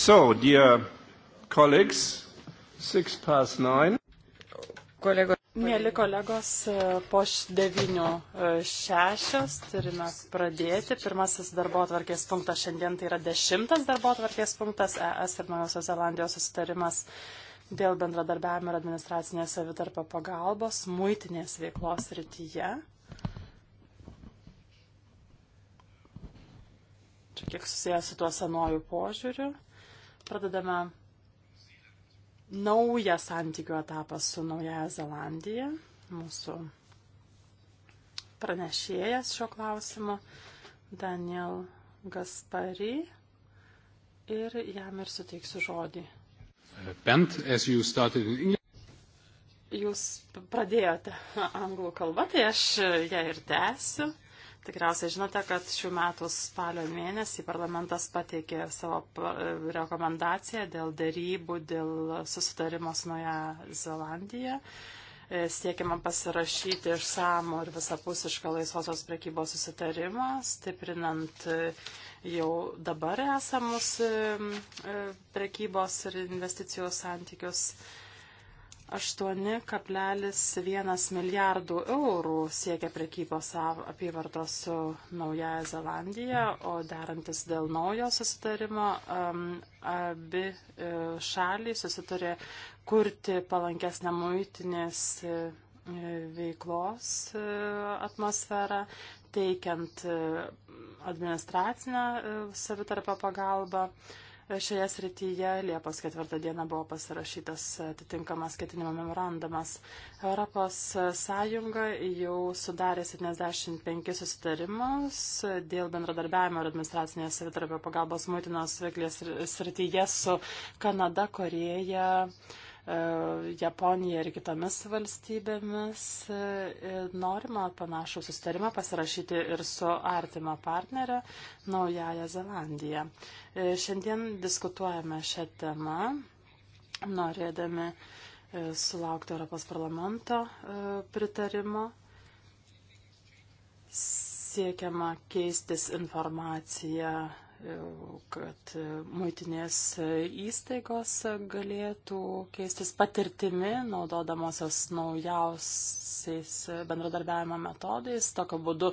So, dear colleagues, six past nine. Kolego. Mėly kolegos, po devynių e, šešios turime pradėti. Pirmasis darbo atvarkės punktas šiandien tai yra dešimtas darbo atvarkės punktas ES ir Naujosios Zelandijos susitarimas dėl bendradarbiavimo ir administracinės savitarpio pagalbos muitinės veiklos rytyje. Čia kiek susijęs su tuo senojų požiūriu. Pradedame naują santykių etapą su Naujaja Zelandija. Mūsų pranešėjas šio klausimo Daniel Gaspari ir jam ir suteiksiu žodį. Bent, as you started in English jūs pradėjote anglų kalbą, tai aš ją ir tęsiu. Tikriausiai žinote, kad šių metų spalio mėnesį parlamentas pateikė savo rekomendaciją dėl dėrybų, dėl susitarimo su Nuoja Zelandija. E, siekiama pasirašyti išsamų ir visapusišką laisvosios prekybos susitarimą, stiprinant e, jau dabar esamus e, prekybos ir investicijų santykius. 8,1 milijardų eurų siekia prekybos apyvartos su Naujaja Zelandija, o derantis dėl naujo susitarimo, um, abi e, šaliai susitarė kurti palankesnę muitinės e, veiklos e, atmosferą, teikiant administracinę savitarpio pagalbą. pagalbą Šioje srityje Liepos ketvirtą dieną buvo pasirašytas atitinkamas ketinimo memorandumas. Europos Sąjunga jau sudarė 75 susitarimus dėl bendradarbiavimo ir administracinės savitarpio pagalbos muitinos veiklės srityje su Kanada, Koreja. E, Japonija ir kitomis valstybėmis. E, norima panašų sustarimą pasirašyti ir su artima partnerė Naujaja Zelandija. E, šiandien diskutuojame šią temą, norėdami sulaukti Europos parlamento pritarimo siekiama keistis informacija kad muitinės įstaigos galėtų keistis patirtimi, naudodamosios naujausiais bendradarbiavimo metodais, tokio būdu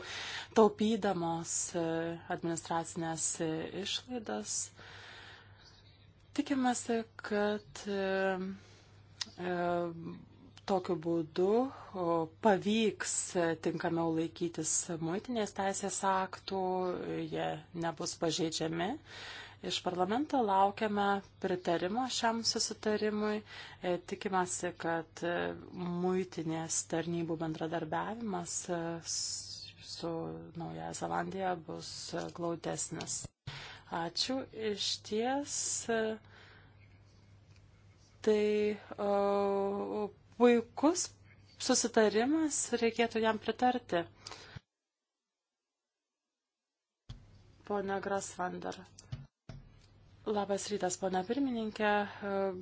taupydamos administracinės išlaidas. Tikimasi, kad e, Tokiu būdu pavyks tinkamiau laikytis muitinės teisės aktų, jie nebus pažeidžiami. Iš parlamento laukiame pritarimo šiam susitarimui. E, tikimasi, kad e, muitinės tarnybų bendradarbiavimas e, su Nauja Zelandija bus glaudesnis. Ačiū iš ties. Tai o, puikus susitarimas, reikėtų jam pritarti. Pone Grasvander. Labas rytas, pone pirmininkė.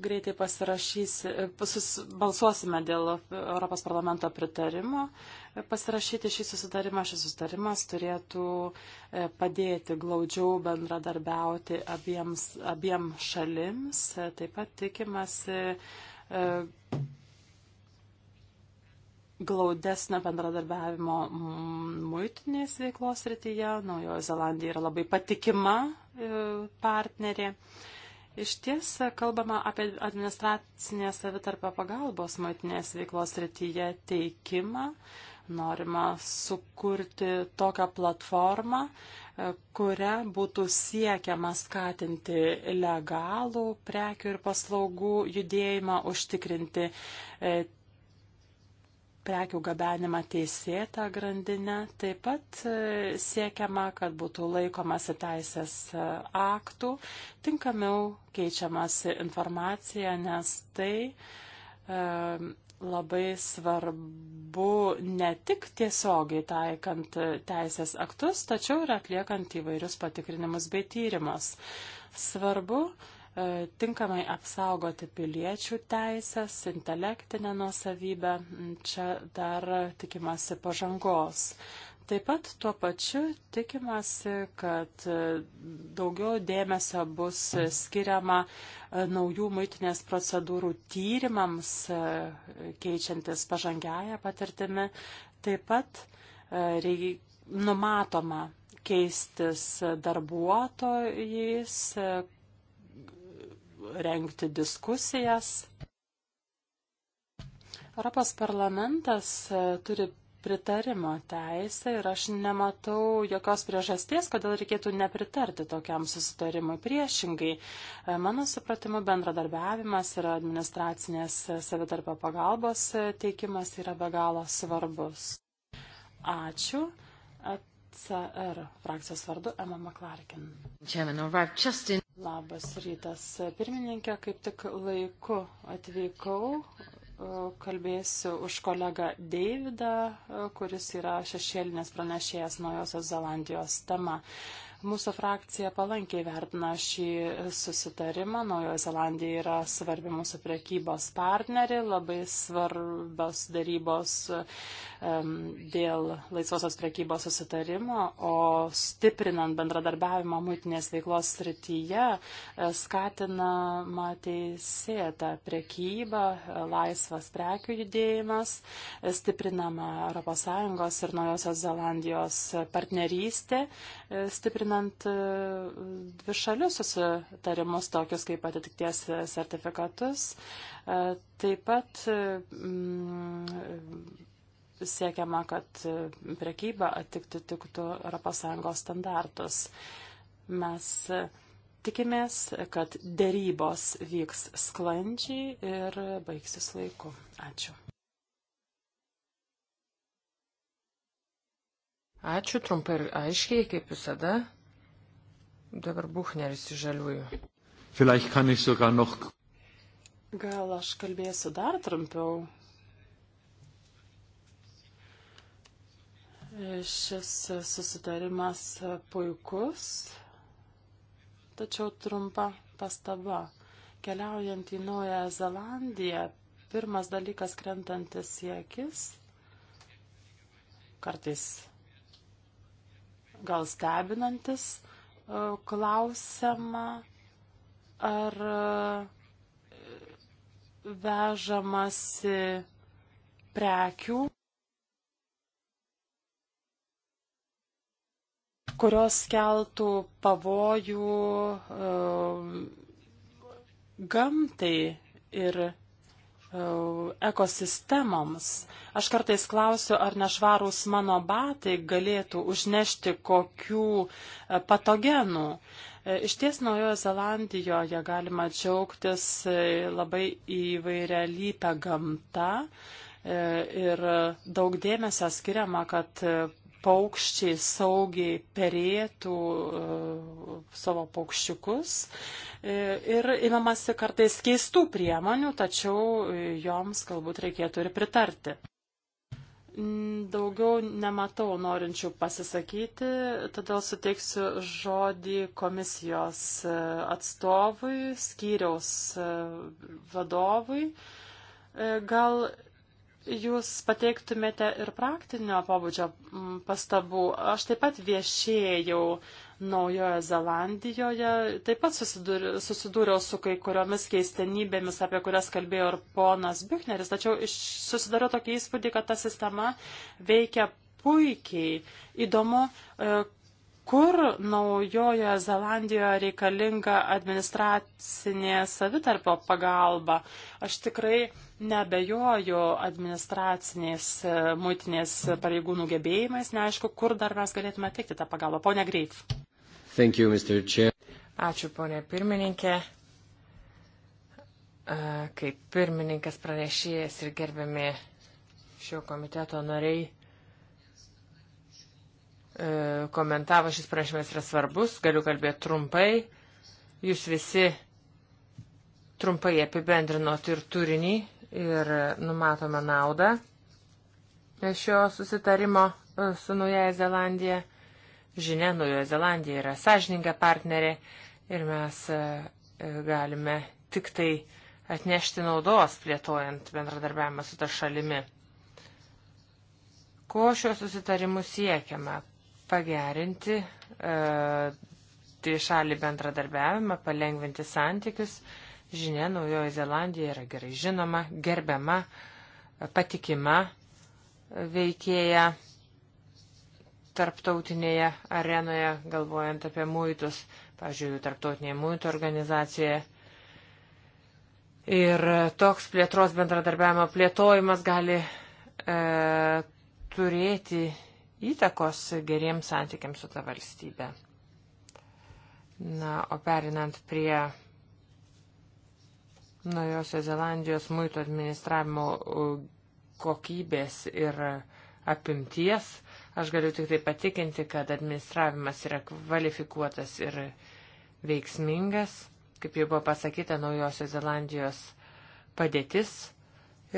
Greitai pasirašysi, pasus, balsuosime dėl Europos parlamento pritarimo. Pasirašyti šį susitarimą, šis susitarimas turėtų e, padėti glaudžiau bendradarbiauti abiems, abiem šalims. Taip pat tikimasi e, glaudesnio bendradarbiavimo mm, muitinės veiklos rytyje. Naujojo Zelandija yra labai patikima e, partnerė. Iš ties e, kalbama apie administracinės savitarpio pagalbos muitinės veiklos rytyje teikimą. Norima sukurti tokią platformą, e, kuria būtų siekiama skatinti legalų prekių ir paslaugų judėjimą, užtikrinti prekių gabenimą teisėtą grandinę. Taip pat e, siekiama, kad būtų laikomasi teisės e, aktų, tinkamiau keičiamasi informacija, nes tai e, labai svarbu ne tik tiesiogiai taikant e, teisės aktus, tačiau ir atliekant įvairius patikrinimus bei tyrimus. Svarbu, e, E, tinkamai apsaugoti piliečių teisės, intelektinę nuosavybę. Mm, čia dar tikimasi pažangos. Taip pat tuo pačiu tikimasi, kad e, daugiau dėmesio bus skiriama e, naujų muitinės procedūrų tyrimams, keičiantis pažangiają patirtimi. Taip pat reik, numatoma keistis darbuotojais, renkti diskusijas. Europos parlamentas e, turi pritarimo teisę ir aš nematau jokios priežasties, kodėl reikėtų nepritarti tokiam susitarimui. Priešingai, e, mano supratimu, bendradarbiavimas ir administracinės savitarpio pagalbos e, teikimas yra be galo svarbus. Ačiū. ECR frakcijos vardu Emma McClarkin. Labas rytas, pirmininkė, kaip tik laiku atvykau. Kalbėsiu už kolegą Deividą, kuris yra šešėlinės pranešėjas Naujosios Zelandijos tema. Mūsų frakcija palankiai vertina šį susitarimą. Naujojo Zelandija yra svarbi mūsų priekybos partneri, labai svarbios darybos dėl laisvosios prekybos susitarimo, o stiprinant bendradarbiavimą muitinės veiklos srityje e, skatinama teisėta prekyba, e, laisvas prekių judėjimas, e, stiprinama ES ir Naujosios Zelandijos partnerystė, stiprinant dvišalius susitarimus tokius kaip atitikties sertifikatus. Taip pat mm, siekiama, kad prekyba atitiktų tiktų ES standartus. Mes tikimės, kad dėrybos vyks sklandžiai ir baigsis laiku. Ačiū. Ačiū trumpai ir aiškiai, kaip visada. Dabar Buchneris iš žaliųjų. Vielleicht kann ich sogar noch. Gal aš kalbėsiu dar trumpiau, Šis susitarimas puikus, tačiau trumpa pastaba. Keliaujant į Naują Zelandiją, pirmas dalykas krentantis į akis, kartais gal stebinantis, e, klausiama, ar e, vežamasi prekių kurios keltų pavojų e, gamtai ir e, ekosistemoms. Aš kartais klausiu, ar nešvarūs mano batai galėtų užnešti kokių e, patogenų. Iš ties Naujojo Zelandijoje galima džiaugtis labai įvairia lypę gamta ir daug dėmesio skiriama, kad paukščiai saugiai perėtų e, savo paukščiukus. E, ir imamasi kartais keistų priemonių, tačiau e, joms galbūt reikėtų ir pritarti. Daugiau nematau norinčių pasisakyti, todėl suteiksiu žodį komisijos atstovui, skyriaus vadovui. Gal jūs pateiktumėte ir praktinio pobūdžio mm, pastabų. Aš taip pat viešėjau Naujojo Zelandijoje, taip pat susidūriau, susidūriau su kai kuriomis keistenybėmis, apie kurias kalbėjo ir ponas Bichneris, tačiau susidariau tokį įspūdį, kad ta sistema veikia puikiai. Įdomu, e, kur naujojoje Zelandijoje reikalinga administracinė savitarpio pagalba. Aš tikrai nebejoju administracinės e, muitinės pareigūnų gebėjimais, neaišku, kur dar mes galėtume teikti tą pagalbą. Pone Greif. Thank you, Mr. Chair. Ačiū, ponė pirmininkė. E, kaip pirmininkas pranešėjas ir gerbiami šio komiteto nariai, E, komentavo, šis pranešimas yra svarbus, galiu kalbėti trumpai. Jūs visi trumpai apibendrinot ir turinį ir numatome naudą e, šio susitarimo e, su Naujaja Zelandija. Žinia, Naujoja Zelandija yra sąžininga partnerė ir mes galime tik tai atnešti naudos plėtojant bendradarbiavimą su ta šalimi. Ko šiuo susitarimu siekiama? pagerinti trišalį e, bendradarbiavimą, palengventi santykius. Žinia, Naujojo Zelandija yra gerai žinoma, gerbiama, patikima veikėja tarptautinėje arenoje, galvojant apie muitus, pažiūrėjau, tarptautinėje muitų organizacijoje. Ir toks plėtros bendradarbiavimo plėtojimas gali e, turėti įtakos geriems santykiams su ta valstybė. Na, o perinant prie Naujosios Zelandijos muito administravimo kokybės ir apimties, aš galiu tik tai patikinti, kad administravimas yra kvalifikuotas ir veiksmingas. Kaip jau buvo pasakyta, Naujosios Zelandijos padėtis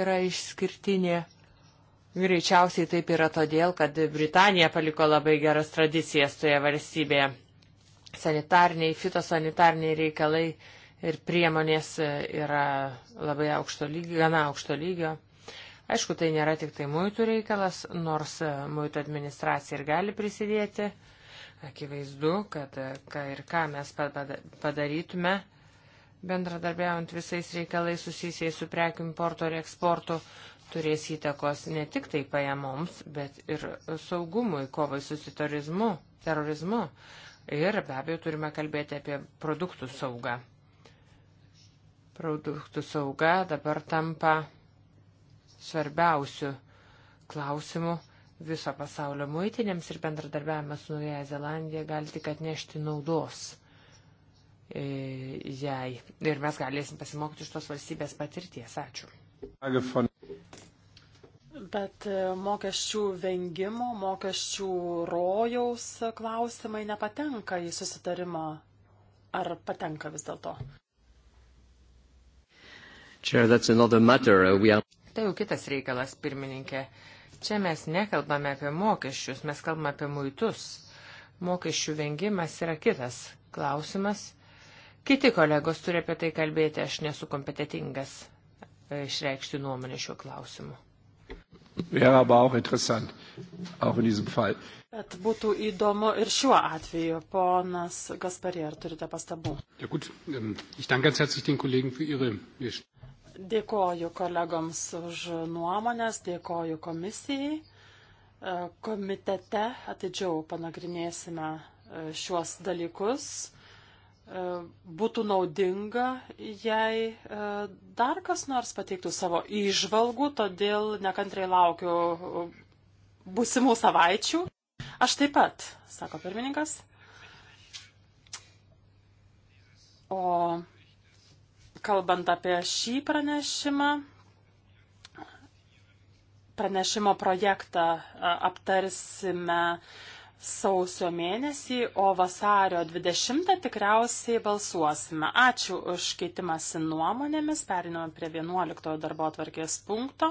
yra išskirtinė Greičiausiai taip yra todėl, kad Britanija paliko labai geras tradicijas toje valstybėje. Sanitarniai, fitosanitarniai reikalai ir priemonės e, yra labai aukšto lygio, gana aukšto lygio. Aišku, tai nėra tik tai muitų reikalas, nors e, muitų administracija ir gali prisidėti. Akivaizdu, kad e, ką ir ką mes padarytume, bendradarbiaujant visais reikalais susijusiais su prekių importo ir eksporto, turės įtakos ne tik tai pajamoms, bet ir saugumui, kovai su terorizmu. Ir be abejo turime kalbėti apie produktų saugą. Produktų sauga dabar tampa svarbiausių klausimų viso pasaulio muitinėms ir bendradarbiavimas su Naujaja Zelandija gali tik atnešti naudos e, jai. Ir mes galėsim pasimokyti iš tos valstybės patirties. Ačiū. Bet e, mokesčių vengimo, mokesčių rojaus klausimai nepatenka į susitarimą. Ar patenka vis dėlto? Uh, tai jau kitas reikalas, pirmininkė. Čia mes nekalbame apie mokesčius, mes kalbame apie muitus. Mokesčių vengimas yra kitas klausimas. Kiti kolegos turi apie tai kalbėti, aš nesu kompetitingas. E, išreikšti nuomonę šiuo klausimu. Wäre aber auch interessant, auch in diesem Fall. Bet būtų įdomu ir šiuo atveju, ponas Gasparė, ar turite pastabų? Ja, gut, ähm, ich danke ganz herzlich den Kollegen für ihre. Dėkoju kolegoms už nuomonės, dėkoju komisijai. E, komitete atidžiau panagrinėsime e, šiuos dalykus. E, būtų naudinga, jei e, dar kas nors pateiktų savo įžvalgų, todėl nekantrai laukiu būsimų savaičių. Aš taip pat, sako pirmininkas. O kalbant apie šį pranešimą, pranešimo projektą e, aptarsime sausio mėnesį, o vasario 20 tikriausiai balsuosime. Ačiū už keitimąsi nuomonėmis. Perinome prie 11 darbo atvarkės punkto.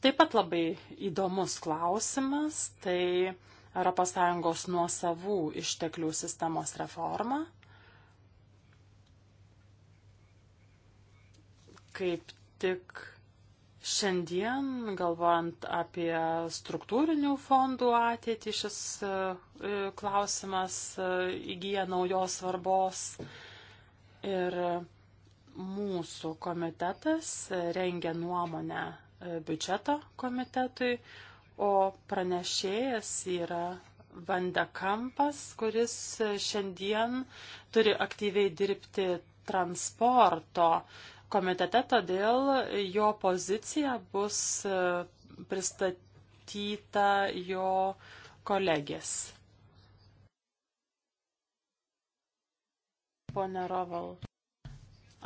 Taip pat labai įdomus klausimas, tai ES nuosavų išteklių sistemos reforma. Kaip tik Šiandien, galvojant apie struktūrinių fondų ateitį, šis e, klausimas e, įgyja naujos svarbos ir mūsų komitetas rengia nuomonę e, biudžeto komitetui, o pranešėjas yra Vandekampas, kuris šiandien turi aktyviai dirbti transporto uh, komitete, todėl jo pozicija bus e, pristatyta jo kolegės. Pone Roval.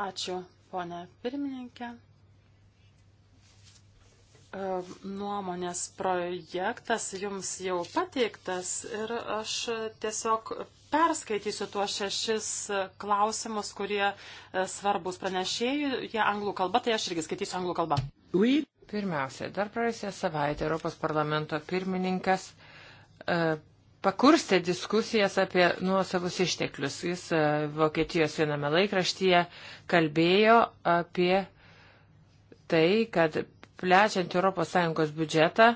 Ačiū, ponė pirmininkė e, nuomonės projektas jums jau pateiktas ir aš tiesiog perskaitysiu tuos šešis e, klausimus, kurie e, svarbus pranešėjai, jie anglų kalba, tai aš irgi skaitysiu anglų kalbą. Pirmiausia, dar praėjusią savaitę Europos parlamento pirmininkas e, pakurstė diskusijas apie nuosavus išteklius. Jis e, Vokietijos viename laikraštyje kalbėjo apie tai, kad plečiant ES biudžetą,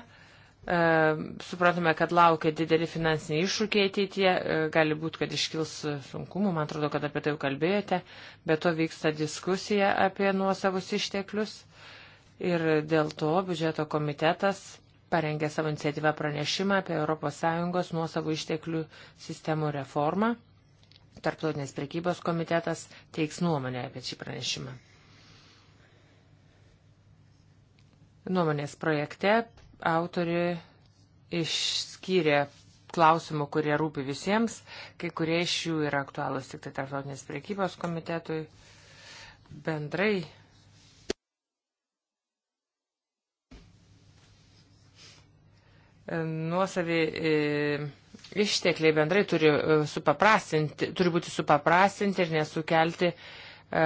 E, Supratome, kad laukia dideli finansiniai iššūkiai ateityje, e, gali būti, kad iškils sunkumų, man atrodo, kad apie tai jau kalbėjote, bet to vyksta diskusija apie nuosavus išteklius ir dėl to biudžeto komitetas parengė savo iniciatyvą pranešimą apie ES nuosavų išteklių sistemų reformą. Tarptautinės prekybos komitetas teiks nuomonę apie šį pranešimą. Nuomonės projekte autori išskyrė klausimų, kurie rūpi visiems, kai kurie iš jų yra aktualūs tik tai tarptautinės priekybos komitetui bendrai. Nuosavi e, ištekliai bendrai turi, e, supaprastinti, turi būti supaprastinti ir nesukelti e,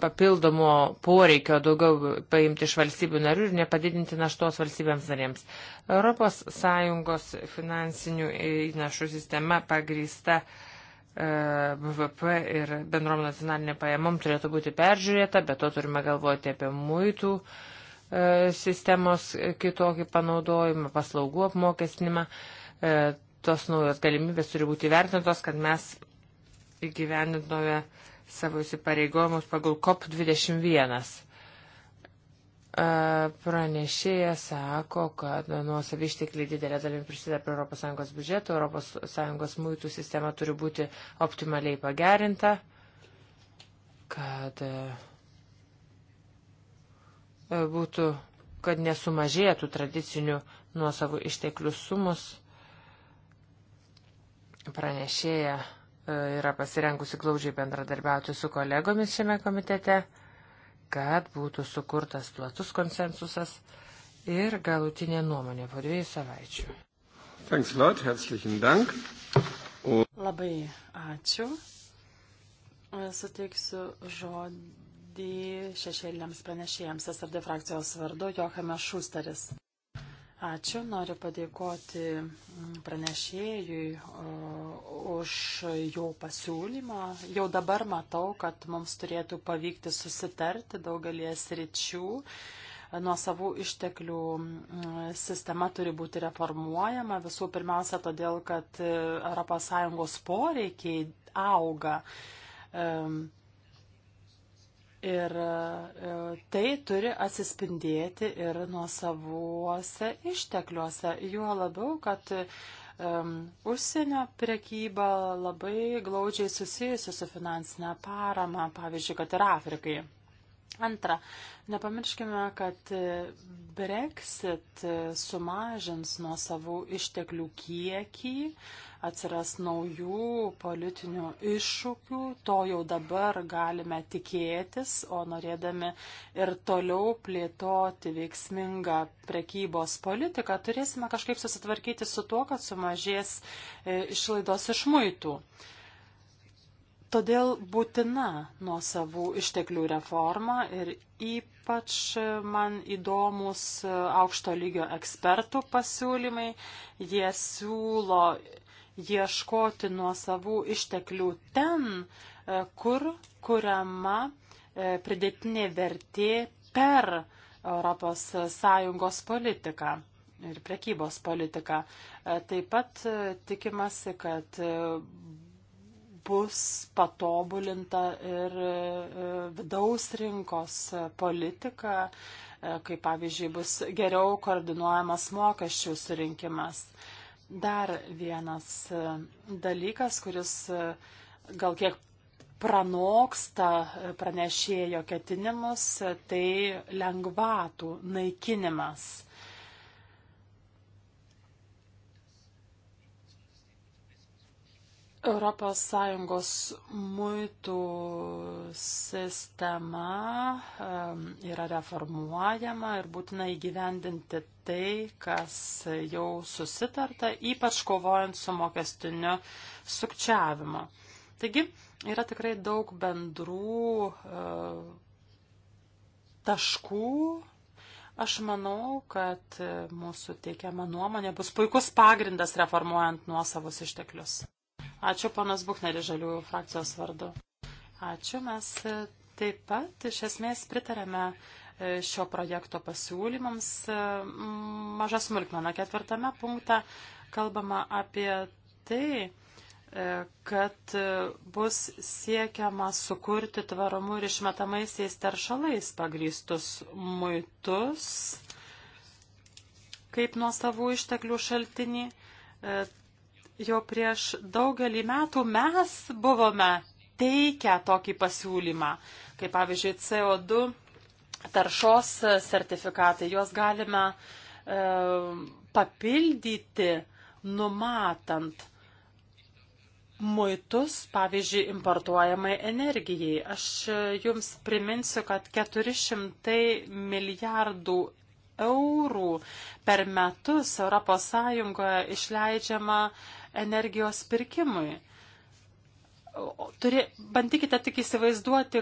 papildomo poreikio daugiau paimti iš valstybių narių ir nepadidinti naštos valstybėms narėms. ES finansinių įnašų sistema pagrįsta BVP e, ir bendrom nacionalinė pajamom turėtų būti peržiūrėta, bet to turime galvoti apie muitų e, sistemos kitokį panaudojimą, paslaugų apmokestinimą. E, tos naujos galimybės turi būti vertintos, kad mes įgyvendintume uh, savo įsipareigojimus pagal COP21. E, Pranešėjas sako, kad nuosavį ištekliai didelė dalim prisideda prie ES biudžeto, ES muitų sistema turi būti optimaliai pagerinta, kad e, būtų, kad nesumažėtų tradicinių nuosavų išteklių sumus. Pranešėja E, yra pasirengusi glaudžiai bendradarbiauti su kolegomis šiame komitete, kad būtų sukurtas platus konsensusas ir galutinė nuomonė po dviejų savaičių. Thanks a lot, herzlichen Dank. O... Labai ačiū. Suteiksiu žodį šešėliniams pranešėjams SRD frakcijos vardu Johame Šusteris. Ačiū, noriu padėkoti pranešėjui už jo pasiūlymą. Jau dabar matau, kad mums turėtų pavykti susitarti daugelies ryčių. Nuo savų išteklių sistema turi būti reformuojama visų pirmiausia todėl, kad ES poreikiai auga. Ir e, tai turi atsispindėti ir nuo savuose ištekliuose. Juo labiau, kad um, užsienio prekyba labai glaudžiai susijusi su finansinė parama, pavyzdžiui, kad ir Afrikai. Antra, nepamirškime, kad e, Brexit e, sumažins nuo savų išteklių kiekį, uh, atsiras naujų politinių iššūkių, to jau dabar galime tikėtis, o norėdami ir toliau plėtoti veiksmingą prekybos politiką, turėsime kažkaip susitvarkyti su tuo, kad sumažės e, išlaidos iš muitų. Todėl būtina nuo savų išteklių reforma ir ypač man įdomus e, aukšto lygio ekspertų pasiūlymai. Jie siūlo ieškoti nuo savų išteklių ten, e, kur kuriama e, pridėtinė vertė per ES politiką ir prekybos politiką. E, taip pat tikimasi, kad bus patobulinta ir vidaus rinkos politika, kai pavyzdžiui bus geriau koordinuojamas mokesčių surinkimas. Dar vienas e, dalykas, kuris e, gal kiek pranoksta e, pranešėjo ketinimus, tai lengvatų naikinimas. ES muitų sistema yra reformuojama ir būtina įgyvendinti tai, kas jau susitarta, ypač kovojant su mokestiniu sukčiavimu. Taigi, yra tikrai daug bendrų e, taškų. Aš manau, kad e, mūsų teikiama nuomonė bus puikus pagrindas reformuojant nuosavus išteklius. Ačiū ponas Buchneris žaliųjų frakcijos vardu. Ačiū. Mes e, taip pat iš esmės pritarėme e, šio projekto pasiūlymams. E, maža smulkmena ketvirtame punkte kalbama apie tai, kad bus siekiama sukurti tvarumu ir išmetamaisiais teršalais pagrystus muitus kaip nuo savų išteklių šaltinį jau prieš daugelį metų mes buvome teikę tokį pasiūlymą, kaip pavyzdžiui CO2 taršos sertifikatai, juos galime e, papildyti numatant muitus, pavyzdžiui, importuojamai energijai. Aš jums priminsiu, kad 400 milijardų eurų per metus ES išleidžiama uh, energijos pirkimui. Turi, bandykite tik įsivaizduoti,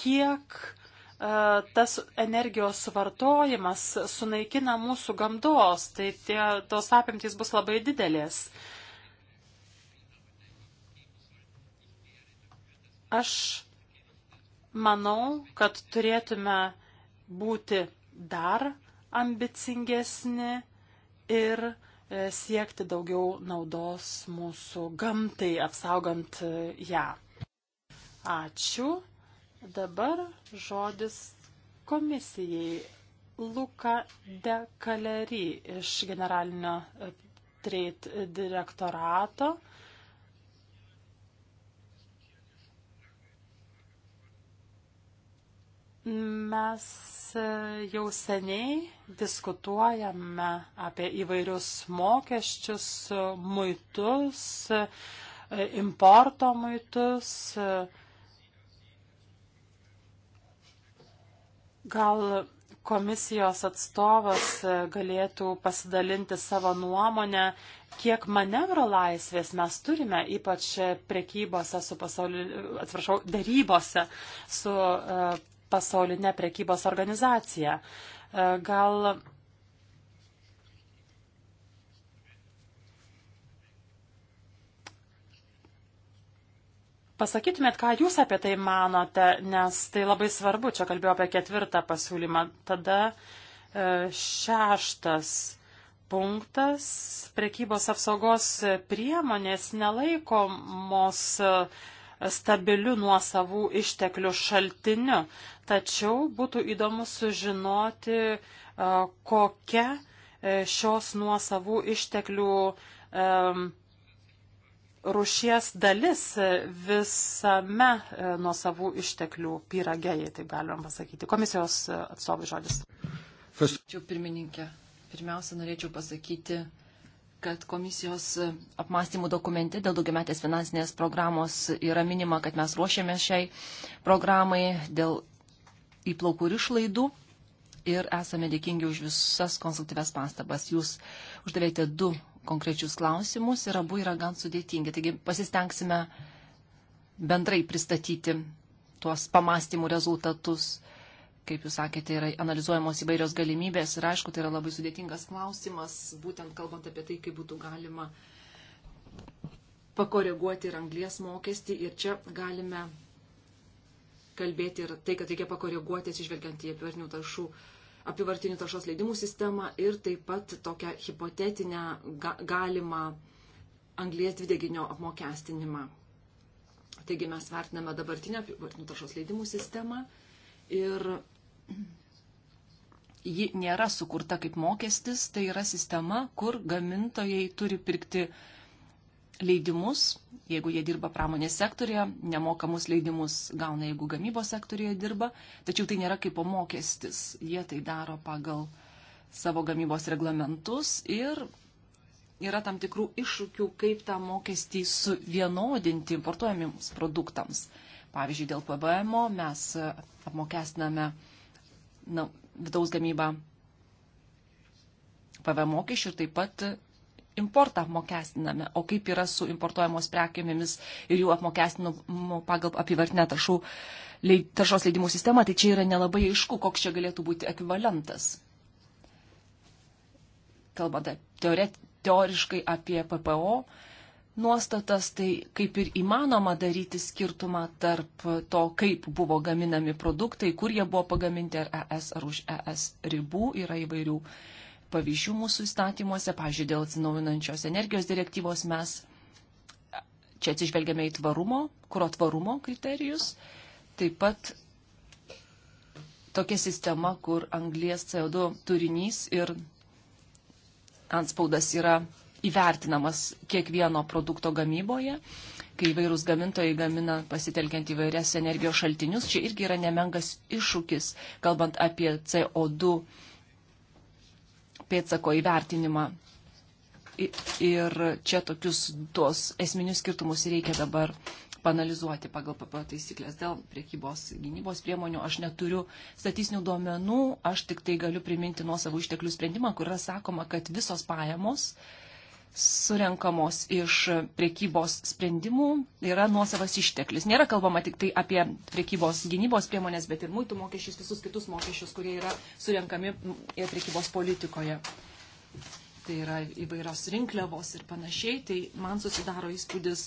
kiek uh, tas energijos suvartojimas sunaikina mūsų gamtos, tai tie, tos apimtys bus labai didelės. Aš manau, kad turėtume būti dar ambicingesni ir uh, E, siekti daugiau naudos mūsų gamtai, apsaugant e, ją. Ačiū. Dabar žodis komisijai. Luka de Kalery iš generalinio e, trade direktorato. Mes e, jau seniai diskutuojame apie įvairius mokesčius, muitus, e, importo muitus. E, gal komisijos atstovas galėtų pasidalinti savo nuomonę, kiek manevro laisvės mes turime, ypač prekybose su pasauliu, atsiprašau, darybose su pasaulinę prekybos organizaciją. E, gal pasakytumėt, ką jūs apie tai manote, nes tai labai svarbu, čia kalbėjau apie ketvirtą pasiūlymą. Tada e, šeštas punktas prekybos apsaugos priemonės nelaikomos e, stabiliu nuo savų išteklių šaltiniu. Tačiau būtų įdomu sužinoti, e, kokia e, šios nuo savų išteklių e, rušies dalis visame nuo savų išteklių pyrage, jei taip galima pasakyti. Komisijos atstovai žodis. Ačiū pirmininkė. Pirmiausia, norėčiau pasakyti, kad komisijos apmąstymų dokumente dėl daugiametės finansinės programos yra minima, kad mes ruošiame šiai programai dėl įplaukų ir išlaidų ir esame dėkingi už visas konsultyves pastabas. Jūs uždavėte du konkrečius klausimus ir abu yra gan sudėtingi. Taigi pasistengsime bendrai pristatyti tuos pamastymų rezultatus kaip jūs sakėte, yra analizuojamos įvairios galimybės ir aišku, tai yra labai sudėtingas klausimas, būtent kalbant apie tai, kaip būtų galima pakoreguoti ir anglės mokestį ir čia galime kalbėti ir tai, kad reikia pakoreguoti atsižvelgiant į apivartinių taršų apivartinių taršos leidimų sistemą ir taip pat tokią hipotetinę ga, galimą anglės dvideginio apmokestinimą. Taigi mes vertiname dabartinę apivartinių taršos leidimų sistemą ir ji nėra sukurta kaip mokestis, tai yra sistema, kur gamintojai turi pirkti leidimus, jeigu jie dirba pramonės sektorėje, nemokamus leidimus gauna, jeigu gamybos sektorėje dirba, tačiau tai nėra kaip mokestis, jie tai daro pagal savo gamybos reglamentus ir yra tam tikrų iššūkių, kaip tą mokestį suvienodinti importuojamiems produktams. Pavyzdžiui, dėl PVM mes apmokestiname na, vidaus gamybą PVM mokesčių ir taip pat importą apmokestiname, o kaip yra su importuojamos prekėmis ir jų apmokestinimu pagal apivartinę taršų, taršos leidimų sistemą, tai čia yra nelabai aišku, koks čia galėtų būti ekvivalentas. Kalbant teoriškai apie PPO, nuostatas, tai kaip ir įmanoma daryti skirtumą tarp to, kaip buvo gaminami produktai, kur jie buvo pagaminti ar ES ar už ES ribų. Yra įvairių pavyzdžių mūsų įstatymuose. Pavyzdžiui, dėl atsinaujinančios energijos direktyvos mes čia atsižvelgiame į tvarumo, kuro tvarumo kriterijus. Taip pat tokia sistema, kur anglies CO2 turinys ir antspaudas yra įvertinamas kiekvieno produkto gamyboje, kai įvairūs gamintojai gamina pasitelkiant įvairias energijos šaltinius. Čia irgi yra nemengas iššūkis, kalbant apie CO2 pėtsako įvertinimą. Ir čia tokius tuos esminius skirtumus reikia dabar panalizuoti pagal PP taisyklės dėl priekybos gynybos priemonių. Aš neturiu statistinių duomenų, aš tik tai galiu priminti nuo savo išteklių sprendimą, kur yra sakoma, kad visos pajamos uh, surenkamos iš priekybos sprendimų yra nuosavas išteklis. Nėra kalbama tik tai apie priekybos gynybos priemonės, bet ir mūtų mokesčius, visus kitus mokesčius, kurie yra surenkami e, priekybos politikoje. Tai yra įvairios rinkliavos ir panašiai. Tai man susidaro įspūdis,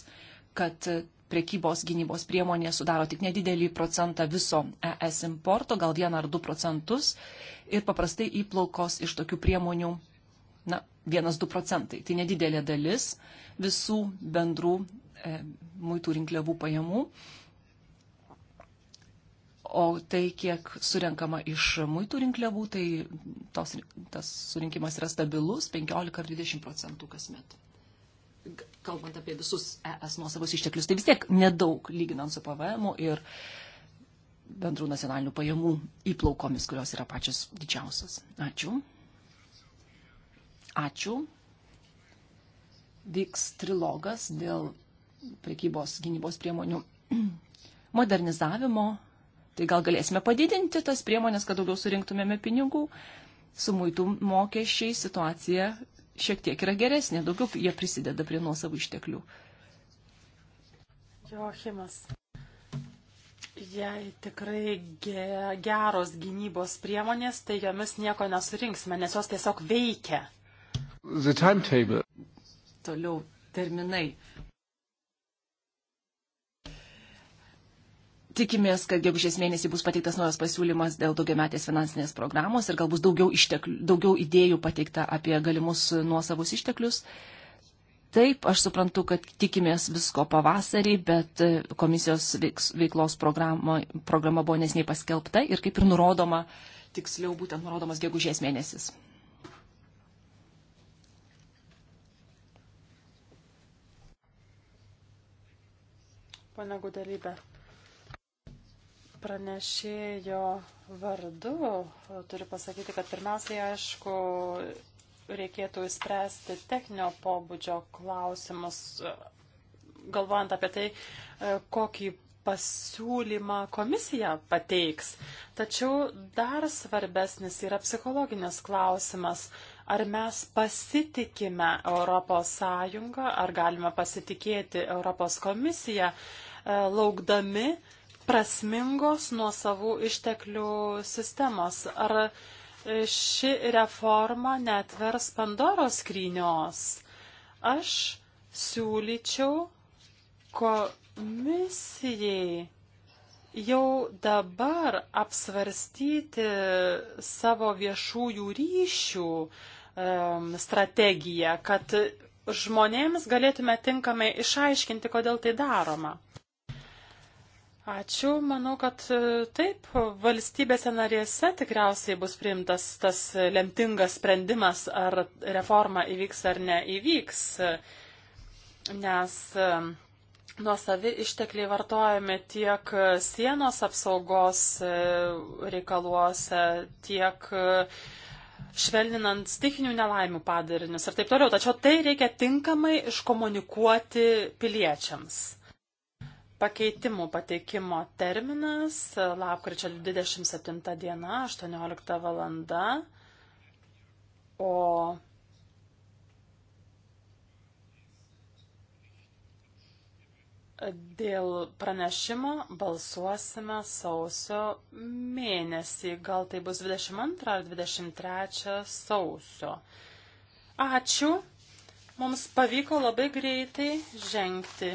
kad priekybos gynybos priemonė sudaro tik nedidelį procentą viso ES importo, gal 1 ar 2 procentus. Ir paprastai įplaukos iš tokių priemonių na, 1-2 procentai. Tai nedidelė dalis visų bendrų e, muitų rinkliavų pajamų. O tai, kiek surenkama iš muitų rinkliavų, tai tos, tas surinkimas yra stabilus 15 ar 20 procentų kasmet. Kalbant apie visus ES nuosavus išteklius, tai vis tiek nedaug lyginant su PVM ir bendrų nacionalinių pajamų įplaukomis, kurios yra pačios didžiausios. Ačiū. Ačiū. Vyks trilogas dėl prekybos gynybos priemonių modernizavimo. Tai gal galėsime padidinti tas priemonės, kad daugiau surinktumėme pinigų. Su muitų mokesčiai situacija šiek tiek yra geresnė, daugiau jie prisideda prie nuosavų išteklių. Joachimas. Jei tikrai geros gynybos priemonės, tai jomis nieko nesurinksime, nes jos tiesiog veikia. Toliau terminai. Tikimės, kad gegužės mėnesį bus pateiktas naujas pasiūlymas dėl daugiametės finansinės programos ir gal bus daugiau, išteklių, daugiau idėjų pateikta apie galimus nuosavus išteklius. Taip, aš suprantu, kad tikimės visko pavasarį, bet komisijos veiklos programa, programa buvo nesniai paskelbta ir kaip ir nurodoma, tiksliau būtent nurodomas gegužės mėnesis. Pane Gudelybė, pranešėjo vardu turiu pasakyti, kad pirmiausiai, aišku, reikėtų įspręsti techninio pobūdžio klausimus, galvojant apie tai, kokį pasiūlymą komisija pateiks. Tačiau dar svarbesnis yra psichologinis klausimas. Ar mes pasitikime Europos Sąjungą, ar galime pasitikėti Europos komisiją, e, laukdami prasmingos nuo savų išteklių sistemos? Ar e, ši reforma netvers Pandoros skrynios? Aš siūlyčiau komisijai jau dabar apsvarstyti savo viešųjų ryšių uh, Um, strategiją, kad žmonėms galėtume tinkamai išaiškinti, kodėl tai daroma. Ačiū, manau, kad e, taip, valstybėse narėse tikriausiai bus priimtas tas lemtingas sprendimas, ar reforma įvyks ar neįvyks, nes e, nuosavi ištekliai vartojami tiek sienos apsaugos e, reikaluose, tiek uh, švelninant stichinių nelaimių padarinius ir taip toliau. Tačiau tai reikia tinkamai iškomunikuoti piliečiams. Pakeitimų pateikimo terminas lapkričio 27 diena, 18 valanda. O Dėl pranešimo balsuosime sausio mėnesį, gal tai bus 22 ar 23 sausio. Ačiū, mums pavyko labai greitai žengti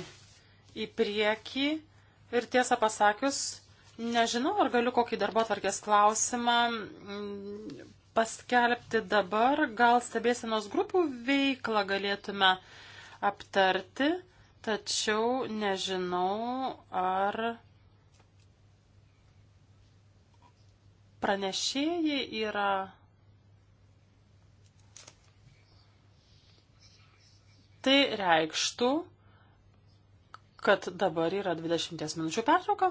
į priekį ir tiesą pasakius, nežinau, ar galiu kokį darbo tvarkės klausimą mm, paskelbti dabar, gal stebėsenos grupų veiklą galėtume aptarti tačiau nežinau, ar pranešėjai yra Tai reikštų, kad dabar yra 20 minučių pertrauka.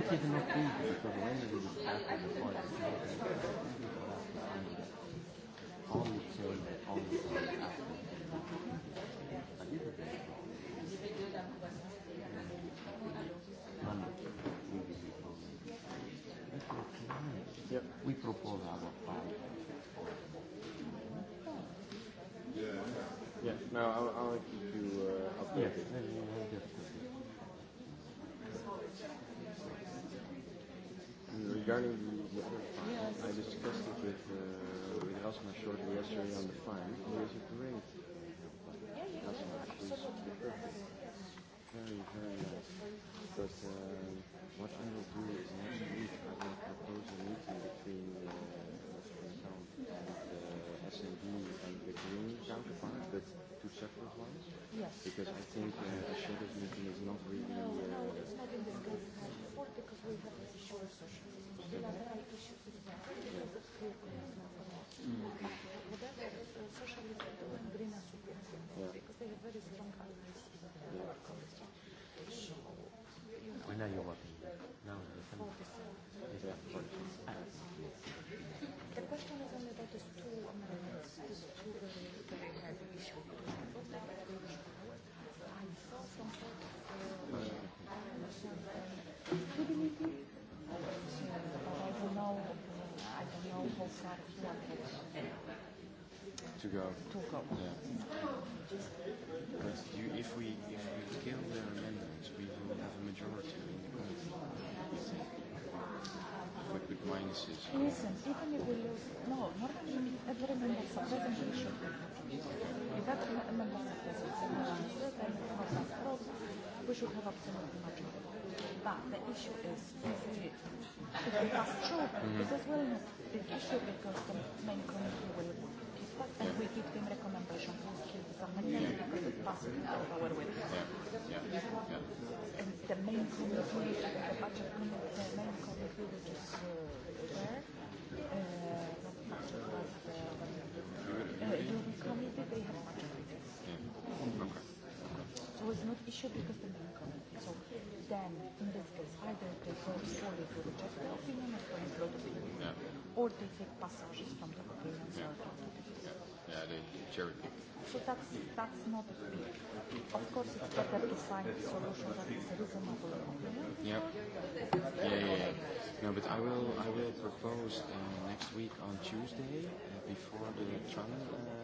think even not easy because when there is a back of the fight, it's not going to be easy for us to find it until until after. That is a very Yep. We propose our five. Yeah. Yeah. No, I'll, I'll keep you. regarding the, the other fine, yes. I discussed it with, uh, with Rasmus shortly yesterday yes. on the fine. He is agreeing. Rasmus is perfect. Very, very nice. But uh, what I will do is next week I will propose a meeting between uh, and uh, S&D and the Green counterpart, but two separate ones. Yes. Because I think uh, To go. To go. Yeah. But you, if we if we kill their amendments, we will have a majority in the country. With, with minuses. Listen, even if we lose, no, normally every member suppresses the issue. If that member suppresses the issue, then we should have absolute majority. But the issue is, if we, if we pass through, mm-hmm. it is willingness this issue because the main committee will keep that and we give them recommendations. We keep some amendments because it's passing out our way. Yeah. Yeah. Yeah. And the main committee, the budget committee, the main committee which is uh, there, uh, not budget was the uh, European committee, they have budget meetings. Yeah. Okay. So it's not issue because the main committee. So then in this case, either they go solely to reject the opinion or to include opinion. Yeah or they take passages from the Bulgarian euh, yeah. Sorry. yeah. yeah, they cherry pick. So that's that's not big. Of course, it's better to find a solution that is reasonable. Yeah. Yeah, yeah, yeah. No, but I will I will propose uh, next week on Tuesday uh, before the trial. Uh,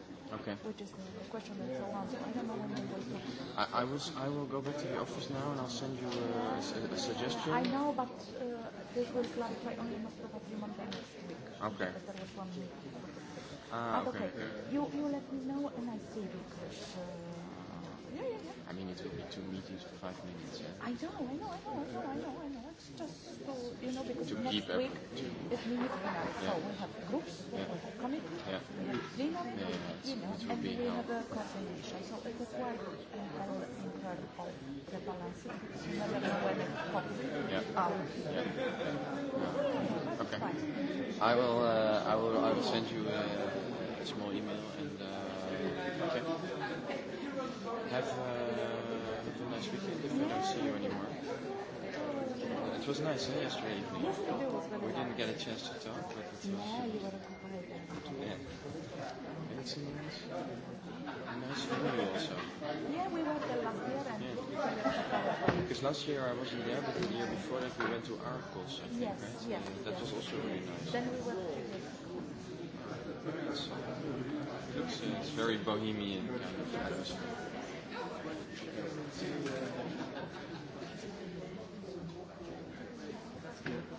Okay. Which is the question that's allowed. So I don't know when they will do. I, I, was, I will go back to the office now and I'll send you a, a, a suggestion. I know, but uh, they will clarify only most probably Monday next week. Okay. Because there was one week. Ah, but okay. okay. You, you let me know and I see because... Uh, I mean, it will be two meetings for five minutes. Yeah? I know, I know, I know, I know, I know, I know. It's just to, you know, because to next keep week to... it means, you know, yeah. so we have groups, yeah. we have committees, yeah. we have plenum, yeah, yeah, you know, and we help. have a coordination. So it is why I'm very in terms of the balancing. You never know when it pops yeah. out. Yeah. Yeah. Yeah. Okay. Fine. I will, uh, I will, I will send you a, uh, a small email and, uh, okay have uh, the nice weekend if I don't see you anymore. It was nice eh, yesterday evening. Yes, it was very We didn't get a chance to talk, but it was. Yeah, you were Yeah. And it's a nice, nice venue also. Yeah, we were there last year. And yeah. Because last year I wasn't there, but the year before that we went to Arcos, I think, yes, right? Yes, uh, that yes. was also really nice. Then we were It's, uh, it looks, uh, it's very bohemian kind of atmosphere. Thank you.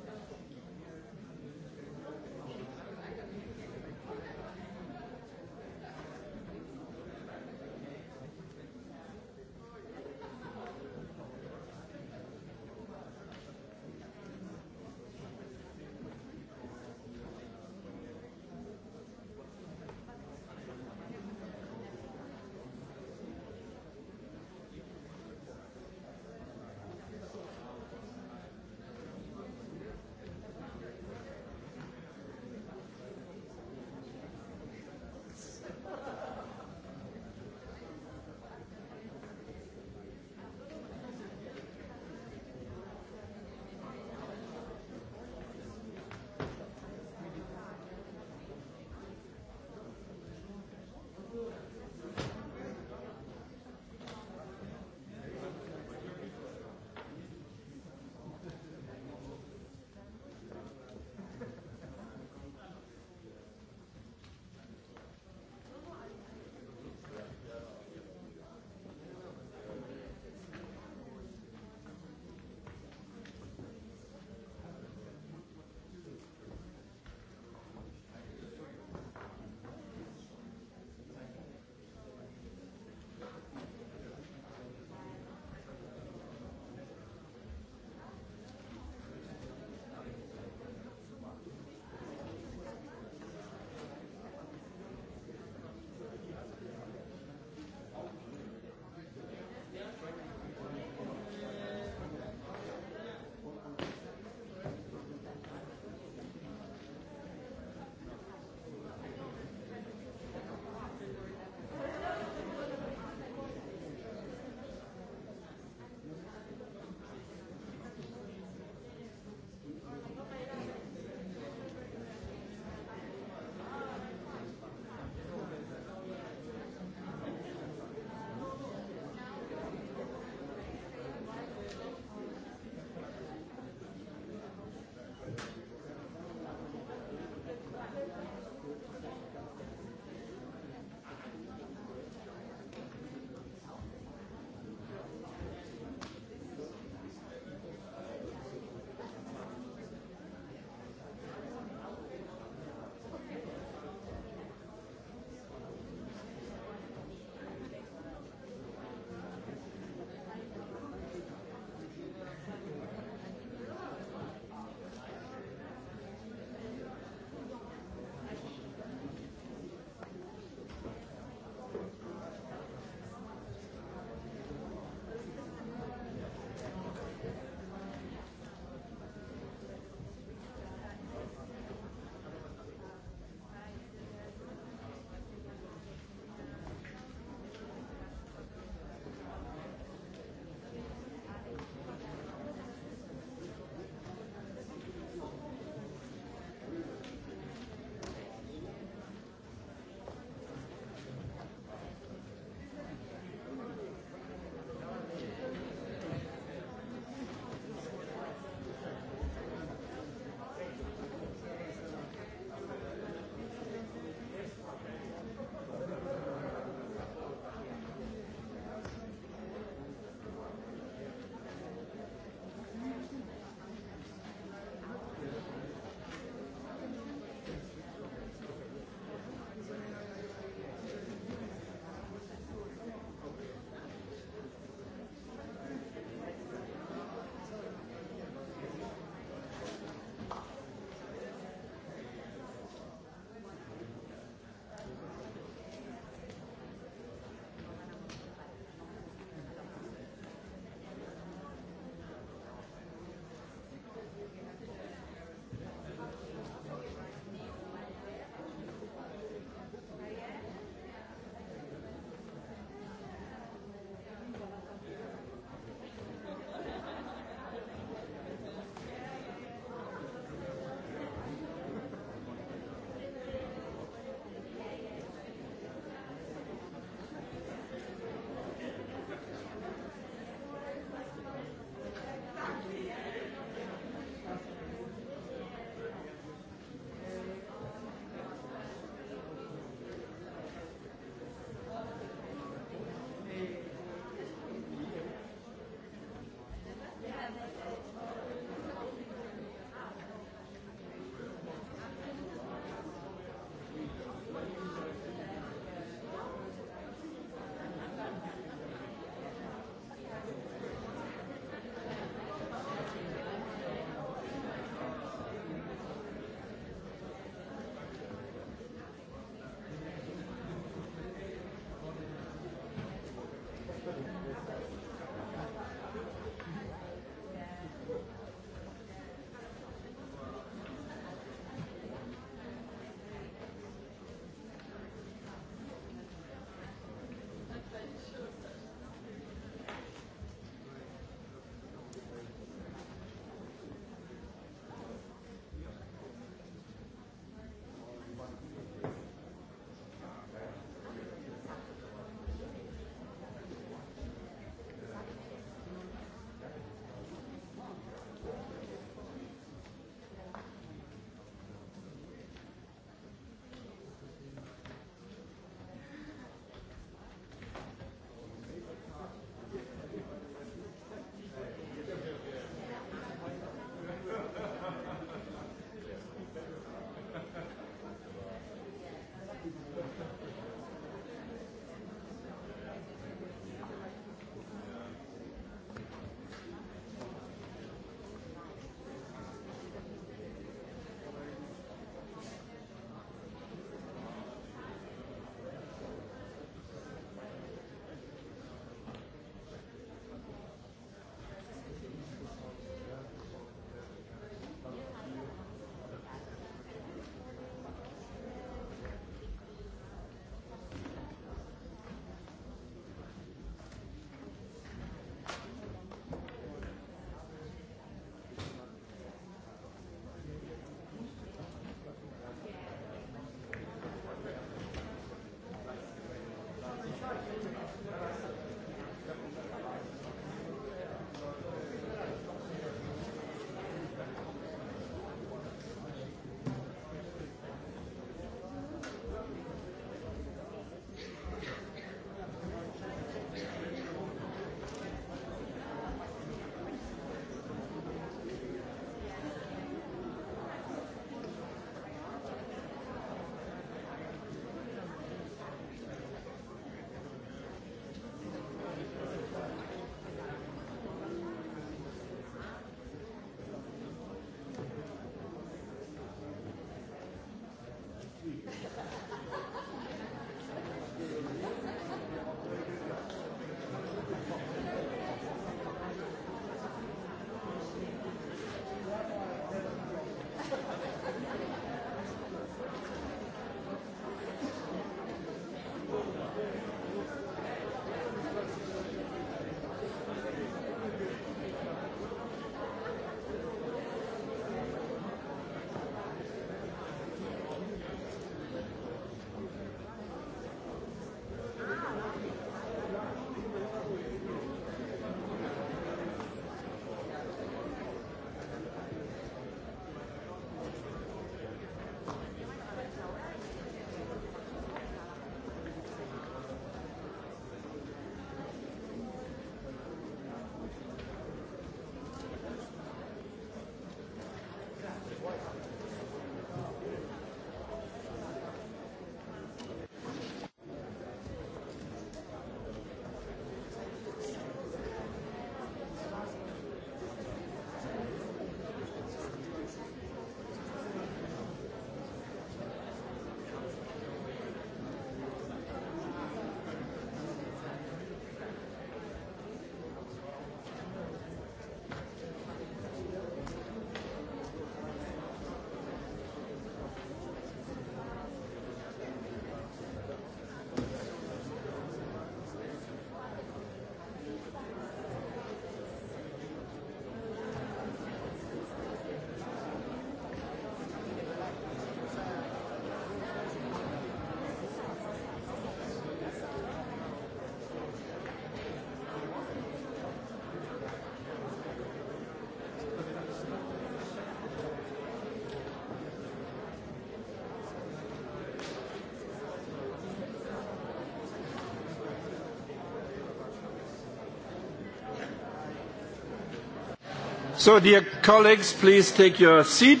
So, dear colleagues, please take your seat.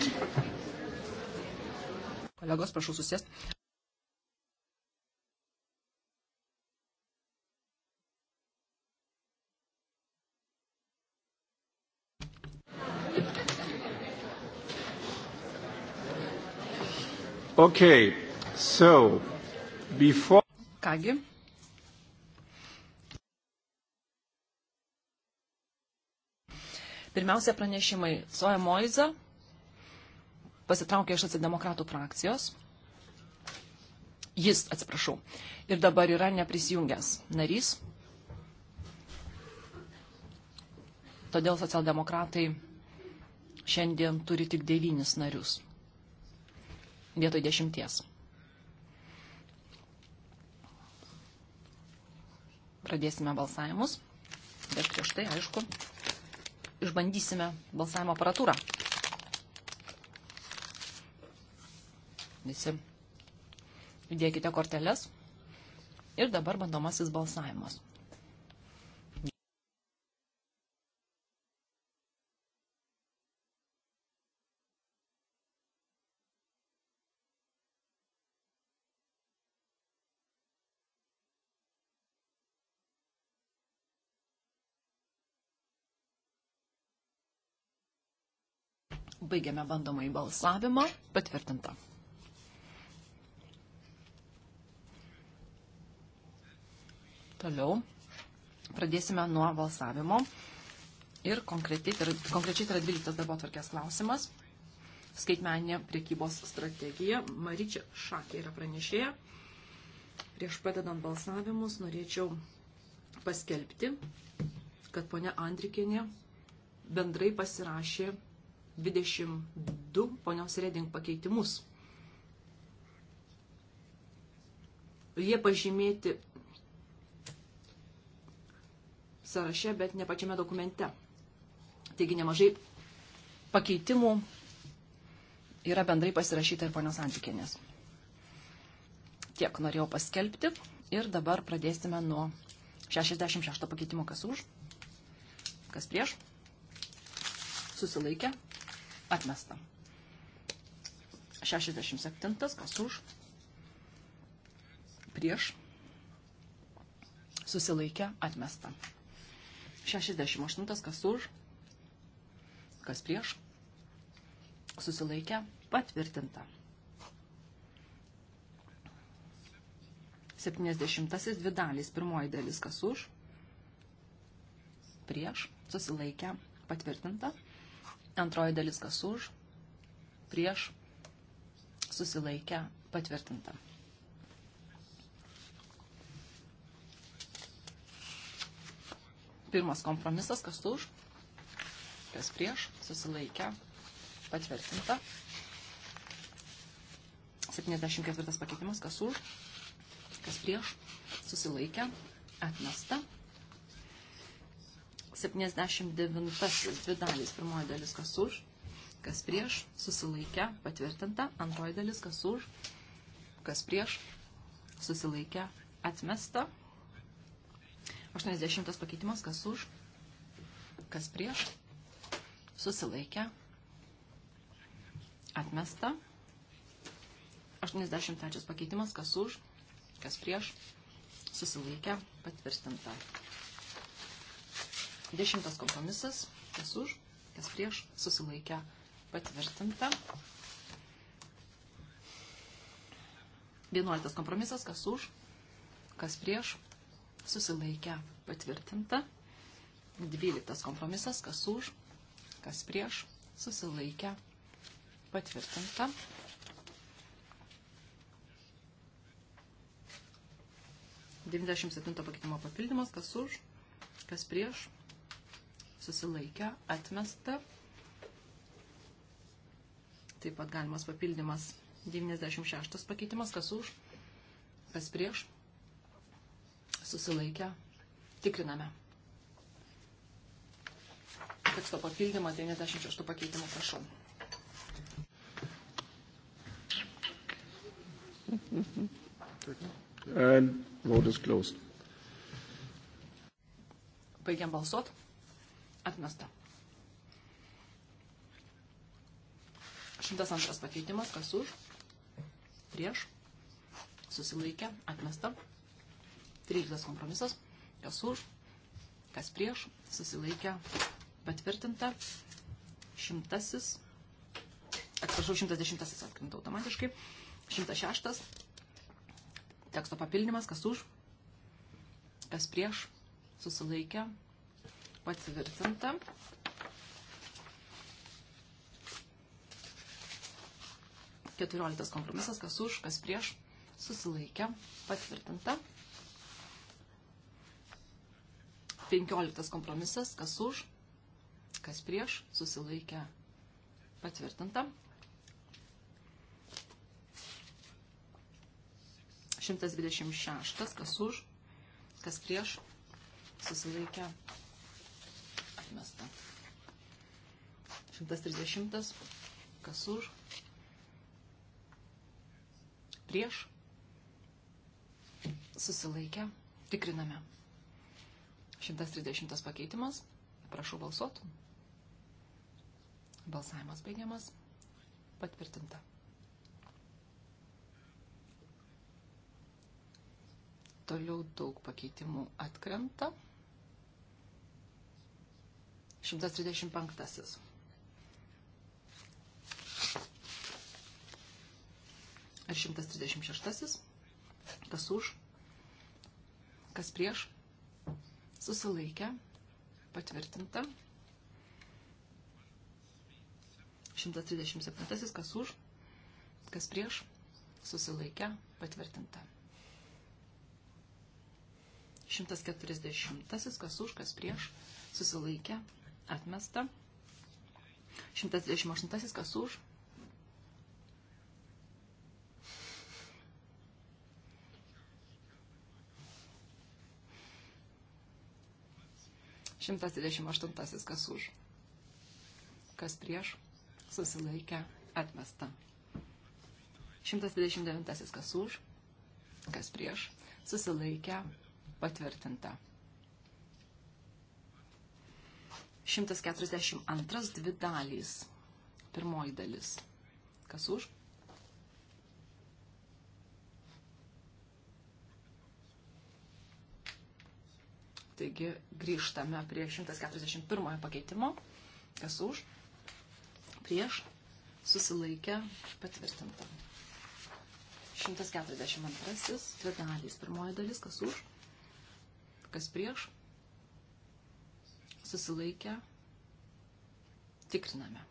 Kolegos, prašau susėsti. Okay, so before. Kągi, Pirmiausia, pranešimai. Soja Moiza pasitraukė iš atsidemokratų frakcijos. Jis, atsiprašau, ir dabar yra neprisijungęs narys. Todėl socialdemokratai šiandien turi tik devynis narius vietoj dešimties. Pradėsime balsavimus, bet prieš tai, aišku, išbandysime balsavimo aparatūrą. Visi įdėkite korteles. Ir dabar bandomasis balsavimas. Baigiame bandomąjį balsavimą. Patvirtinta. Toliau pradėsime nuo balsavimo. Ir konkrečiai tai yra 12 tai darbo tvarkės klausimas. Skaitmeninė priekybos strategija. Maryčia Šakė yra pranešėja. Prieš pradedant balsavimus norėčiau paskelbti, kad ponia Andrikinė bendrai pasirašė 22 ponios Reding pakeitimus. Jie pažymėti sąraše, bet ne pačiame dokumente. Taigi nemažai pakeitimų yra bendrai pasirašyta ir ponios Antikinės. Tiek norėjau paskelbti ir dabar pradėsime nuo 66 pakeitimo, kas už, kas prieš, susilaikė, Atmesta. 67. Kas už? Prieš. Susilaikę. Atmesta. 68. Kas už? Kas prieš? Susilaikę. Patvirtinta. 70. Dvi dalys. Pirmoji dalis. Kas už? Prieš. Susilaikę. Patvirtinta. Antroji dalis kas už, prieš, susilaikę, patvirtinta. Pirmas kompromisas, kas už, kas prieš, susilaikę, patvirtinta. 74 pakeitimas, kas už, kas prieš, susilaikę, atmesta. 79 dvi dalys. Pirmoji dalis kas už, kas prieš, susilaikę, patvirtinta. Antroji dalis kas už, kas prieš, susilaikę, atmesta. 80 pakeitimas kas už, kas prieš, susilaikę, atmesta. 83 pakeitimas kas už, kas prieš, susilaikę, patvirtinta. Dešimtas kompromisas, kas už, kas prieš, susilaikę patvirtinta. Vienuoliktas kompromisas, kas už, kas prieš, susilaikę patvirtinta. Dvyliktas kompromisas, kas už, kas prieš, susilaikę patvirtinta. Devyniasdešimt septinto pakeitimo papildymas, kas už, kas prieš, susilaikę, atmesta. Taip pat galimas papildymas 96 pakeitimas, kas už, kas prieš, susilaikę, tikriname. Teksto papildymą 96 pakeitimų prašau. And vote is closed. Baigiam balsuoti. Atmesta. 102 pakeitimas, kas už, prieš, susilaikė, atmesta. 13 kompromisas, kas už, kas prieš, susilaikė, patvirtinta. Šimtasis, atsiprašau, 110 atkrinta automatiškai. 106 teksto papildymas, kas už, kas prieš, susilaikė, atmesta Patvirtinta. Keturioliktas kompromisas, kas už, kas prieš, susilaikė, patvirtinta. Penkioliktas kompromisas, kas už, kas prieš, susilaikė, patvirtinta. 126, kas už, kas prieš, susilaikė, atmesta. 130. Kas už? Prieš? Susilaikę. Tikriname. 130 pakeitimas. Prašau balsuotų. Balsavimas baigiamas. Patvirtinta. Toliau daug pakeitimų atkrenta. 135. Ar 136. Kas už, kas prieš, susilaikė, patvirtinta. 137. Kas už, kas prieš, susilaikė, patvirtinta. 140. Kas už, kas prieš, susilaikė, patvirtinta atmesta. 128 kas už. Šimtas dvidešimt aštuntasis kas už, kas prieš, susilaikę, atmesta. Šimtas dvidešimt devintasis kas už, kas prieš, susilaikę, patvirtinta. 142 dvi dalys. Pirmoji dalis. Kas už? Taigi grįžtame prie 141 pakeitimo. Kas už? Prieš susilaikę patvirtinta. 142 dvi dalys. Pirmoji dalis. Kas už? Kas prieš? susilaikę, tikriname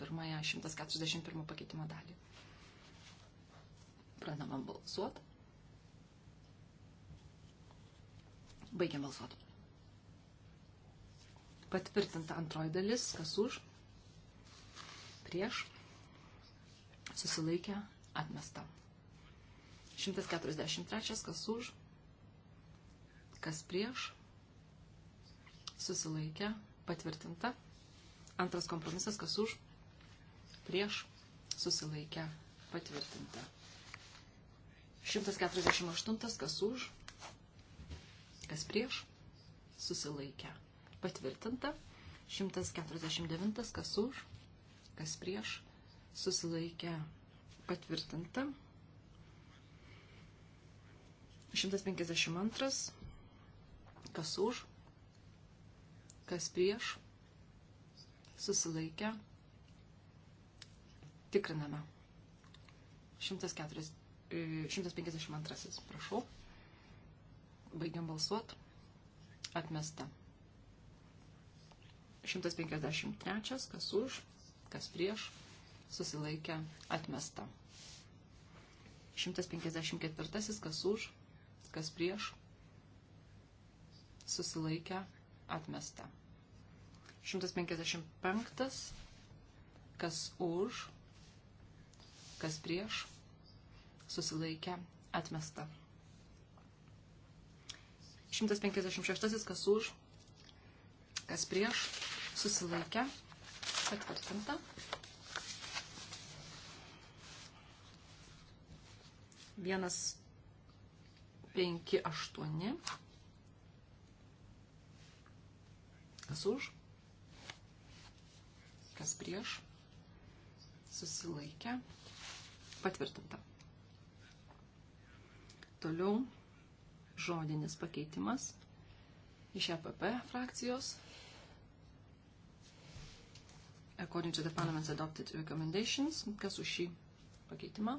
pirmąją 141 pakeitimo dalį. Pradama balsuoti. Baigiam balsuoti. Patvirtinta antroji dalis, kas už, prieš, susilaikę, atmesta. 143, kas už, kas prieš, susilaikė, patvirtinta. Antras kompromisas, kas už, prieš, susilaikė, patvirtinta. 148, kas už, kas prieš, susilaikė, patvirtinta. 149, kas už, kas prieš, susilaikė, patvirtinta. 152, kas už, kas prieš, susilaikę, tikriname. 104, 152, e, prašau. Baigiam balsuot. Atmesta. 153, kas už, kas prieš, susilaikę, atmesta. 154, kas už, kas prieš, susilaikę, atmesta atmesta. 155. Kas už, kas prieš, susilaikė, atmesta. 156. Kas už, kas prieš, susilaikė, patvirtinta. Vienas, penki, aštuoni. Kas už? Kas prieš? Susilaikę. Patvirtinta. Toliau žodinis pakeitimas iš EPP frakcijos. According to the Parliament's adopted recommendations, kas už šį pakeitimą,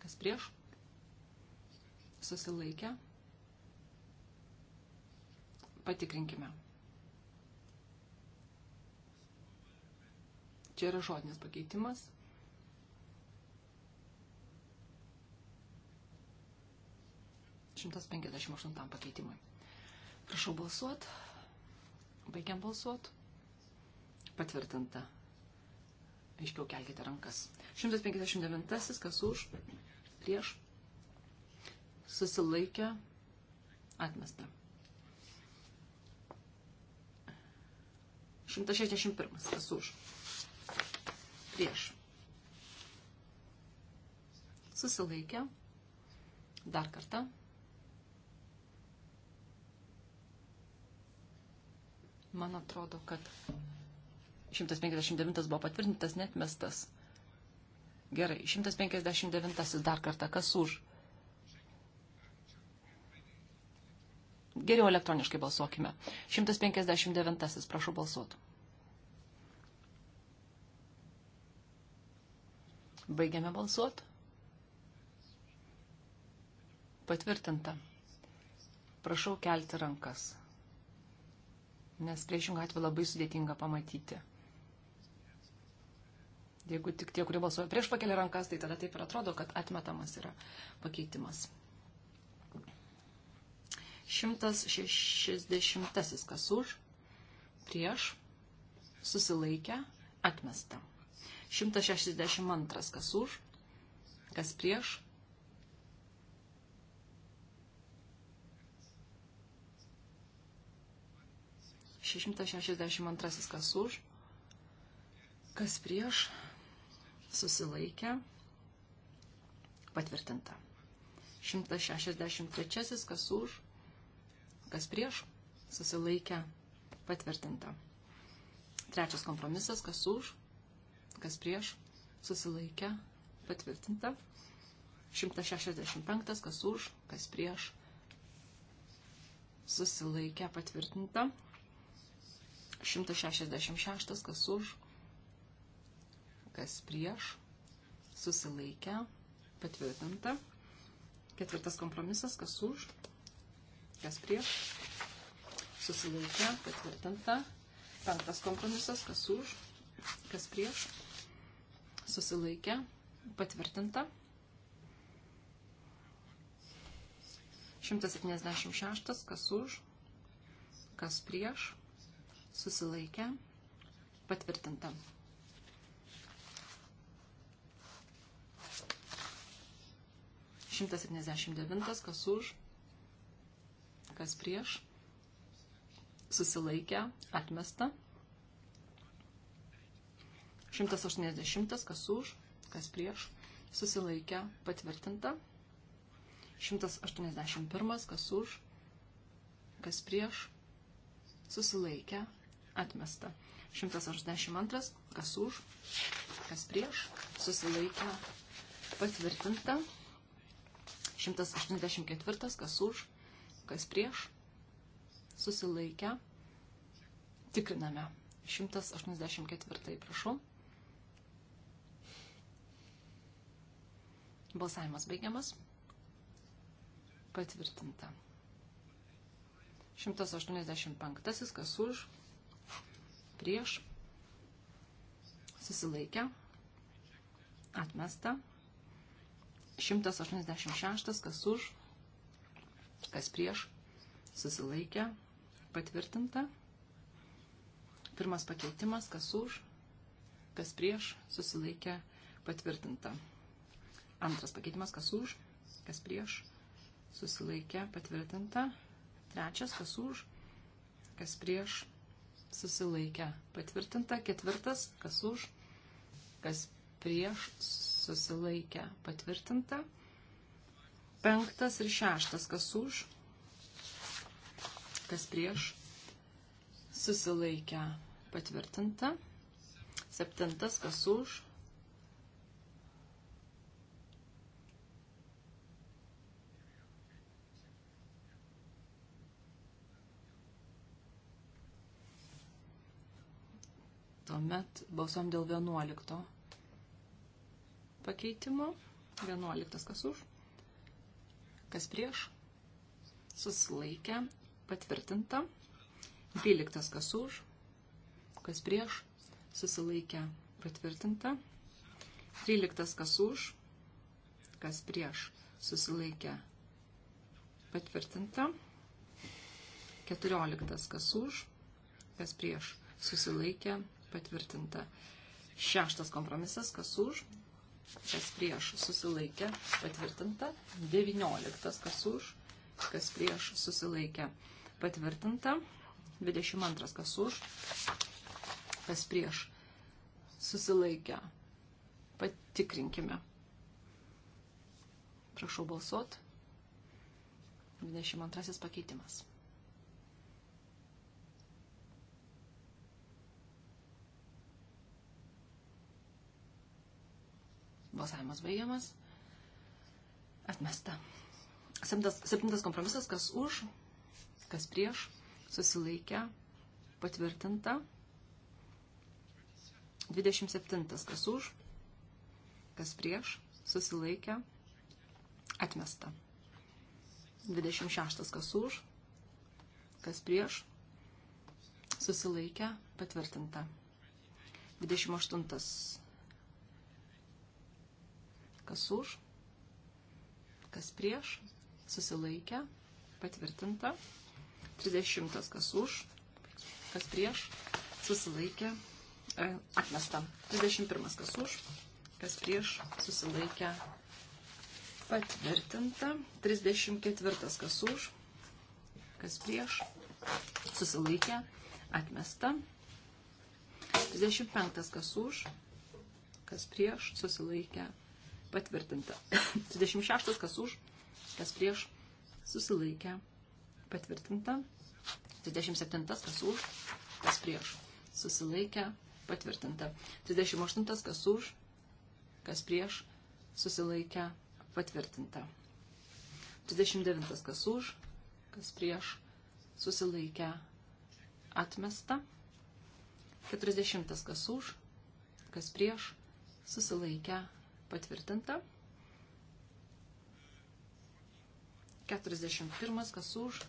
kas prieš, susilaikę, patikrinkime. Čia yra žodinis pakeitimas. Šimtas penkiasdešimt aštuntam pakeitimui. Prašau balsuot. Baigiam balsuot. Patvirtinta. Aiškiau kelkite rankas. 159. Kas už? Prieš? Susilaikę? Atmesta. 161. Kas už? prieš. Susilaikė. Dar kartą. Man atrodo, kad 159 buvo patvirtintas, net mestas. Gerai, 159 dar kartą, kas už? Geriau elektroniškai balsuokime. 159, prašau balsuoti. Baigiame balsuoti. Patvirtinta. Prašau kelti rankas, nes priešingą atveju labai sudėtinga pamatyti. Jeigu tik tie, kurie balsuoja prieš pakelį rankas, tai tada taip ir atrodo, kad atmetamas yra pakeitimas. 160 kas už, prieš, susilaikę, atmestam. 162. Kas už, kas prieš. Šešimtas šešiasdešimt antrasis kas už, kas prieš, susilaikė, patvirtinta. Šimtas šešiasdešimt trečiasis kas už, kas prieš, susilaikė, patvirtinta. Trečias kompromisas, kas už, kas prieš, susilaikę, patvirtinta. 165, kas už, kas prieš, susilaikę, patvirtinta. 166, kas už, kas prieš, susilaikę, patvirtinta. Ketvirtas kompromisas, kas už, kas prieš, susilaikę, patvirtinta. Penktas kompromisas, kas už, kas prieš, susilaikė, patvirtinta. 176, kas už, kas prieš, susilaikė, patvirtinta. Šimtas septyniasdešimt devintas, kas už, kas prieš, susilaikė, atmesta. 180, kas už, kas prieš, susilaikė, patvirtinta. 181, kas už, kas prieš, susilaikė, atmesta. 182, kas už, kas prieš, susilaikė, patvirtinta. 184, kas už, kas prieš, susilaikę. Tikriname. 184, prašau. Balsavimas baigiamas. Patvirtinta. 185. Kas už? Prieš. Susilaikę. Atmesta. 186. Kas už? Kas prieš? Susilaikę. Patvirtinta. Pirmas pakeitimas. Kas už? Kas prieš? Susilaikę. Patvirtinta. Antras pakeitimas, kas už, kas prieš, susilaikė, patvirtinta. Trečias, kas už, kas prieš, susilaikė, patvirtinta. Ketvirtas, kas už, kas prieš, susilaikė, patvirtinta. Penktas ir šeštas, kas už, kas prieš, susilaikė, patvirtinta. Septintas, kas už, Tuomet balsuom dėl 11 pakeitimo. 11 kas už, kas prieš, susilaikę, patvirtinta. 12 kas už, kas prieš, susilaikę, patvirtinta. 13 kas už, kas prieš, susilaikę, patvirtinta. 14 kas už, kas prieš, susilaikę, patvirtinta patvirtinta. Šeštas kompromisas, kas už, kas prieš susilaikė, patvirtinta. Devynioliktas, kas už, kas prieš susilaikė, patvirtinta. Dvidešimt antras, kas už, kas prieš susilaikė. Patikrinkime. Prašau balsuot. 22 pakeitimas. Balsavimas baigiamas. Atmesta. Septintas, septintas kompromisas, kas už, kas prieš, susilaikę, patvirtinta. 27. kas už, kas prieš, susilaikę, atmesta. 26. kas už, kas prieš, susilaikę, patvirtinta. 28 Kas už? Kas prieš? Susilaikę. Patvirtinta. 30. Kas už? Kas prieš? Susilaikę. E, atmesta. 31. Kas už? Kas prieš? Susilaikę. Patvirtinta. 34. Kas už? Kas prieš? Susilaikę. Atmesta. 35. Kas už? Kas prieš? Susilaikę patvirtinta. 26 kas už, kas prieš, susilaikė, patvirtinta. 27 kas už, kas prieš, susilaikė, patvirtinta. 28 kas už, kas prieš, susilaikė, patvirtinta. 29 kas už, kas prieš, susilaikė, atmesta. 40 kas už, kas prieš, susilaikė, Patvirtinta. 41. Kas už?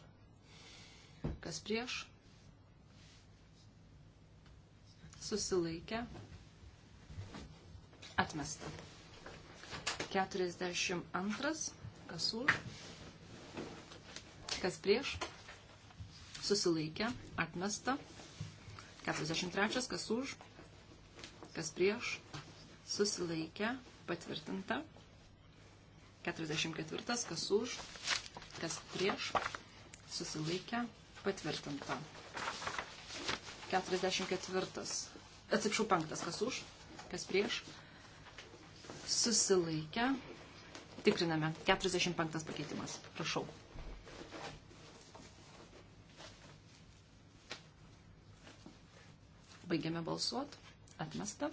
Kas prieš? Susilaikę. Atmesta. 42. Kas už? Kas prieš? Susilaikę. Atmesta. 43. Kas už? Kas prieš? susilaikę, patvirtinta. 44, kas už, kas prieš, susilaikę, patvirtinta. 44, atsiprašau, 5, kas už, kas prieš, susilaikę, tikriname. 45 pakeitimas, prašau. Baigiame balsuot. Atmesta.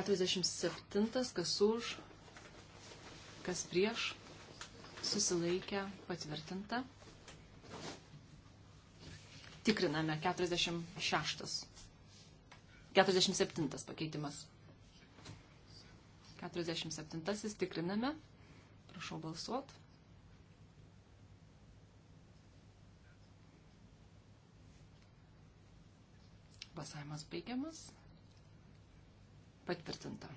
47, kas už, kas prieš, susilaikę, patvirtinta. Tikriname 46. 47 pakeitimas. 47 tikriname. Prašau balsuot. Balsavimas baigiamas. Patvirtinta.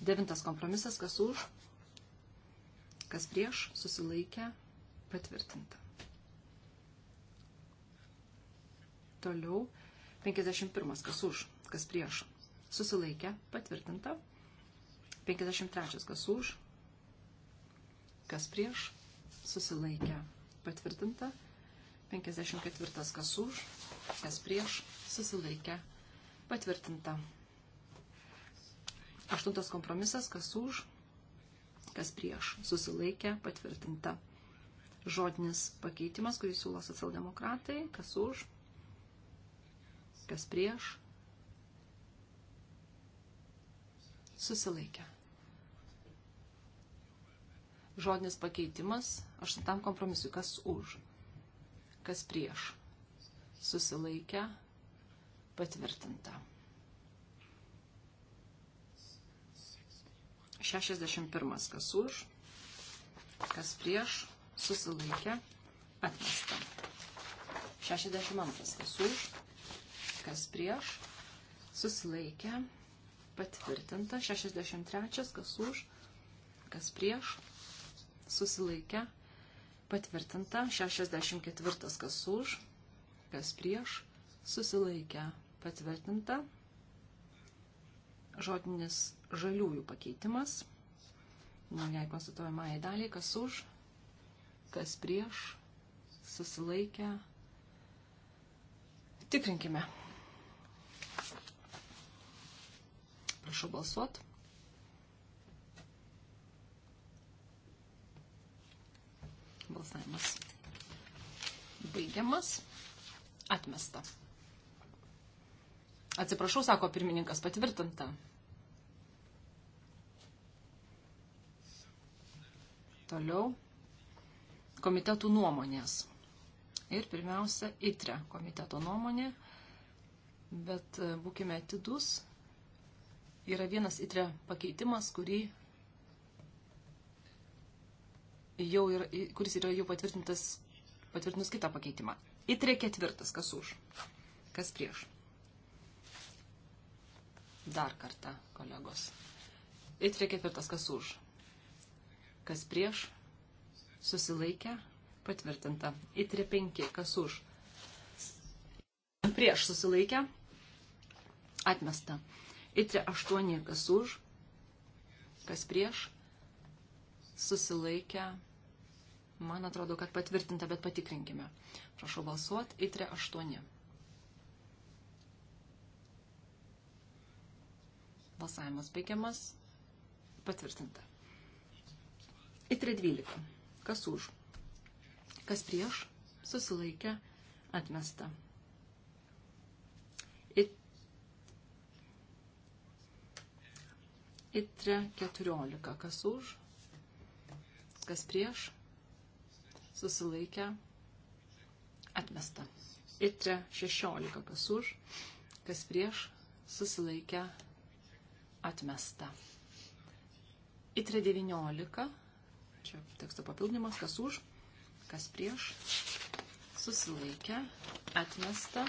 Devintas kompromisas, kas už, kas prieš, susilaikė, patvirtinta. Toliau 51, kas už, kas prieš, susilaikė, patvirtinta. 53, kas už, kas prieš, susilaikė, patvirtinta. 54, kas už, kas prieš, susilaikė, patvirtinta Patvirtinta. Aštuntas kompromisas, kas už, kas prieš. Susilaikė, patvirtinta. Žodinis pakeitimas, kurį siūlo socialdemokratai, kas už, kas prieš. Susilaikė. Žodinis pakeitimas aštuntam kompromisui, kas už, kas prieš. Susilaikė, Patvirtinta. 61. Kas už, kas prieš, susilaikė, atmesta. 62. Kas už, kas prieš, susilaikė, patvirtinta. 63. Kas už, kas prieš, susilaikė, patvirtinta. 64. Kas už, kas prieš, susilaikė, patvirtinta. Žodinis žaliųjų pakeitimas. Naujai konstatuojamai daliai, kas už, kas prieš, susilaikę. Tikrinkime. Prašau balsuot. Balsavimas baigiamas. Atmesta. Atsiprašau, sako pirmininkas, patvirtinta. Toliau komitetų nuomonės. Ir pirmiausia, ITRE komiteto nuomonė, bet e, būkime atidus. Yra vienas ITRE pakeitimas, kurį jau yra, kuris yra jau patvirtintas, patvirtinus kitą pakeitimą. ITRE ketvirtas, kas už, kas prieš Dar kartą, kolegos. Itrė ketvirtas, kas už. Kas prieš? Susilaikę? Patvirtinta. Itrė penki, kas už. Prieš susilaikę? Atmesta. Itrė aštuoni, kas už. Kas prieš? Susilaikę? Man atrodo, kad patvirtinta, bet patikrinkime. Prašau balsuoti. Itrė aštuoni. Balsavimas baigiamas. Patvirtinta. Į 312. Kas už? Kas prieš? Susilaikė. Atmesta. Itre 14. Kas už? Kas prieš? Susilaikę. Atmesta. Itre 16. Kas už? Kas prieš? Susilaikę atmesta. Itre 19, čia teksto papildymas, kas už, kas prieš, susilaikę, atmesta.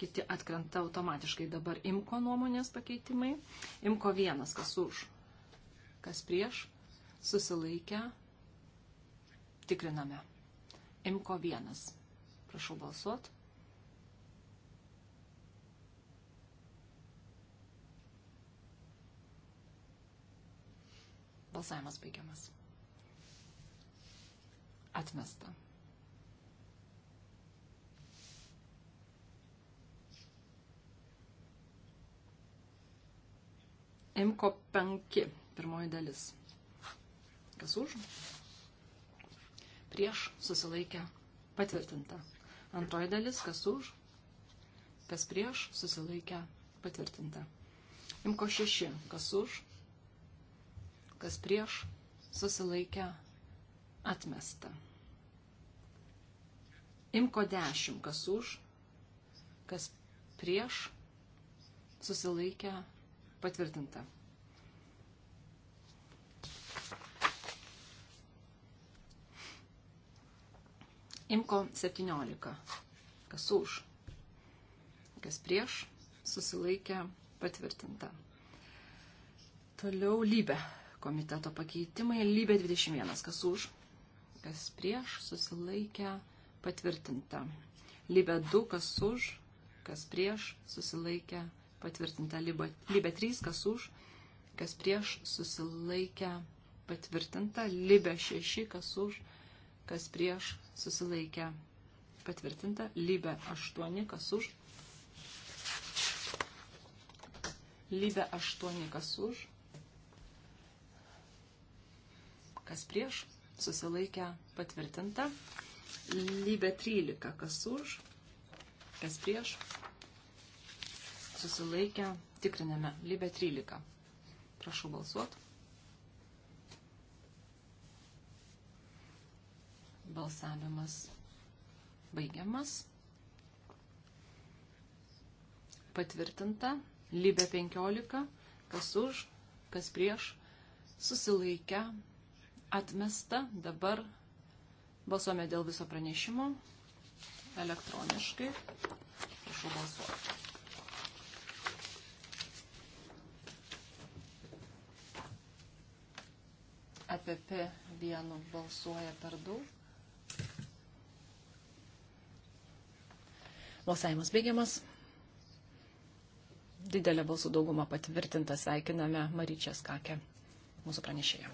Kiti atkrenta automatiškai dabar imko nuomonės pakeitimai. Imko vienas, kas už, kas prieš, susilaikę, tikriname. Imko 1. Prašau balsuot. Balsavimas baigiamas. Atmesta. Imko 5. Pirmoji dalis. Kas už? prieš susilaikę patvirtinta. Antroji dalis, kas už, kas prieš susilaikę patvirtinta. Imko šeši, kas už, kas prieš susilaikę atmesta. Imko dešimt, kas už, kas prieš susilaikę patvirtinta. Imko 17. Kas už? Kas prieš? Susilaikė patvirtinta. Toliau lybė. Komiteto pakeitimai. Lybė 21. Kas už? Kas prieš? Susilaikė patvirtinta. Lybė 2. Kas už? Kas prieš? Susilaikė patvirtinta. Lybė 3. Kas už? Kas prieš? Susilaikė patvirtinta. Lybė 6. Kas už? kas prieš susilaikę patvirtinta, lybė 8, kas už, lybė 8, kas už, kas prieš susilaikę patvirtinta, lybė 13, kas už, kas prieš susilaikę tikriname, lybė 13. Prašau balsuoti. Balsavimas baigiamas. Patvirtinta. Lybė 15. Kas už, kas prieš. Susilaikę. Atmesta. Dabar balsuome dėl viso pranešimo. Elektroniškai. Prašau balsuoti. APP vienu balsuoja per daug. Balsavimas baigiamas. Didelė balsų dauguma patvirtinta. Sveikiname Maryčią Skakę, mūsų pranešėją.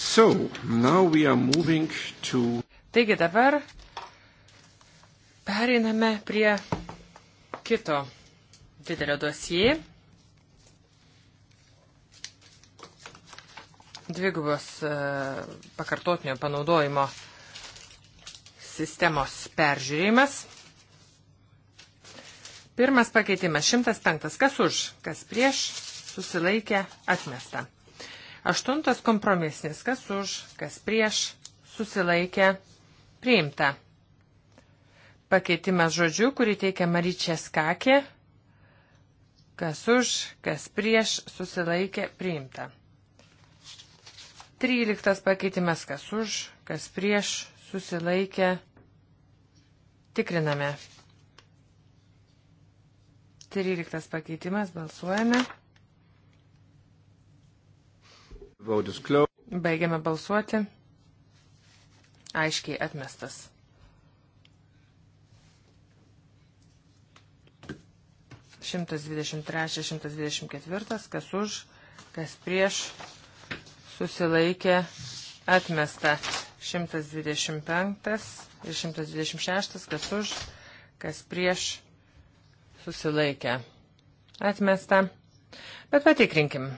So, now we are moving to... Taigi dabar pereiname prie kito didelio dosijai. dvigubos e, pakartotinio panaudojimo sistemos peržiūrėjimas. Pirmas pakeitimas 105. Kas už, kas prieš, susilaikė, atmesta. Aštuntas kompromisnis. Kas už, kas prieš, susilaikė, priimta. Pakeitimas žodžių, kurį teikia Maryčia Skakė. Kas už, kas prieš, susilaikė, priimta. 13 pakeitimas, kas už, kas prieš, susilaikė. Tikriname. 13 pakeitimas, balsuojame. Baigiame balsuoti. Aiškiai atmestas. Šimtas dvidešimt trečias, šimtas dvidešimt ketvirtas, kas už, kas prieš, susilaikė atmesta 125 ir 126, kas už, kas prieš susilaikė atmesta. Bet patikrinkim.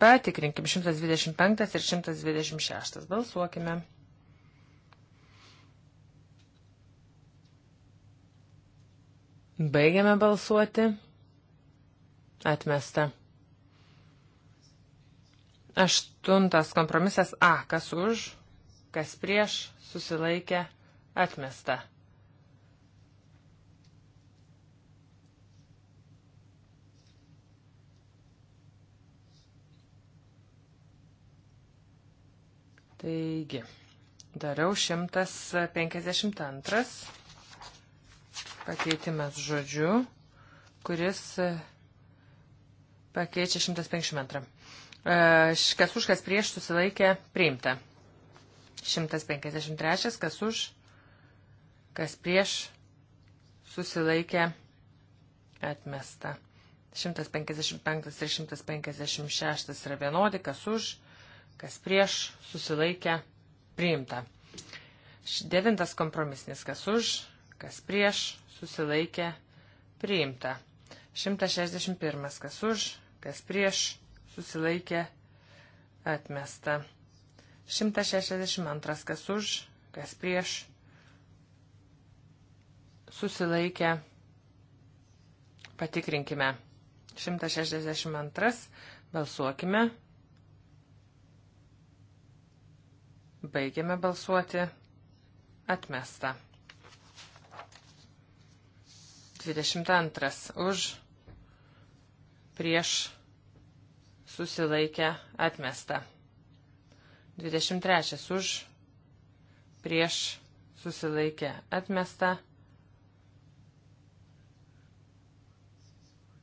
Patikrinkim 125 ir 126. Balsuokime. Baigiame balsuoti. Atmesta. Aštuntas kompromisas A. Kas už, kas prieš, susilaikė, atmesta. Taigi, dariau 152 pakeitimas žodžiu, kuris e, pakeičia 152. E, kas už, kas prieš susilaikė priimta. 153, kas už, kas prieš susilaikė atmesta. 155 ir 156 yra vienodi, kas už, kas prieš susilaikė priimta. Devintas kompromisnis, kas už, kas prieš susilaikė priimta. 161, kas už, kas prieš susilaikė, atmesta. 162 kas už, kas prieš, susilaikė, patikrinkime. 162 balsuokime. Baigiame balsuoti. Atmesta. 22. Už. Prieš susilaikę atmesta. 23 už, prieš susilaikę atmesta.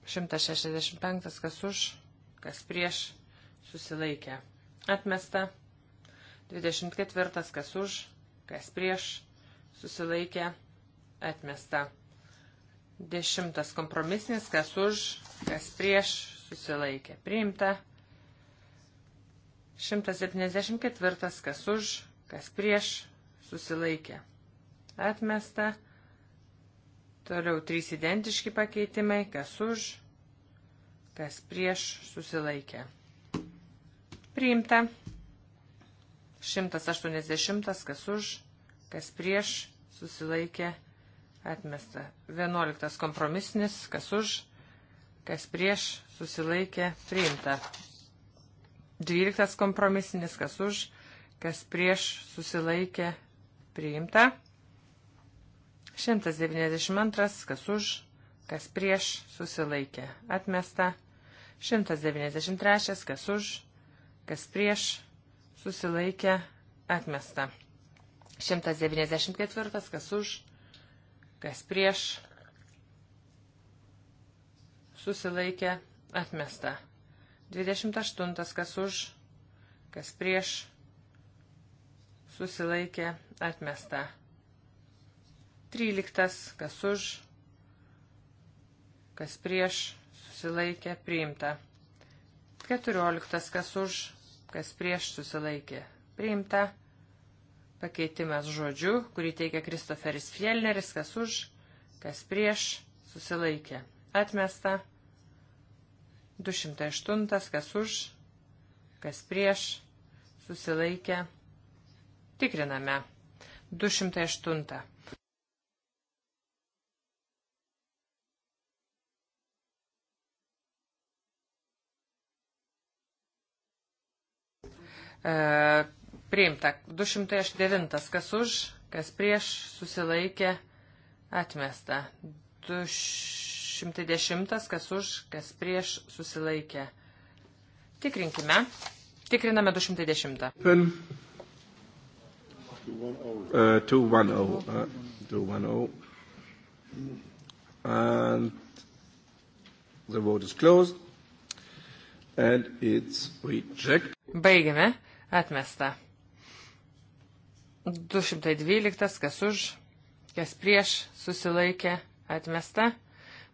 165 kas už, kas prieš susilaikę atmesta. 24 kas už, kas prieš susilaikę atmesta. Dešimtas kompromisinis, kas už, kas prieš susilaikė priimta. 174 kas už, kas prieš, susilaikė atmesta. Toliau trys identiški pakeitimai, kas už, kas prieš, susilaikė priimta. 180 kas už, kas prieš, susilaikė atmesta. 11 kompromisinis, kas už, kas prieš, susilaikė, priimta. 12 kompromisinis, kas už, kas prieš, susilaikė, priimta. 192, kas už, kas prieš, susilaikė, atmesta. 193, kas už, kas prieš, susilaikė, atmesta. 194, kas už, kas prieš, susilaikė, atmesta. 28. Kas už, kas prieš, susilaikė, atmesta. 13. Kas už, kas prieš, susilaikė, priimta. 14. Kas už, kas prieš, susilaikė, priimta. Pakeitimas žodžiu, kurį teikia Kristoferis Fjellneris, kas už, kas prieš, susilaikė, atmesta. 208, kas už, kas prieš, susilaikė. Tikriname. 208. E, priimta. 209. Kas už, kas prieš, susilaikė, atmesta. 200. 110, kas už, kas prieš susilaikė. Tikrinkime. Tikriname 210. Open. 210. Uh, 210. Uh, 210. And the vote is closed. And it's rejected. Baigime. Atmesta. 212, kas už, kas prieš susilaikė, atmesta.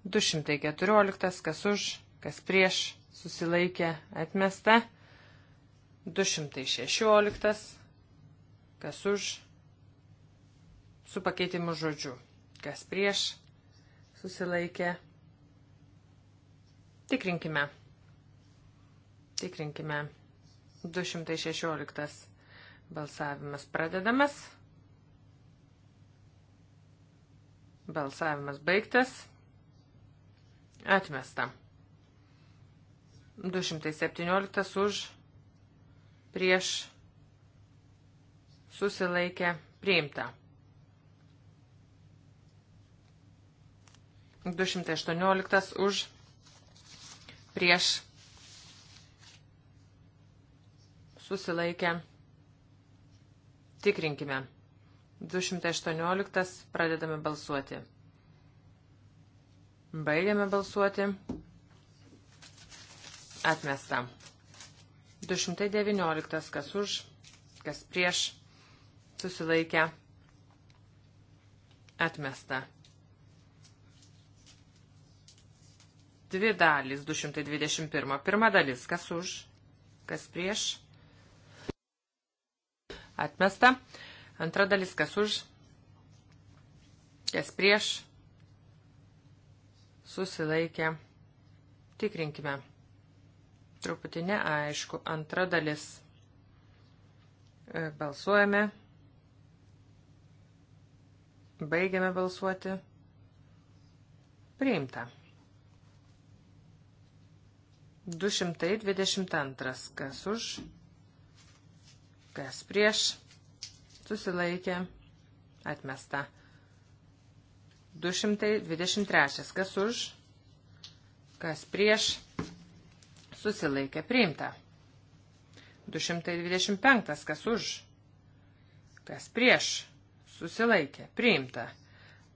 214, kas už, kas prieš, susilaikė, atmesta. 216, kas už, su pakeitimu žodžiu, kas prieš, susilaikė. Tikrinkime. Tikrinkime. 216 balsavimas pradedamas. Balsavimas baigtas. Atmesta. 217 už prieš susilaikę priimta. 218 už prieš susilaikę. Tikrinkime. 218 pradedame balsuoti. Baigiame balsuoti. Atmesta. 219. Kas už, kas prieš, susilaikę. Atmesta. Dvi dalys 221. Pirma dalis. Kas už, kas prieš. Atmesta. Antra dalis. Kas už, kas prieš susilaikė. Tikrinkime. Truputį neaišku. Antra dalis. E, balsuojame. Baigiame balsuoti. Priimta. 222. Kas už? Kas prieš? Susilaikė. Atmesta. 223. Kas už, kas prieš, susilaikė priimta. 225. Kas už, kas prieš, susilaikė priimta.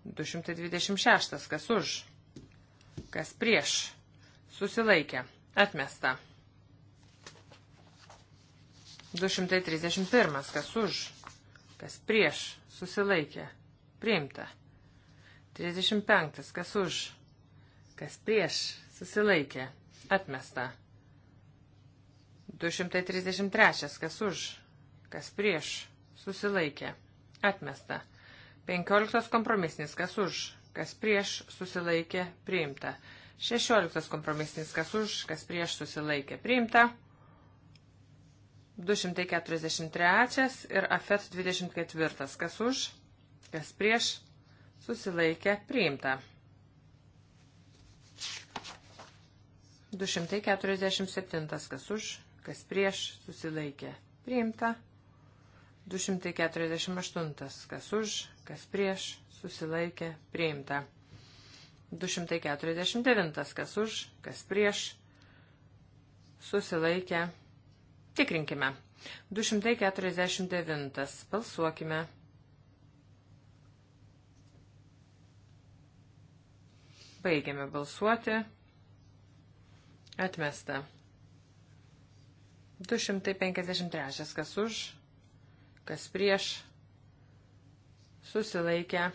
226. Kas už, kas prieš, susilaikė atmesta. 231. Kas už, kas prieš, susilaikė priimta. 35. Kas už? Kas prieš? Susilaikė. Atmesta. 233. Kas už? Kas prieš? Susilaikė. Atmesta. 15. Kompromisinis. Kas už? Kas prieš? Susilaikė. Priimta. 16. Kompromisinis. Kas už? Kas prieš? Susilaikė. Priimta. 243 ir AFET 24. Kas už, kas prieš, susilaikė priimta. 247 kas už, kas prieš susilaikė priimta. 248 kas už, kas prieš susilaikė priimta. 249 kas už, kas prieš susilaikė. Tikrinkime. 249 balsuokime. Baigiame balsuoti. Atmesta. 253. Kas už, kas prieš, susilaikę.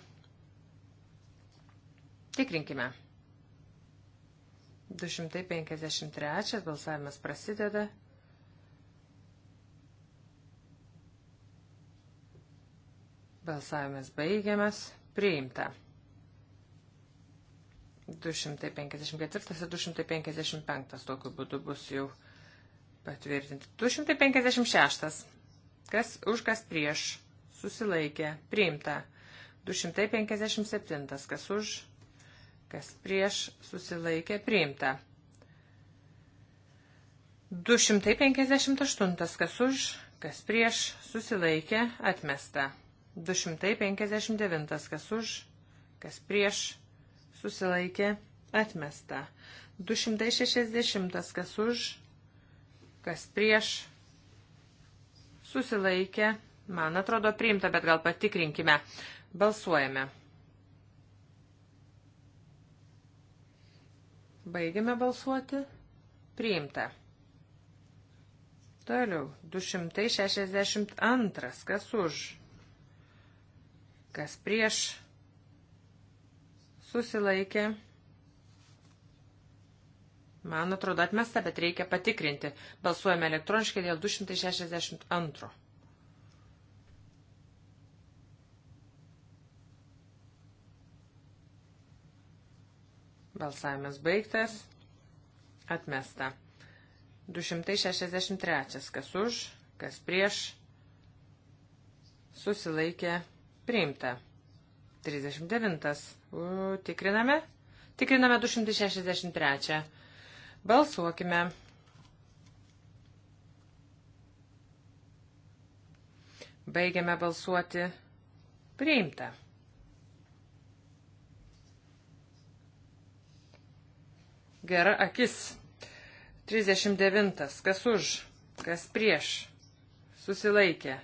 Tikrinkime. 253. Balsavimas prasideda. Balsavimas baigiamas. Priimta. 254 ir 255 tokiu būdu bus jau patvirtinti. 256. Kas už kas prieš? Susilaikė. Priimta. 257. Kas už? Kas prieš? Susilaikė. Priimta. 258. Kas už? Kas prieš? Susilaikė. Atmesta. 259. Kas už? Kas prieš? susilaikė atmesta. 260 kas už, kas prieš, susilaikė, man atrodo priimta, bet gal patikrinkime. Balsuojame. Baigiame balsuoti. Priimta. Toliau, 262. Kas už? Kas prieš? susilaikė. Man atrodo atmesta, bet reikia patikrinti. Balsuojame elektroniškai dėl 262. Balsavimas baigtas. Atmesta. 263. Kas už, kas prieš. Susilaikė. Priimta. 39. U, tikriname. Tikriname 263. Balsuokime. Baigiame balsuoti. Priimta. Gera akis. 39. Kas už, kas prieš. Susilaikė.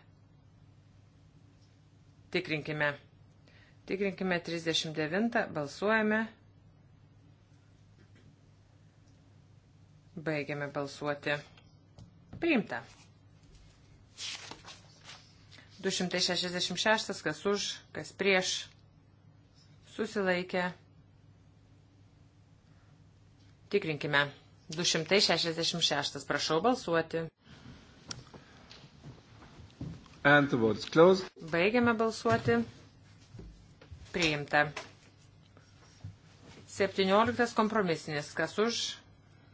Tikrinkime. Tikrinkime 39, balsuojame. Baigiame balsuoti. Priimta. 266, kas už, kas prieš, susilaikė. Tikrinkime. 266, prašau balsuoti. Baigiame balsuoti priimta. 17 kompromisinis, kas už,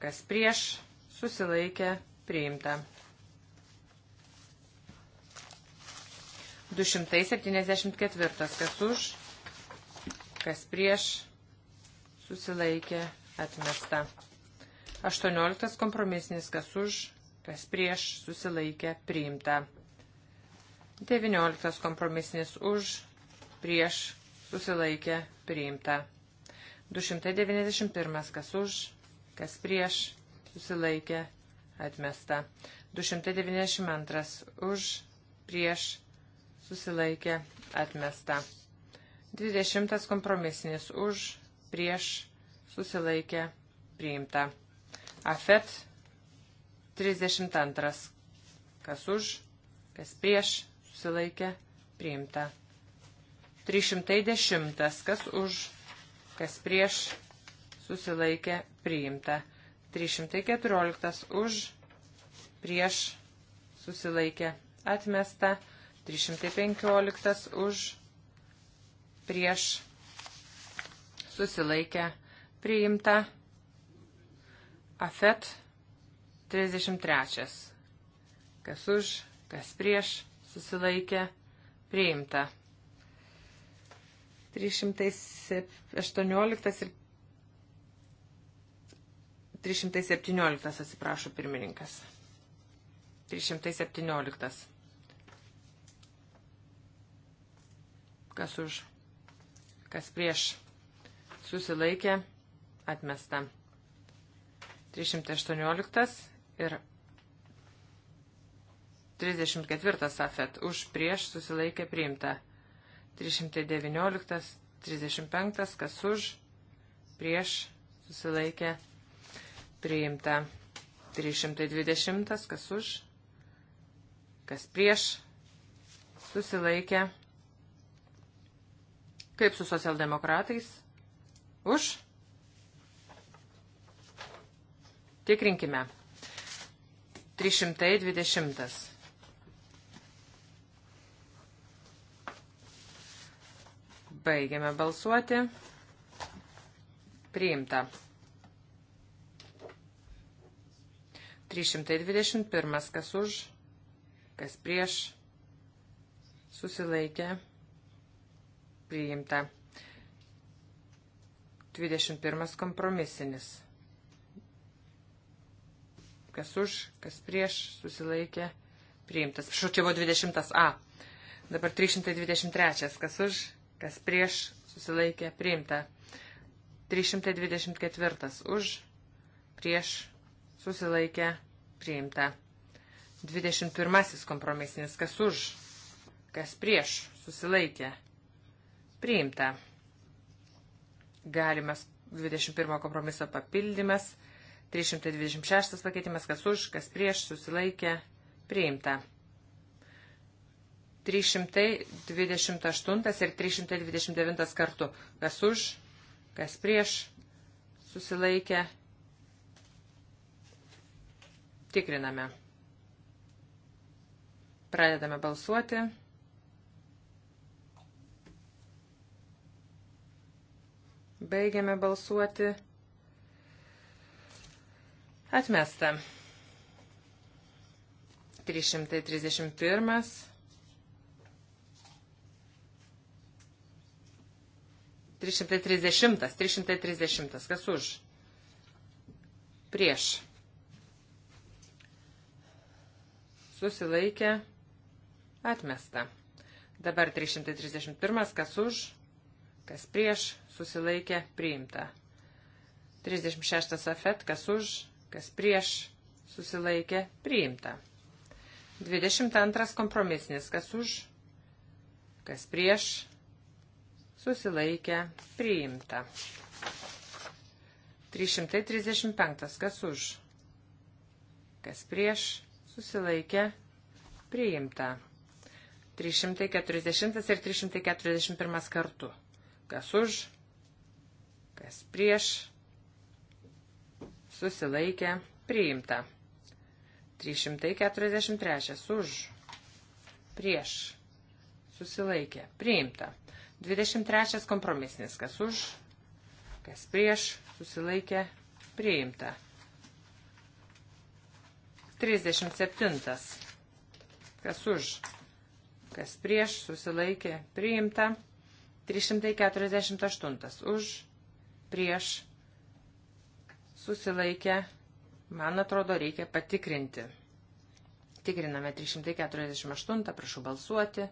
kas prieš, susilaikė, priimta. 274, kas už, kas prieš, susilaikė, atmesta. 18 kompromisinis, kas už, kas prieš, susilaikė, priimta. 19 kompromisinis už, prieš, susilaikė priimta. 291 kas už, kas prieš, susilaikė atmesta. 292 už, prieš, susilaikė atmesta. 20 kompromisinis už, prieš, susilaikė priimta. Afet 32 kas už, kas prieš, susilaikė priimta. 310. Kas už, kas prieš, susilaikė, priimta. 314. Už, prieš, susilaikė, atmesta. 315. Už, prieš, susilaikė, priimta. Afet 33. Kas už, kas prieš, susilaikė, priimta. 318 ir 317, atsiprašau, pirmininkas. 317. Kas už, kas prieš susilaikė, atmesta. 318 ir 34 safet už prieš susilaikė priimta. 319, 35, kas už, prieš, susilaikė, priimta. 320, kas už, kas prieš, susilaikė. Kaip su socialdemokratais? Už? Tikrinkime. 320. Baigiame balsuoti. Priimta. 321. Kas už, kas prieš, susilaikė. Priimta. 21. Kompromisinis. Kas už, kas prieš, susilaikė. Priimtas. Šau, čia buvo 20a. Dabar 323. Kas už, kas prieš susilaikė priimta. 324 už, prieš susilaikė priimta. 21 kompromisinis, kas už, kas prieš susilaikė priimta. Galimas 21 kompromiso papildymas, 326 pakeitimas, kas už, kas prieš susilaikė priimta. 328 ir 329 kartu. Kas už, kas prieš, susilaikė. Tikriname. Pradedame balsuoti. Baigiame balsuoti. Atmesta. 331. 330. 330. Kas už? Prieš. Susilaikė. Atmesta. Dabar 331. Kas už? Kas prieš? Susilaikė. Priimta. 36. Afet. Kas už? Kas prieš? Susilaikė. Priimta. 22. Kompromisnis. Kas už? Kas prieš? susilaikę, priimta. 335. Kas už? Kas prieš? Susilaikę, priimta. 340 ir 341 kartu. Kas už? Kas prieš? Susilaikę, priimta. 343 už. Prieš. Susilaikė. Priimta. 23 kompromisinis, kas už, kas prieš, susilaikė, priimta. 37. Kas už, kas prieš, susilaikė, priimta. 348. Už, prieš, susilaikė, man atrodo, reikia patikrinti. Tikriname 348, prašau balsuoti.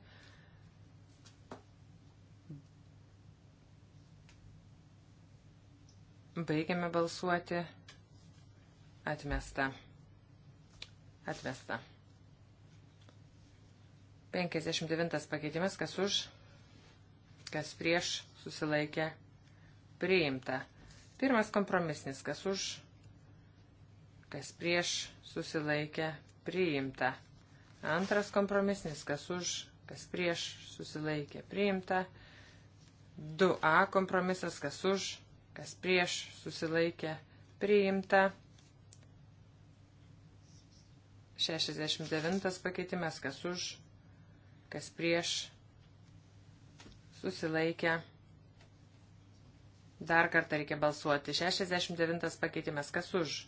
Baigiame balsuoti. Atmesta. Atmesta. 59 pakeitimas, kas už, kas prieš, susilaikė, priimta. Pirmas kompromisnis, kas už, kas prieš, susilaikė, priimta. Antras kompromisnis, kas už, kas prieš, susilaikė, priimta. 2A kompromisas, kas už, kas prieš susilaikė priimta. 69 pakeitimas, kas už, kas prieš susilaikė. Dar kartą reikia balsuoti. 69 pakeitimas, kas už,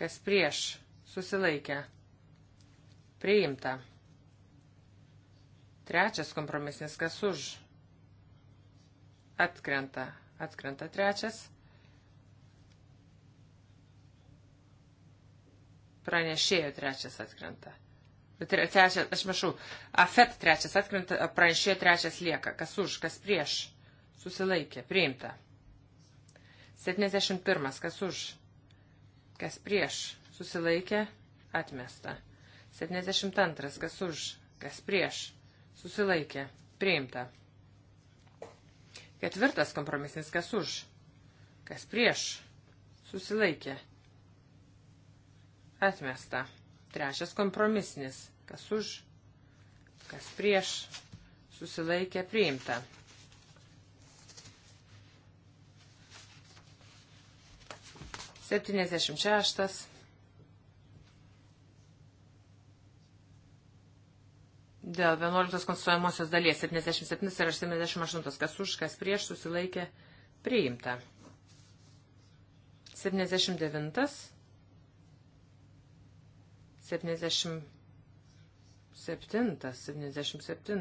kas prieš susilaikė. Priimta. Trečias kompromisinis, kas už. Atkrenta. Atkrenta trečias. Pranešėjo trečias atkrenta. Tre, trečias, aš mašau, afet trečias atkrenta, pranešėjo trečias lieka. Kas už, kas prieš. Susilaikė, priimta. 71. Kas už, kas prieš. Susilaikė, atmesta. 72. Kas už, kas prieš. Susilaikė, priimta. Ketvirtas kompromisinis kas už, kas prieš, susilaikė. Atmesta. Trečias kompromisinis kas už, kas prieš, susilaikė priimta. Septyniasdešimt šeštas. Dėl 11 konstruojamosios dalies 77 ir 88, kas už, kas prieš, susilaikė priimta. 79, 77, 77,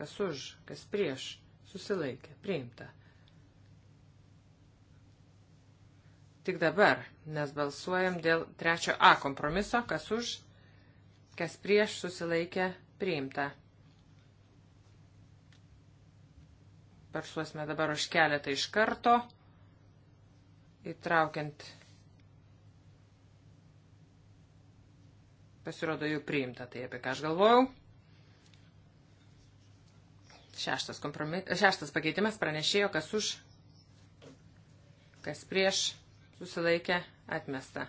kas už, kas prieš, susilaikė priimta. Tik dabar, nes balsuojam dėl trečio A kompromiso, kas už, kas prieš, susilaikė priimta priimta. Persuosime dabar už keletą iš karto, įtraukiant, pasirodo jų priimta, tai apie ką aš galvojau. Šeštas, kompromis, šeštas pakeitimas pranešėjo, kas už, kas prieš, susilaikė, atmesta.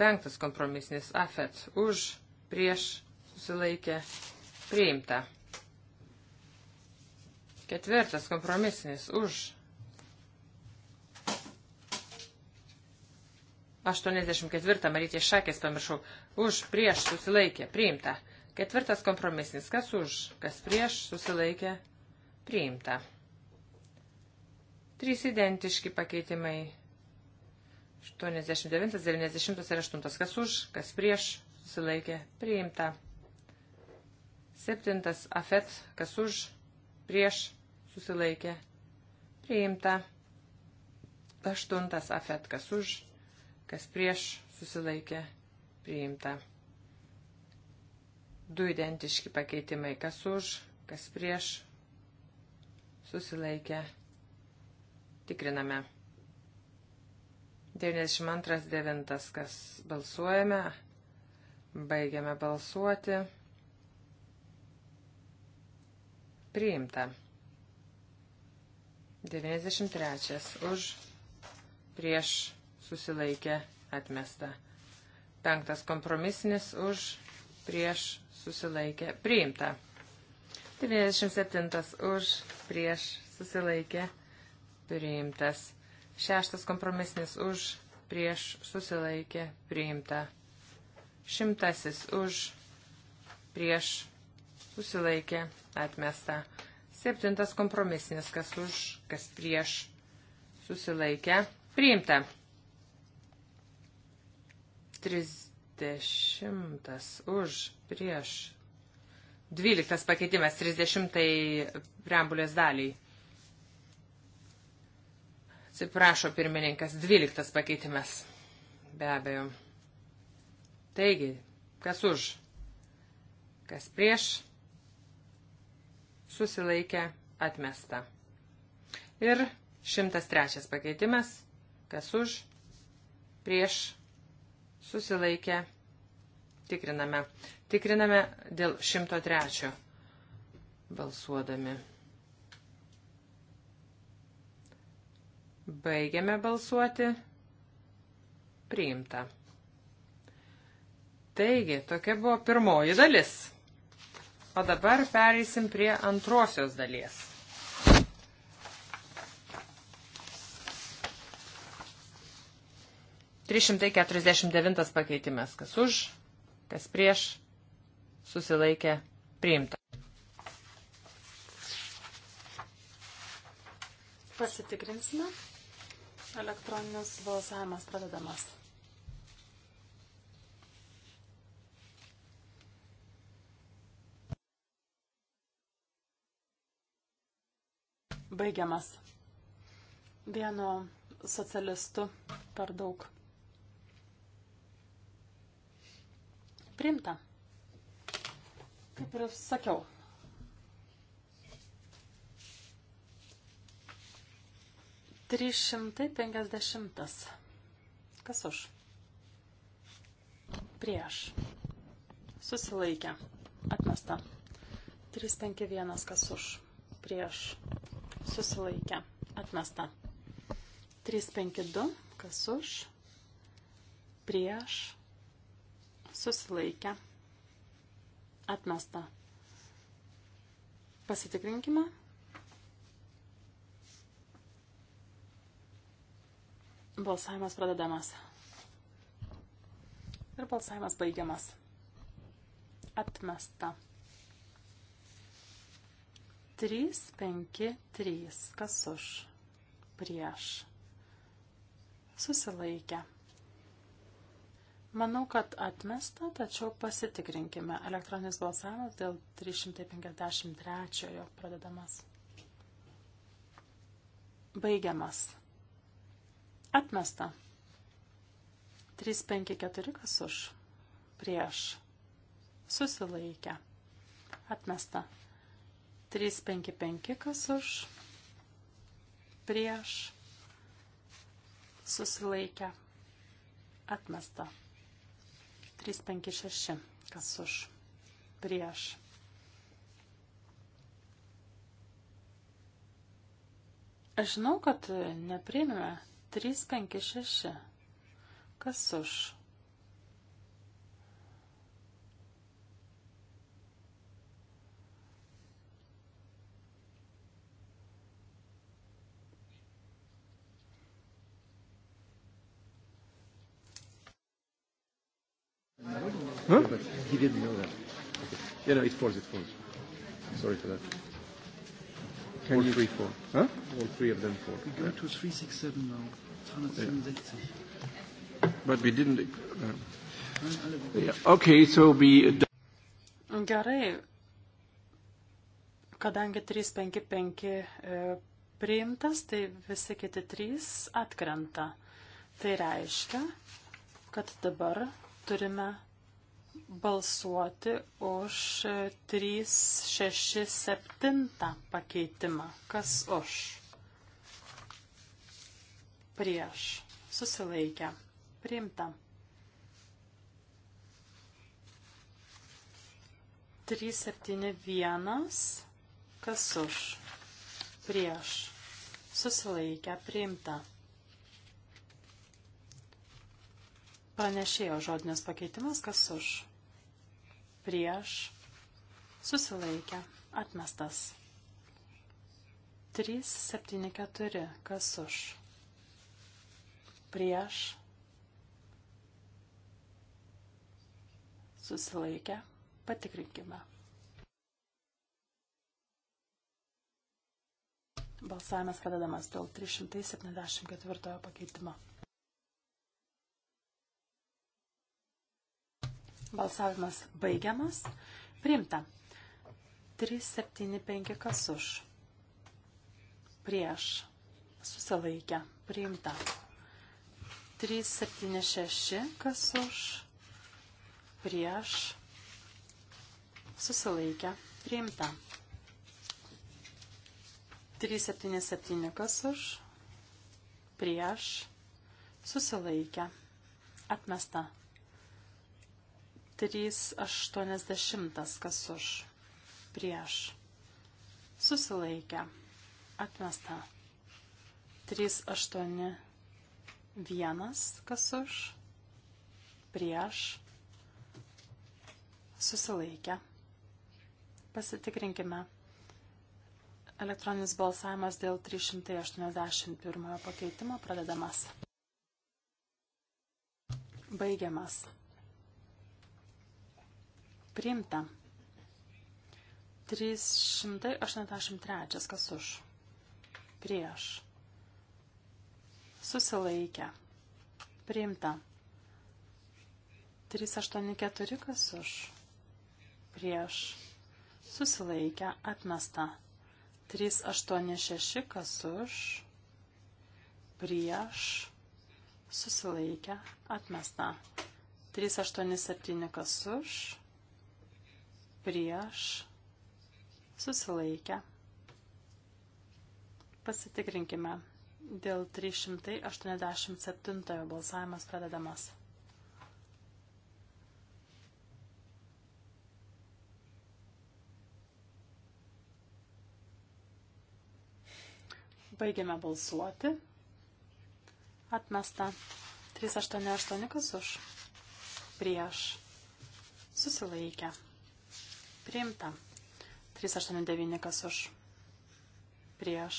Penktas kompromisinis afet už, prieš, susilaikė priimta. Ketvirtas kompromisinis už 84 Marytės šakės pamiršau. Už, prieš, susilaikė, priimta. Ketvirtas kompromisnis. Kas už, kas prieš, susilaikė, priimta. Trys identiški pakeitimai. 89, 90 ir 8. Kas už, kas prieš, susilaikė, priimta. Septintas afet, kas už, prieš, susilaikė, priimta. Aštuntas afet, kas už, kas prieš, susilaikė, priimta. Du identiški pakeitimai, kas už, kas prieš, susilaikė, tikriname. 92.9. kas balsuojame, baigiame balsuoti. Priimta. 93. Už prieš susilaikė atmesta. Penktas kompromisinis už prieš susilaikė priimta. 97. Už prieš susilaikė priimtas. Šeštas kompromisinis už prieš susilaikė priimta. Šimtasis už prieš susilaikė, atmesta. Septintas kompromisinis, kas už, kas prieš, susilaikė, priimta. Trisdešimtas už, prieš. Dvyliktas pakeitimas, trisdešimtai preambulės daliai. Atsiprašo pirmininkas, dvyliktas pakeitimas. Be abejo. Taigi, kas už, kas prieš, susilaikė, atmesta. Ir 103 pakeitimas, kas už, prieš, susilaikė, tikriname. Tikriname dėl 103 balsuodami. Baigiame balsuoti. Priimta. Taigi, tokia buvo pirmoji dalis. O dabar pereisim prie antrosios dalies. Trišimtai keturiasdešimt devintas pakeitimas. Kas už, kas prieš, susilaikė, priimta. Pasitikrinsime. Elektroninis balsavimas pradedamas. Baigiamas. Vieno socialistu per daug. Primta. Kaip ir sakiau. Trys šimtai penkiasdešimtas. Kas už? Prieš. Susilaikę. Atmesta. 351 kas už prieš susilaikė, atmesta. 352, kas už, prieš, susilaikė, atmesta. Pasitikrinkime. Balsavimas pradedamas. Ir balsavimas baigiamas. Atmesta. 3, 5, 3. Kas už? Prieš. Susilaikę. Manau, kad atmesta, tačiau pasitikrinkime. Elektroninis balsavimas dėl 353 pradedamas. Baigiamas. Atmesta. 354 kas už. Prieš. Susilaikę. Atmesta. 355 kas už, prieš, susilaikę, atmesta. 356 kas už, prieš. Aš žinau, kad nepriimėme 356. Kas už? Huh? But he didn't know that. Okay. Yeah, no, it falls, it falls. Sorry for that. Can All you, three fall. Huh? All three of them fall. We go yeah. to 367 now. 367. Yeah. But we didn't... Uh, yeah. Okay, so we... Uh, Gerai. Kadangi 355 e, priimtas, tai visi kiti trys atkrenta. Tai reiškia, kad dabar turime balsuoti už 367 pakeitimą. Kas už? Prieš. Susilaikę. Priimta. 371. Kas už? Prieš. Susilaikę. Priimta. Pranešėjo žodinės pakeitimas, kas už. Prieš. Susilaikę. Atmestas. 374. Kas už. Prieš. Susilaikę. Patikrinkime. Balsavimas pradedamas dėl 374 pakeitimo. Balsavimas baigiamas. Priimta. 375 kas už. Prieš. Susilaikę. Priimta. 376 kas už. Prieš. Susilaikę. Priimta. 377 kas už. Prieš. Susilaikę. Atmesta. 380, kas už, prieš, susilaikę, atmesta. 381, kas už, prieš, susilaikę. Pasitikrinkime. Elektroninis balsavimas dėl 381 pakeitimo pradedamas. Baigiamas. Priimta. 383. Kas už? Prieš. Susilaikę. Priimta. 384. Kas už? Prieš. Susilaikę. Atmesta. 386. Kas už? Prieš. Susilaikę. Atmesta. 387. Kas už? prieš, susilaikę. Pasitikrinkime. Dėl 387 balsavimas pradedamas. Baigiame balsuoti. Atmesta. 388 kas už. Prieš. Susilaikę. Priimta. 389 kas už. Prieš.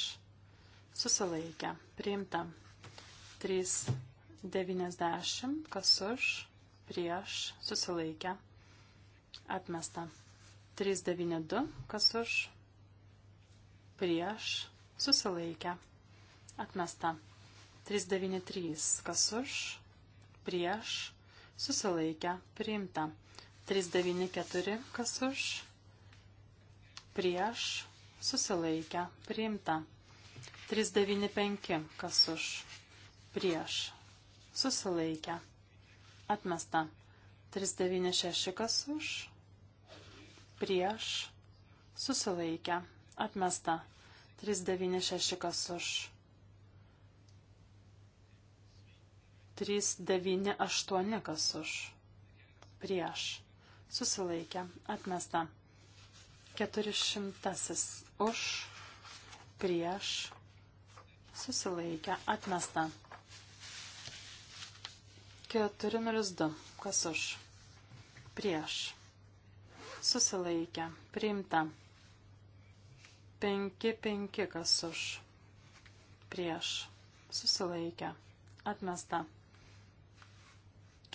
Susilaikę. Priimta. 390 kas už. Prieš. Susilaikę. Atmesta. 392 kas už. Prieš. Susilaikę. Atmesta. 393 kas už. Prieš. Susilaikę. Priimta. 394 kas už, prieš, susilaikę, priimta. 395 kas už, prieš, susilaikę, atmesta. 396 kas už, prieš, susilaikę, atmesta. 396 kas už. 398 kas už. Prieš susilaikė, atmesta. 400 už, prieš, susilaikė, atmesta. 402, kas už, prieš, susilaikė, priimta. 5-5, kas už, prieš, susilaikė, atmesta.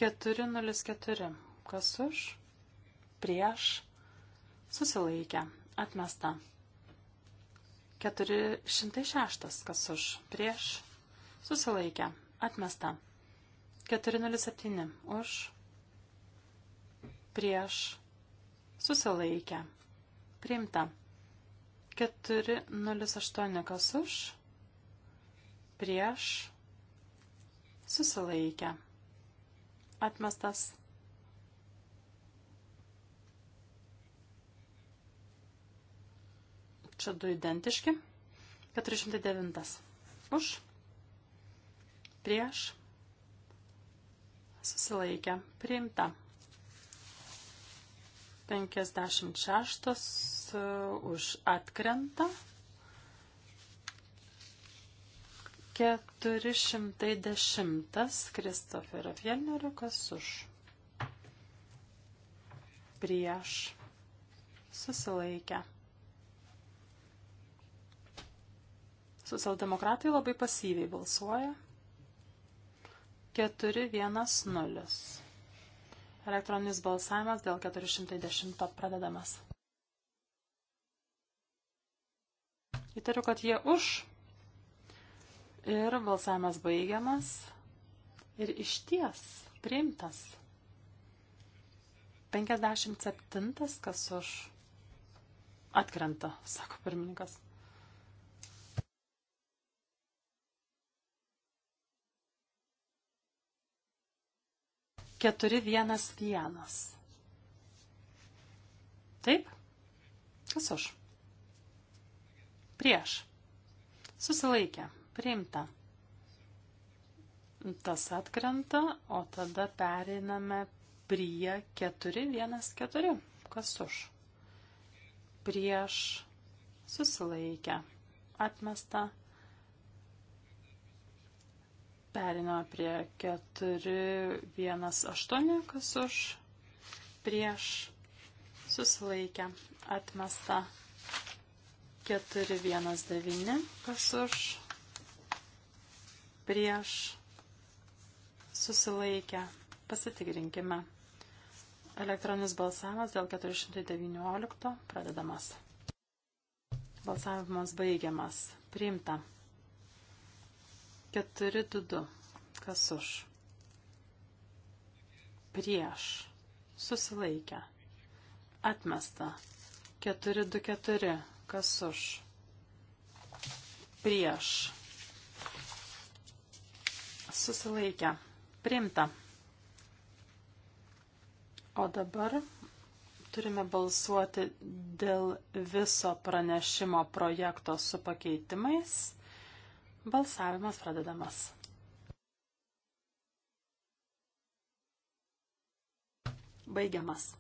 404, kas už, prieš, susilaikę, atmesta. 406, kas už, prieš, susilaikę, atmesta. 407, už, prieš, susilaikę, priimta. 408, kas už, prieš, susilaikę, atmestas. Čia du identiški. 409. Už. Prieš. Susilaikę. Priimta. 56 e, už atkrenta. 410 Kristoferio Fjellnerio kas už. Prieš. Susilaikę. Socialdemokratai labai pasyviai balsuoja. 410. Elektroninis balsavimas dėl 410 pradedamas. Įtariu, kad jie už. Ir balsavimas baigiamas. Ir išties priimtas. 57. kas už. Atkrenta, sako pirmininkas. 411. Taip? Kas už? Prieš. Susilaikė. Priimta. Tas atkrenta, o tada pereiname prie 414. Kas už? Prieš. Susilaikė. Atmesta. Periname prie 418, kas už, prieš, susilaikę, atmesta 419, kas už, prieš, susilaikę, pasitikrinkime. Elektroninis balsavimas dėl 419 pradedamas. Balsavimas baigiamas. Priimta. Keturi, du, du. Kas už? Prieš. Susilaikę. Atmesta. Keturi, du, keturi. Kas už? Prieš. Susilaikę. Priimta. O dabar turime balsuoti dėl viso pranešimo projekto su pakeitimais. Balsavimas pradedamas. Baigiamas.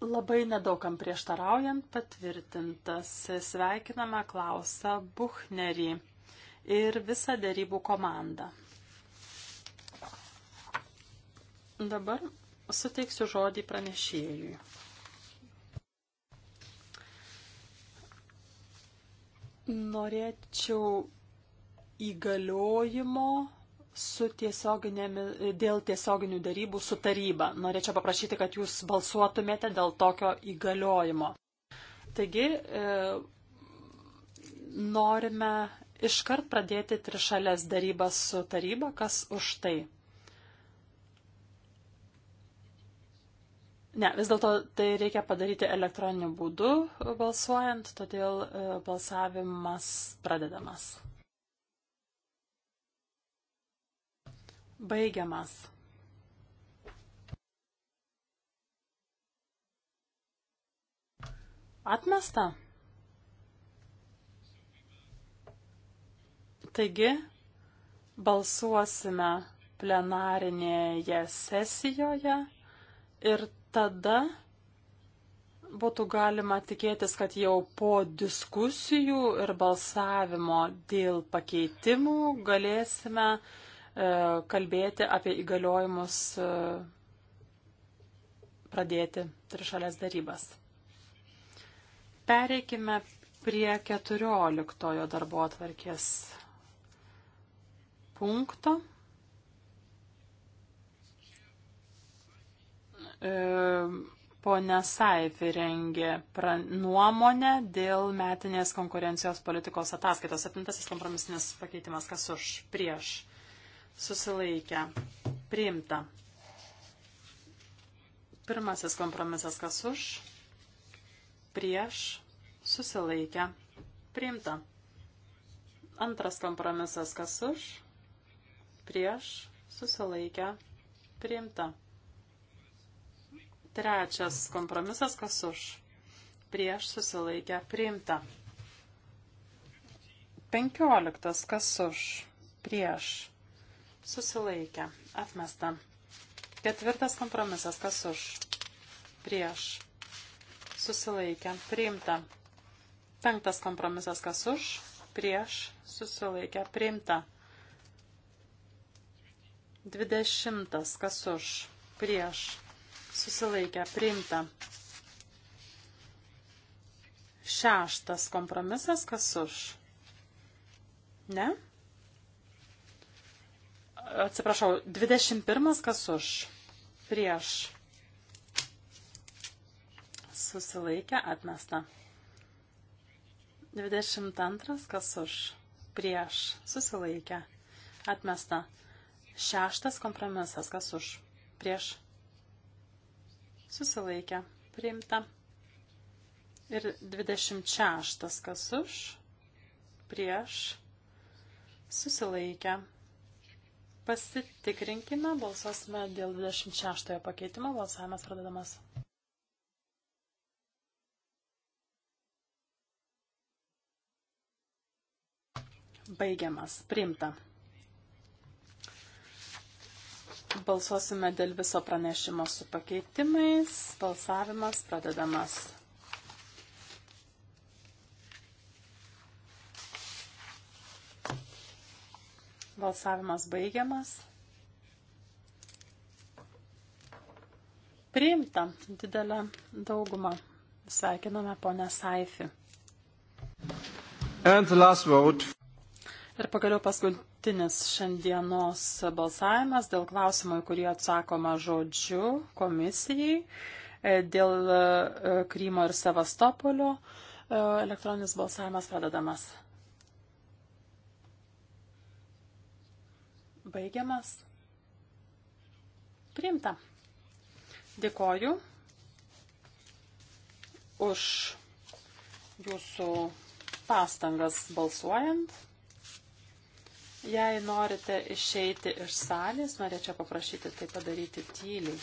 Labai nedaugam prieštaraujant patvirtintas. Sveikiname Klausą Buchnerį ir visą dėrybų komandą. Dabar suteiksiu žodį pranešėjui. Norėčiau įgaliojimo su dėl tiesioginių darybų su taryba. Norėčiau paprašyti, kad jūs balsuotumėte dėl tokio įgaliojimo. Taigi, e, norime iškart pradėti trišalės darybas su taryba, kas už tai. Ne, vis dėlto tai reikia padaryti elektroniniu būdu e, balsuojant, todėl e, balsavimas pradedamas. Baigiamas. Atmesta. Taigi, balsuosime plenarinėje sesijoje ir tada būtų galima tikėtis, kad jau po diskusijų ir balsavimo dėl pakeitimų galėsime e, kalbėti apie įgaliojimus e, pradėti trišalės darybas. Pereikime prie 14 darbo atvarkės punkto. E, Pone Saif rengė nuomonę dėl metinės konkurencijos politikos ataskaitos. Septintasis kompromisinis pakeitimas, kas už prieš susilaikę, priimta. Pirmasis kompromisas, kas už prieš susilaikę, priimta. Antras kompromisas, kas už prieš susilaikę, priimta. Trečias kompromisas, kas už. Prieš susilaikę priimta. Penkioliktas, kas už. Prieš susilaikę atmesta. Ketvirtas kompromisas, kas už. Prieš susilaikę priimta. Penktas kompromisas, kas už. Prieš susilaikę priimta. Dvidešimtas, kas už. Prieš susilaikę priimta. Šeštas kompromisas, kas už? Ne? Atsiprašau, 21 kas už? Prieš. Susilaikę atmesta. 22 kas už? Prieš. Susilaikę. Atmesta. Šeštas kompromisas, kas už? Prieš susilaikė, priimta. Ir 26 kas už, prieš, susilaikė. Pasitikrinkime, balsuosime dėl 26 pakeitimo, balsavimas pradedamas. Baigiamas, priimta. Balsuosime dėl viso pranešimo su pakeitimais. Balsavimas pradedamas. Balsavimas baigiamas. Priimta didelę daugumą. Sveikiname ponę Saifi. Ir pagaliau paskutinis paskutinis šiandienos balsavimas dėl klausimų, į kurį atsakoma žodžiu komisijai, e, dėl e, Krymo ir Sevastopolio. E, elektroninis balsavimas pradedamas. Baigiamas. Priimta. Dėkoju už jūsų pastangas balsuojant. Jei norite išeiti iš salės, norėčiau paprašyti tai padaryti tyliai.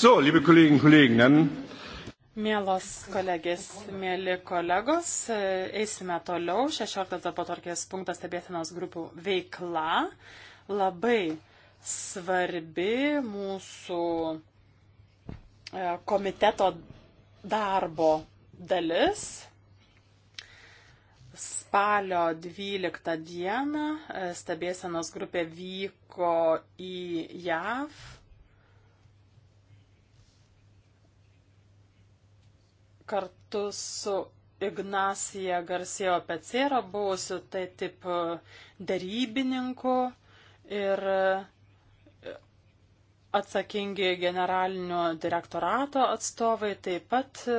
So, liebe Kolleginnen und Kollegen, dann. Mielos kolegės, mėly kolegos, eisime toliau. 16 darbo tvarkės punktas stebėtinos grupių veikla. Labai svarbi mūsų e, komiteto darbo dalis. Spalio 12 dieną e, stebėsenos grupė vyko į JAV kartu su Ignacija Garsėjo Pecero, buvusiu tai tip e, darybininku ir e, atsakingi generalinio direktorato atstovai taip pat e,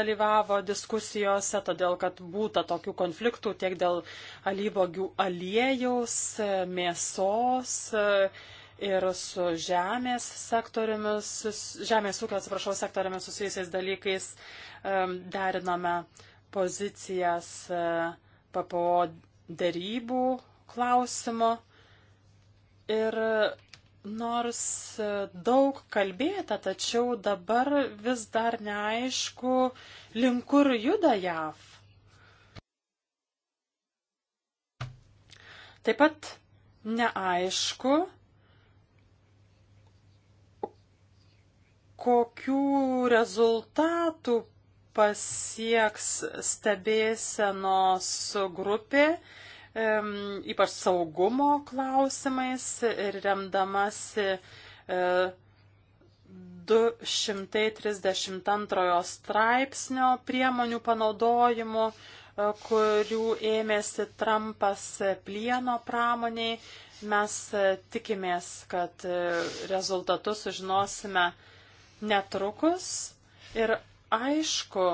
dalyvavo diskusijose, todėl kad būta tokių konfliktų tiek dėl alyvogių aliejaus, mėsos, ir su žemės sektoriumi, žemės ūkio, atsiprašau, sektoriumi susijusiais dalykais derinome pozicijas e, PPO dėrybų klausimo. Ir nors e, daug kalbėta, tačiau dabar vis dar neaišku, link kur juda JAV. Taip pat neaišku, kokių rezultatų pasieks stebėsenos grupė, ypač saugumo klausimais ir remdamasi 232 e, straipsnio priemonių panaudojimu, e, kurių ėmėsi Trumpas plieno pramoniai. Mes e, tikimės, kad rezultatus sužinosime netrukus ir aišku,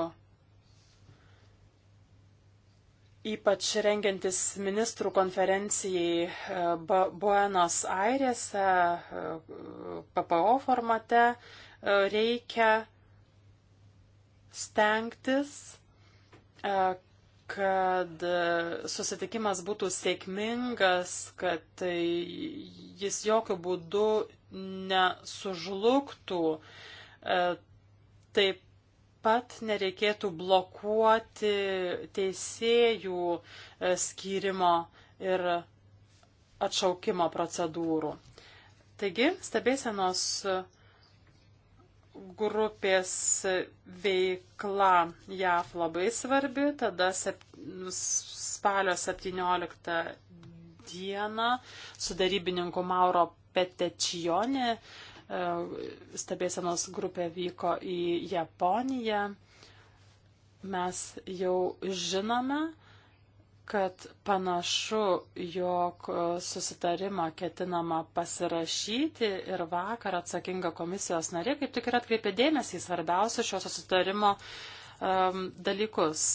ypač rengiantis ministrų konferencijai e, Buenos Airėse, e, PPO formate, e, reikia stengtis, kad susitikimas būtų sėkmingas, kad tai jis jokių būdų nesužlugtų. E, taip pat nereikėtų blokuoti teisėjų e, skyrimo ir atšaukimo procedūrų. Taigi, stebėsenos grupės veikla JAF labai svarbi, tada sep, spalio 17 dieną su darybininku Mauro Petečionė Stebėsenos grupė vyko į Japoniją. Mes jau žinome, kad panašu, jog susitarimą ketinama pasirašyti ir vakar atsakinga komisijos narė kaip tik ir atkreipė dėmesį į svarbiausius šio susitarimo um, dalykus.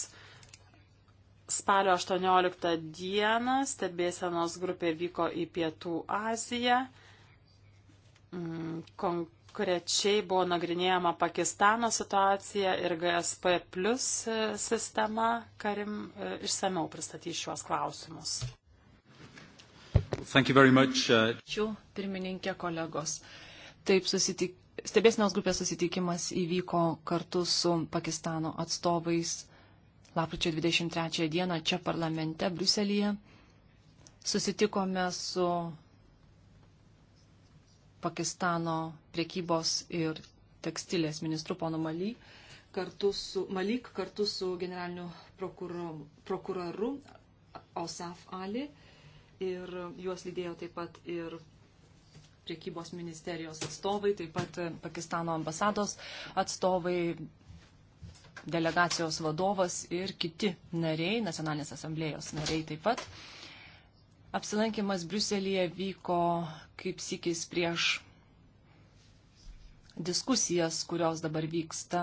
Spalio 18 dieną stebėsenos grupė vyko į Pietų Aziją. Mm, konkrečiai buvo nagrinėjama Pakistano situacija ir GSP plus e, sistema. Karim, e, išsameu pristatys šiuos klausimus. Uh, Ačiū, pirmininkė kolegos. Taip, susitik... stebėsinos grupės susitikimas įvyko kartu su Pakistano atstovais lapkričio 23 dieną čia parlamente Bruselėje. Susitikome su Pakistano priekybos ir tekstilės ministru pono Maly, kartu su, Malik kartu su generaliniu prokuroru, prokuroru Osaf Ali ir juos lydėjo taip pat ir priekybos ministerijos atstovai, taip pat Pakistano ambasados atstovai, delegacijos vadovas ir kiti nariai, nacionalinės asamblėjos nariai taip pat. Apsilankimas Briuselėje vyko kaip sykis prieš diskusijas, kurios dabar vyksta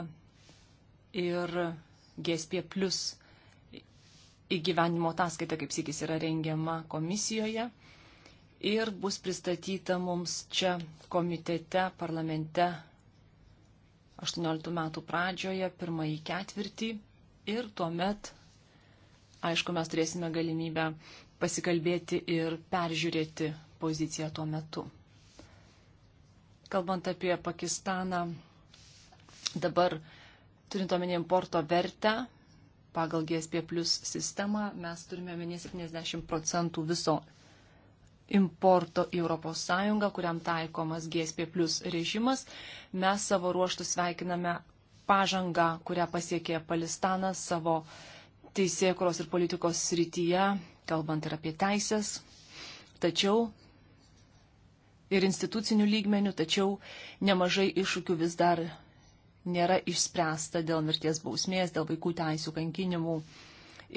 ir GSP plus įgyvenimo ataskaita kaip sykis yra rengiama komisijoje ir bus pristatyta mums čia komitete, parlamente 18 metų pradžioje, pirmąjį ketvirtį ir tuomet, aišku, mes turėsime galimybę pasikalbėti ir peržiūrėti poziciją tuo metu. Kalbant apie Pakistaną, dabar turint omeny importo vertę pagal GSP plus sistemą, mes turime omeny 70 procentų viso importo į ES, kuriam taikomas GSP plus režimas. Mes savo ruoštų sveikiname pažangą, kurią pasiekė Palistanas savo uh, teisėkuros ir politikos srityje, kalbant ir apie teisės, tačiau ir institucinių lygmenių, tačiau nemažai iššūkių vis dar nėra išspręsta dėl mirties bausmės, dėl vaikų teisų kankinimų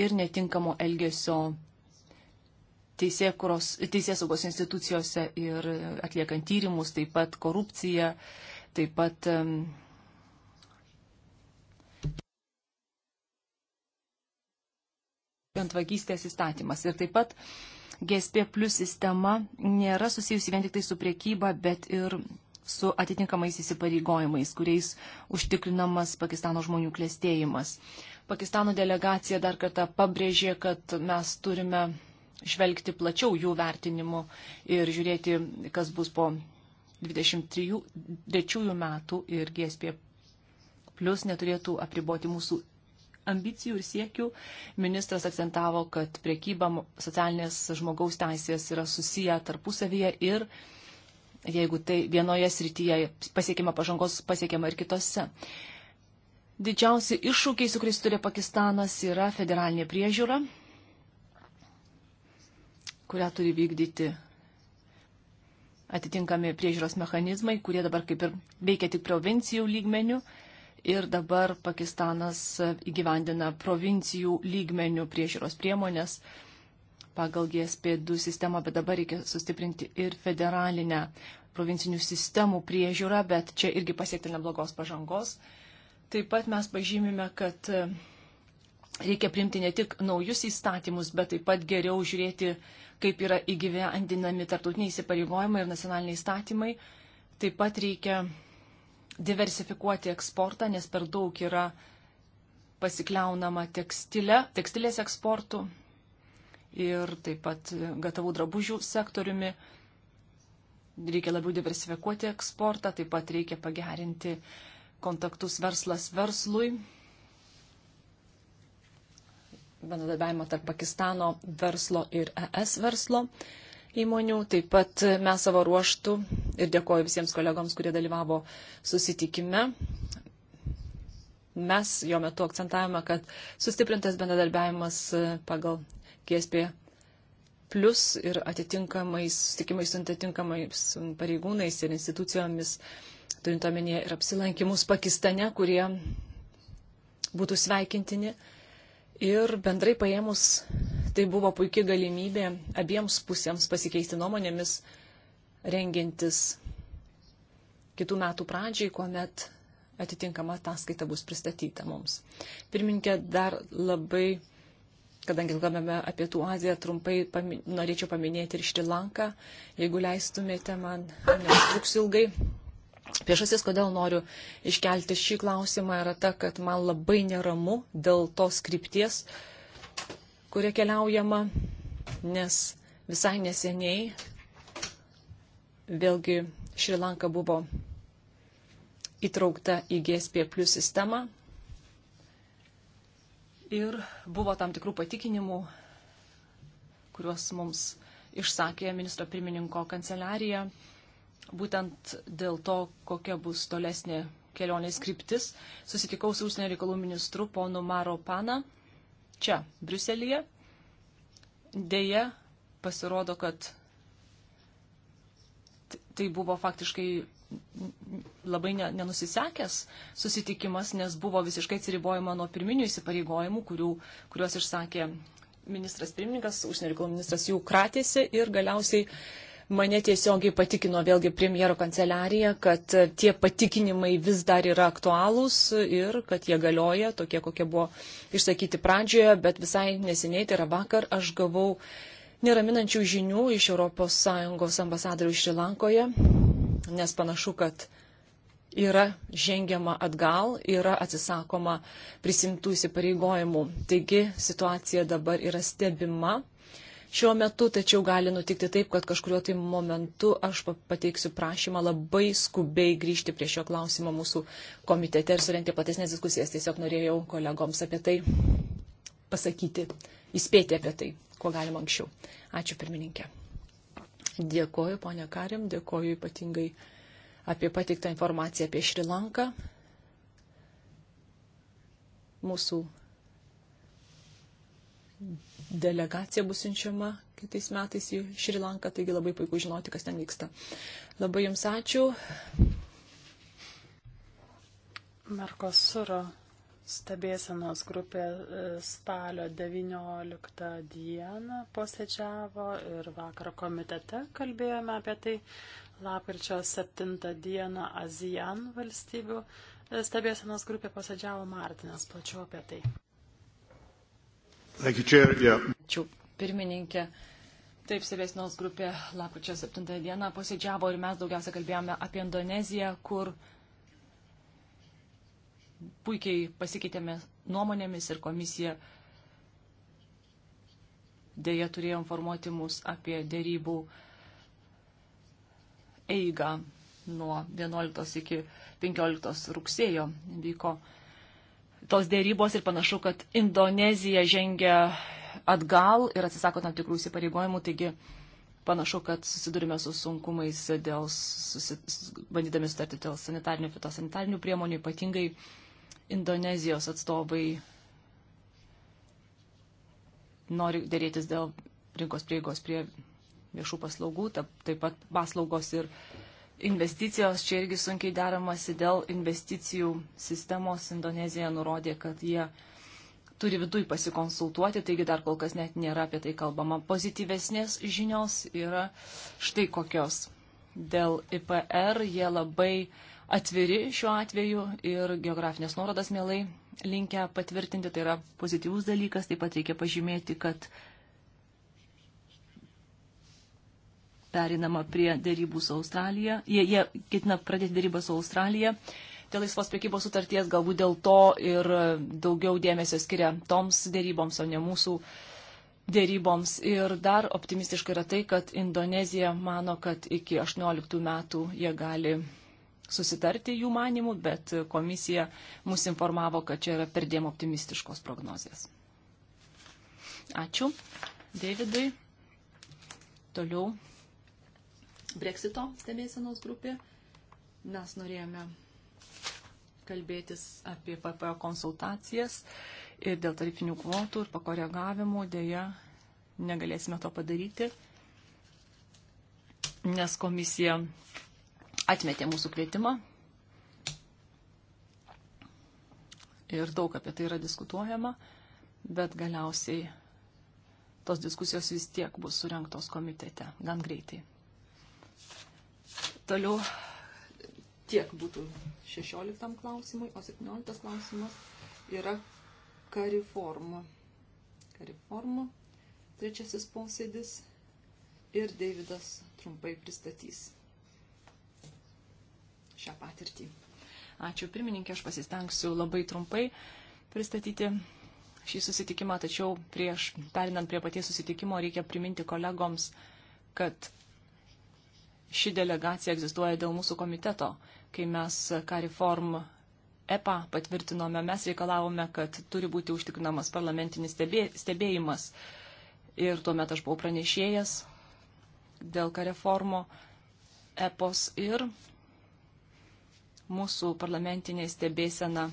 ir netinkamo elgesio teisės saugos institucijose ir atliekant tyrimus, taip pat korupcija, taip pat um, bentvagystės įstatymas. Ir taip pat GSP plus sistema nėra susijusi vien tik tai su priekyba, bet ir su atitinkamais įsipareigojimais, kuriais užtikrinamas Pakistano žmonių klėstėjimas. Pakistano delegacija dar kartą pabrėžė, kad mes turime žvelgti plačiau jų vertinimu ir žiūrėti, kas bus po 23 metų ir GSP plus neturėtų apriboti mūsų ambicijų ir siekių. Ministras akcentavo, kad priekyba socialinės žmogaus teisės yra susiję tarpusavyje ir jeigu tai vienoje srityje pasiekima pažangos, pasiekiama ir kitose. Didžiausi iššūkiai, su kuriais turi Pakistanas, yra federalinė priežiūra, kurią turi vykdyti atitinkami priežiūros mechanizmai, kurie dabar kaip ir veikia tik provincijų lygmenių ir dabar Pakistanas įgyvendina provincijų lygmenių priežiūros priemonės pagal GSP2 sistemą, bet dabar reikia sustiprinti ir federalinę provincinių sistemų priežiūrą, bet čia irgi pasiekti neblogos pažangos. Taip pat mes pažymime, kad e, reikia priimti ne tik naujus įstatymus, bet taip pat geriau žiūrėti, kaip yra įgyvendinami tartutiniai įsipareigojimai ir nacionaliniai įstatymai. Taip pat reikia diversifikuoti eksportą, nes per daug yra pasikliaunama tekstilė, tekstilės eksportų ir taip pat gatavų drabužių sektoriumi. Reikia labiau diversifikuoti eksportą, taip pat reikia pagerinti kontaktus verslas verslui, bendradarbiavimo tarp Pakistano verslo ir ES verslo įmonių. Taip pat mes savo ruoštų ir dėkoju visiems kolegoms, kurie dalyvavo susitikime. Mes jo metu akcentavome, kad sustiprintas bendradarbiavimas pagal GSP plus ir atitinkamais susitikimais su atitinkamais pareigūnais ir institucijomis, turint omenyje ir apsilankimus Pakistane, kurie būtų sveikintini. Ir bendrai paėmus tai buvo puikia galimybė abiems pusėms pasikeisti nuomonėmis, rengintis kitų metų pradžiai, kuomet atitinkama ataskaita bus pristatyta mums. Pirminkė, dar labai, kadangi kalbame apie Tų Aziją, trumpai pami norėčiau paminėti ir Šrilanką, jeigu leistumėte man, neužtruks ilgai. Priešasis, kodėl noriu iškelti šį klausimą, yra ta, kad man labai neramu dėl tos krypties, uh, kuria keliaujama, nes visai neseniai vėlgi Šri Lanka buvo įtraukta į GSP plus sistemą ir buvo tam tikrų patikinimų, kuriuos mums išsakė ministro pirmininko kanceliarija, būtent dėl to, kokia bus tolesnė kelionės kryptis. Susitikau su užsienio reikalų ministru ponu Maro Pana čia, Briuselėje. Deja, pasirodo, kad tai buvo faktiškai labai nenusisekęs susitikimas, nes buvo visiškai atsiribojama nuo pirminių įsipareigojimų, kurių, kuriuos išsakė ministras pirmininkas, užsienio reikalų ministras jų kratėsi ir galiausiai Mane tiesiogiai patikino vėlgi premjero kanceliarija, kad tie patikinimai vis dar yra aktualūs ir kad jie galioja, tokie kokie buvo išsakyti pradžioje, bet visai neseniai, tai yra vakar, aš gavau neraminančių žinių iš ES ambasadorių Šrilankoje, nes panašu, kad yra žengiama atgal, yra atsisakoma prisimtų įsipareigojimų. Taigi situacija dabar yra stebima šiuo metu, tačiau gali nutikti taip, kad kažkurio tai momentu aš pateiksiu prašymą labai skubiai grįžti prie šio klausimo mūsų komitete ir surenkti platesnės diskusijas. Tiesiog norėjau kolegoms apie tai pasakyti, įspėti apie tai, kuo galima anksčiau. Ačiū pirmininkė. Dėkoju, ponia Karim, dėkoju ypatingai apie pateiktą informaciją apie Šri Lanką. Mūsų delegacija bus siunčiama kitais metais į Šri Lanką, taigi labai puiku žinoti, kas ten vyksta. Labai Jums ačiū. Merkosuro stebėsenos grupė e, spalio 19 dieną posėdžiavo ir vakar komitete kalbėjome apie tai. Lapkričio 7 dieną ASEAN valstybių e, stebėsenos grupė posėdžiavo Martinas plačiau apie tai. Ačiū, pirmininkė. Taip, stebėsinos grupė lapkričio 7 dieną posėdžiavo ir mes daugiausia kalbėjome apie Indoneziją, kur puikiai pasikeitėme nuomonėmis ir komisija dėja turėjo informuoti mus apie dėrybų eigą nuo 11 iki 15 rugsėjo vyko tos dėrybos ir panašu, kad Indonezija žengia atgal ir atsisako tam tikrų įsipareigojimų, taigi panašu, kad susidurime su sunkumais dėl, susi, bandydami sutarti dėl sanitarinių, fitosanitarinių priemonių, ypatingai Indonezijos atstovai nori dėrėtis dėl rinkos prieigos prie viešų paslaugų, taip pat paslaugos ir uh, investicijos, čia irgi sunkiai deramasi dėl investicijų sistemos. Indonezija nurodė, kad jie turi viduj pasikonsultuoti, taigi dar kol kas net nėra apie tai kalbama. Pozityvesnės žinios yra štai kokios. Dėl IPR jie labai atviri šiuo atveju ir geografinės nuorodas mielai linkę patvirtinti, tai yra pozityvus dalykas, taip pat reikia pažymėti, kad perinama prie dėrybų su Australija. Jie, jie ketina pradėti dėrybą su Australija. Dėl laisvos priekybos sutarties galbūt dėl to ir daugiau dėmesio skiria toms dėryboms, o ne mūsų dėryboms. Ir dar optimistiškai yra tai, kad Indonezija mano, kad iki 18 metų jie gali susitarti jų manimų, bet komisija mus informavo, kad čia yra perdėm optimistiškos prognozijas. Ačiū, Davidai. Toliau Brexito stebėsenos grupė. Mes norėjome kalbėtis apie PPO konsultacijas ir dėl tarifinių kvotų ir pakoregavimų dėja negalėsime to padaryti, nes komisija atmetė mūsų kvietimą. Ir daug apie tai yra diskutuojama, bet galiausiai tos diskusijos vis tiek bus surinktos komitete gan greitai. Toliau tiek būtų 16 klausimui, o 17 klausimas yra kariforma. Kariforma, trečiasis posėdis ir Deividas trumpai pristatys šią patirtį. Ačiū pirmininkė, aš pasistengsiu labai trumpai pristatyti šį susitikimą, tačiau prieš perinant prie paties susitikimo reikia priminti kolegoms, kad ši delegacija egzistuoja dėl mūsų komiteto. Kai mes Kariform EPA patvirtinome, mes reikalavome, kad turi būti užtikrinamas parlamentinis stebė, stebėjimas. Ir tuomet aš buvau pranešėjęs dėl Kariformo EPOS ir mūsų parlamentinė stebėsena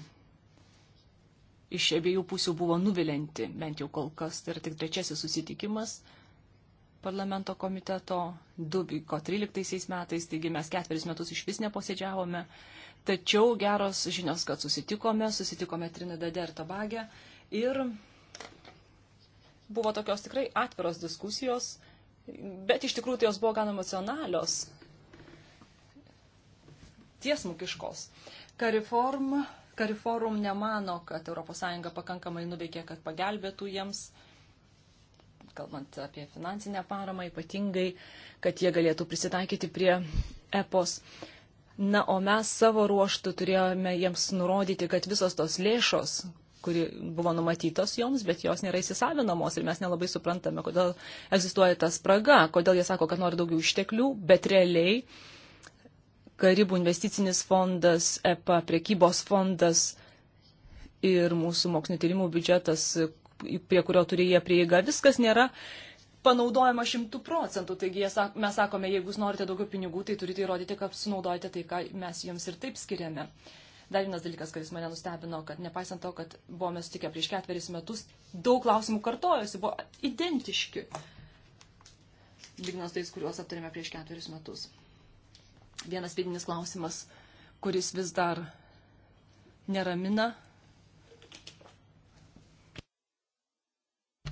iš abiejų pusių buvo nuvilinti, bent jau kol kas, tai yra tik trečiasis susitikimas parlamento komiteto, du vyko 13 metais, taigi mes ketveris metus iš vis neposėdžiavome. Tačiau geros žinios, kad susitikome, susitikome Trinidade ir Tobage ir buvo tokios tikrai atviros diskusijos, bet iš tikrųjų tai jos buvo gan emocionalios, tiesmukiškos. Kariform, Kariforum nemano, kad ES pakankamai nuveikė, kad pagelbėtų jiems kalbant apie finansinę paramą ypatingai, kad jie galėtų prisitaikyti prie EPOS. Na, o mes savo ruoštų turėjome jiems nurodyti, kad visos tos lėšos, kuri buvo numatytos joms, bet jos nėra įsisavinamos ir mes nelabai suprantame, kodėl egzistuoja ta spraga, kodėl jie sako, kad nori daugiau išteklių, bet realiai Karibų investicinis fondas, EPA priekybos fondas ir mūsų mokslinio tyrimų biudžetas, prie kurio turi jie prieigą, viskas nėra panaudojama šimtų procentų. Taigi sak, mes sakome, jeigu jūs norite daugiau pinigų, tai turite įrodyti, kad sunaudojate tai, ką mes jums ir taip skiriame. Dar vienas dalykas, kuris mane nustebino, kad nepaisant to, kad buvome sutikę prieš ketveris metus, daug klausimų kartojosi, buvo identiški. Lyginas tais, kuriuos aptarėme prieš ketveris metus. Vienas vidinis klausimas, kuris vis dar neramina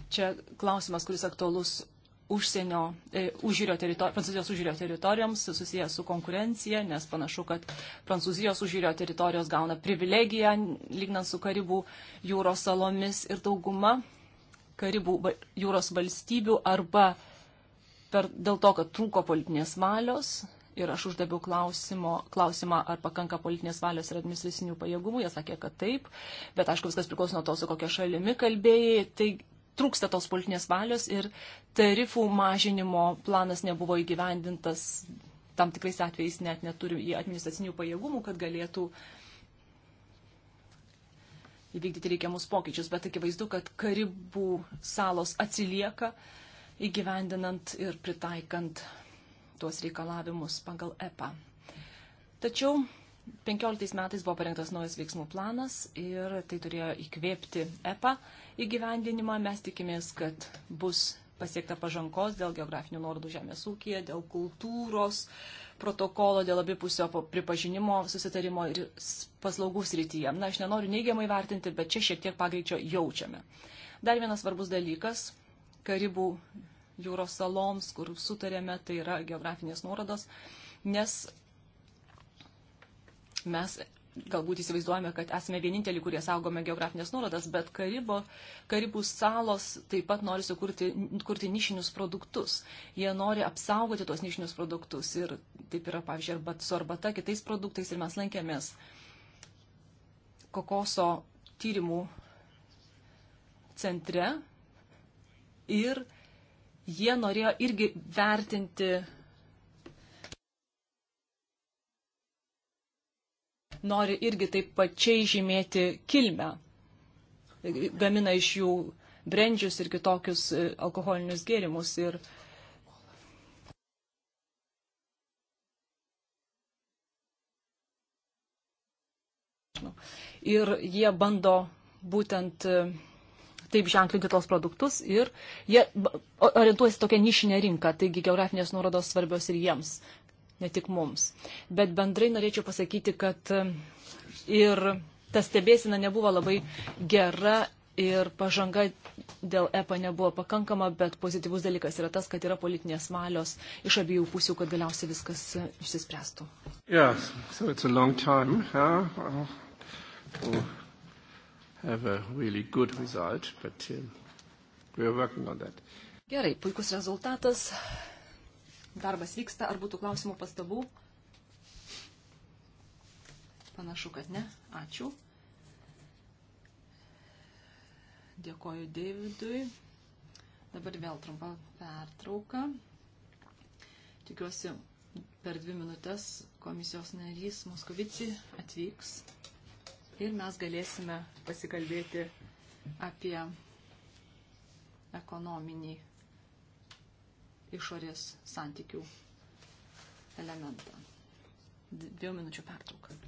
Čia klausimas, kuris aktualus užsienio, e, užžiūrio teritor, Prancūzijos užžiūrio teritorijoms, susijęs su konkurencija, nes panašu, kad Prancūzijos užžiūrio teritorijos gauna privilegiją, lygnant su Karibų jūros salomis ir dauguma Karibų jūros valstybių arba per, dėl to, kad trūko politinės valios. Ir aš uždaviau klausimą, ar pakanka politinės valios ir administracinių pajėgumų. Jie sakė, kad taip, bet aišku, viskas priklauso nuo to, su kokia šalimi kalbėjai. Tai trūksta tos politinės valios ir tarifų mažinimo planas nebuvo įgyvendintas, tam tikrais atvejais net neturi administracinių pajėgumų, kad galėtų įvykdyti reikiamus pokyčius, bet akivaizdu, kad Karibų salos atsilieka įgyvendinant ir pritaikant tuos reikalavimus pagal EPA. Tačiau 15 metais buvo parengtas naujas veiksmų planas ir tai turėjo įkvėpti EPA įgyvendinimą. Mes tikimės, kad bus pasiekta pažangos dėl geografinių nuorodų žemės ūkija, dėl kultūros protokolo, dėl abipusio pripažinimo susitarimo ir paslaugų srityje. Na, aš nenoriu neigiamai vertinti, bet čia šiek tiek pagreičio jaučiame. Dar vienas svarbus dalykas - Karibų jūros saloms, kur sutarėme, tai yra geografinės nuorodos, nes mes galbūt įsivaizduojame, kad esame vieninteliai, kurie saugome geografinės nuorodas, bet Karibo, Karibų salos taip pat nori sukurti kurti nišinius produktus. Jie nori apsaugoti tuos nišinius produktus ir taip yra, pavyzdžiui, arba su arbata kitais produktais ir mes lankėmės kokoso tyrimų centre ir jie norėjo irgi vertinti nori irgi taip pačiai žymėti kilmę. Gamina iš jų brendžius ir kitokius e, alkoholinius gėrimus. Ir Ir jie bando būtent e, taip ženklinti tos produktus ir jie orientuojasi tokią nišinę rinką, taigi geografinės nuorodos svarbios ir jiems ne tik mums. Bet bendrai norėčiau pasakyti, kad um, ir ta stebėsina nebuvo labai gera ir pažanga dėl EPA nebuvo pakankama, bet pozityvus dalykas yra tas, kad yra politinės valios iš abiejų pusių, kad galiausiai viskas uh, išsispręstų. Yeah, so time, huh? oh, really result, but, um, Gerai, puikus rezultatas, Darbas vyksta, ar būtų klausimų pastabų? Panašu, kad ne. Ačiū. Dėkoju Davidui. Dabar vėl trumpa pertrauka. Tikiuosi, per dvi minutės komisijos narys Moskovici atvyks ir mes galėsime pasikalbėti apie ekonominį išorės santykių elementą. Dviejų minučių pertrauką.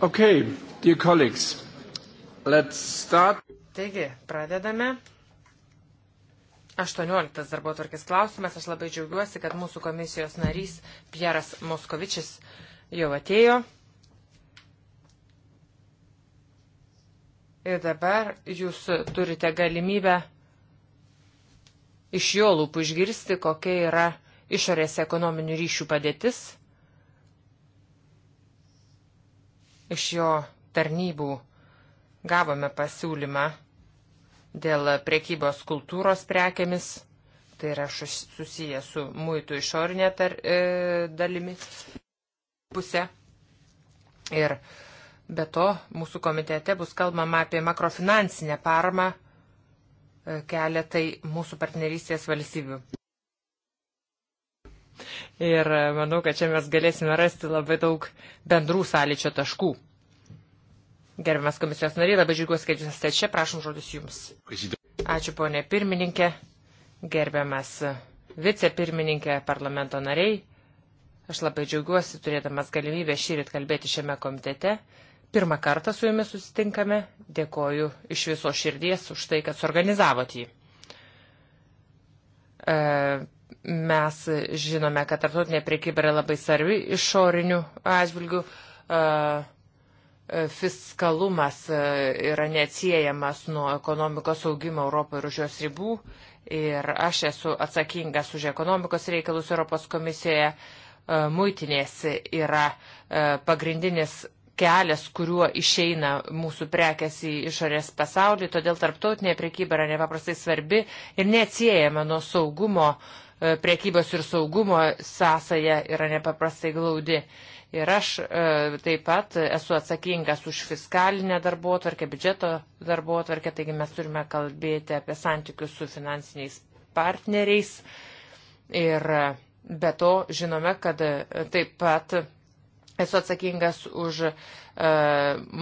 Okay, dear colleagues, let's start. Taigi, pradedame. 18 darbo tvarkės klausimas. Aš labai džiaugiuosi, kad mūsų komisijos narys Pieras Moskovičis jau atėjo. Ir dabar jūs turite galimybę iš jo lūpų išgirsti, kokia yra išorės ekonominių ryšių padėtis Iš jo tarnybų gavome pasiūlymą dėl priekybos kultūros prekiamis, tai yra susiję su muitų išorinė tar, e, dalimi pusė. Ir be to mūsų komitete bus kalbama apie makrofinansinę paramą e, keletai mūsų partnerystės valstybių. Ir manau, kad čia mes galėsime rasti labai daug bendrų sąlyčio taškų. Gerbiamas komisijos nariai, labai džiaugiuosi, kad jūs esate čia. Prašom žodis jums. Ačiū, ponė pirmininkė. Gerbiamas vicepirmininkė, parlamento nariai. Aš labai džiaugiuosi turėdamas galimybę šį rytą kalbėti šiame komitete. Pirmą kartą su jumis susitinkame. Dėkoju iš viso širdies už tai, kad suorganizavot jį. E, Mes žinome, kad tarptautinė priekyba yra labai svarbi išorinių atžvilgių. Uh, fiskalumas yra neatsiejamas nuo ekonomikos augimo Europoje ir už jos ribų. Ir aš esu atsakingas už ekonomikos reikalus Europos komisijoje. Muitinės yra pagrindinis kelias, kuriuo išeina mūsų prekes į išorės pasaulį, todėl tarptautinė priekyba yra nepaprastai svarbi ir neatsiejama nuo saugumo E, priekybos ir saugumo sąsaja yra nepaprastai glaudi. Ir aš e, taip pat esu atsakingas už fiskalinę darbo atvarkę, biudžeto darbo atvarkę, taigi mes turime kalbėti apie santykius su finansiniais partneriais. Ir e, be to žinome, kad taip pat esu atsakingas už e,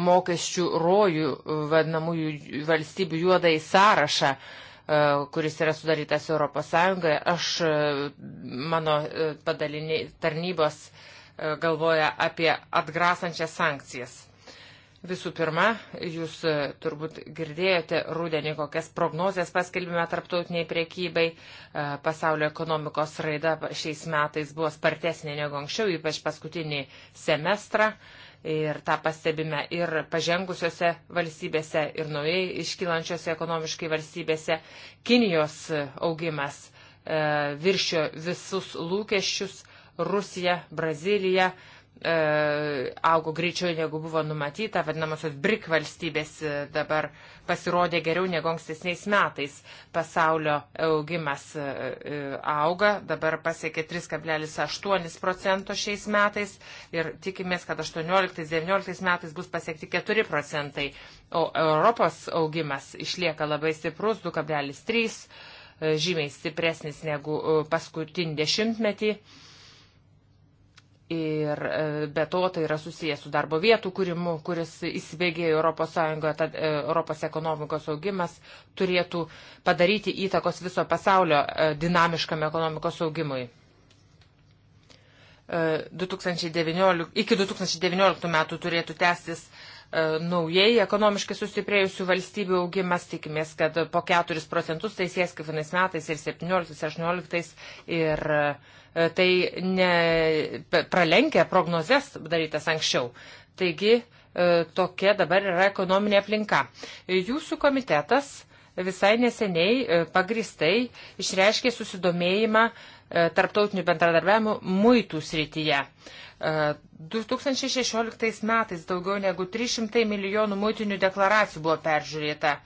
mokesčių rojų vadinamųjų valstybių juodai sąrašą. E, E, kuris yra sudarytas ES. Aš e, mano e, padaliniai tarnybos galvoja apie atgrasančias sankcijas. Visų pirma, jūs turbūt girdėjote rūdienį, kokias prognozijas paskelbime tarptautiniai priekybai. Pasaulio ekonomikos raida šiais metais buvo spartesnė negu anksčiau, ypač paskutinį semestrą ir tą pastebime ir pažengusiose valstybėse, ir naujai iškylančiose ekonomiškai valstybėse. Kinijos augimas e, viršio visus lūkesčius, Rusija, Brazilija, E, augo greičiau negu buvo numatyta, vadinamosios BRIC valstybės e, dabar pasirodė geriau negu ankstesniais metais. Pasaulio augimas e, auga, dabar pasiekė 3,8 procento šiais metais ir tikimės, kad 18-19 metais bus pasiekti 4 procentai, o Europos augimas išlieka labai stiprus 2,3 žymiai stipresnis negu paskutinį dešimtmetį. Ir e, be to tai yra susijęs su darbo vietų kūrimu, kuris įsibėgėjo ES, tad e, Europos ekonomikos augimas turėtų padaryti įtakos viso pasaulio e, dinamiškam ekonomikos augimui. 2019, iki 2019 metų turėtų tęstis naujai ekonomiškai sustiprėjusių valstybių augimas, tikimės, kad po 4 procentus tai sieks kaip vienais metais ir 17, 18 ir E, tai ne, pralenkia prognozes darytas anksčiau. Taigi e, tokia dabar yra ekonominė aplinka. Jūsų komitetas visai neseniai e, pagristai išreiškė susidomėjimą tarptautinių bendradarbiavimų muitų srityje. 2016 metais daugiau negu 300 milijonų muitinių deklaracijų buvo peržiūrėta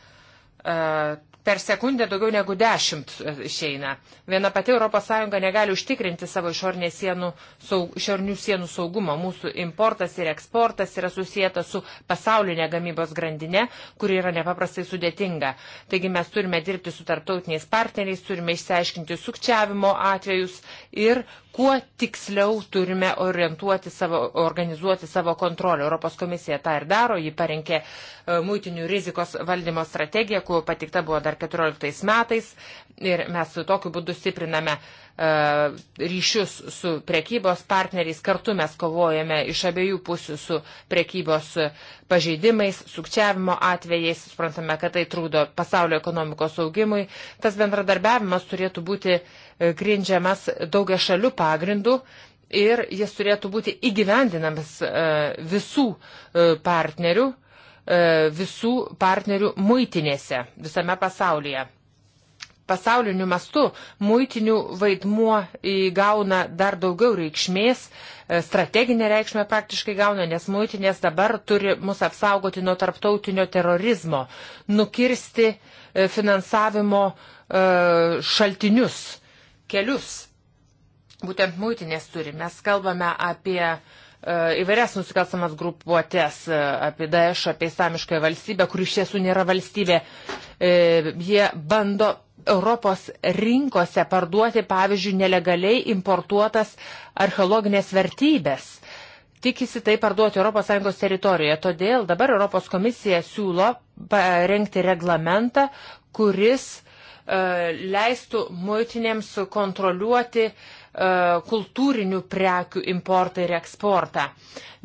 per sekundę daugiau negu dešimt e, išeina. Viena pati ES negali užtikrinti savo išorinių sienų, saug, sienų saugumo. Mūsų importas ir eksportas yra susijęta su pasaulinė gamybos grandinė, kuri yra nepaprastai sudėtinga. Taigi mes turime dirbti su tarptautiniais partneriais, turime išsiaiškinti sukčiavimo atvejus ir kuo tiksliau turime orientuoti savo, organizuoti savo kontrolę. Europos komisija tą ir daro, ji parinkė e, muitinių rizikos valdymo strategiją, kuo patikta buvo dar dar 14 metais ir mes su tokiu būdu stipriname uh, ryšius su prekybos partneriais, kartu mes kovojame iš abiejų pusių su prekybos pažeidimais, sukčiavimo atvejais, suprantame, kad tai trūdo pasaulio ekonomikos augimui. Tas bendradarbiavimas turėtų būti e, grindžiamas daugia šalių pagrindų ir jis turėtų būti įgyvendinamas e, visų partnerių E, visų partnerių muitinėse visame pasaulyje. Pasauliniu mastu muitinių vaidmuo įgauna dar daugiau reikšmės, e, strateginė reikšmė praktiškai gauna, nes muitinės dabar turi mus apsaugoti nuo tarptautinio terorizmo, nukirsti e, finansavimo šaltinius, kelius. Būtent muitinės turi. Mes kalbame apie uh, E, įvairias nusikalstamas grupuotės e, apie Daesh, apie islamišką valstybę, kuri iš tiesų nėra valstybė. E, jie bando Europos rinkose parduoti, pavyzdžiui, nelegaliai importuotas archeologinės vertybės. Tikisi tai parduoti ES teritorijoje. Todėl dabar ES komisija siūlo parengti reglamentą, kuris leistų muitinėms kontroliuoti uh, E, kultūrinių prekių importą ir eksportą.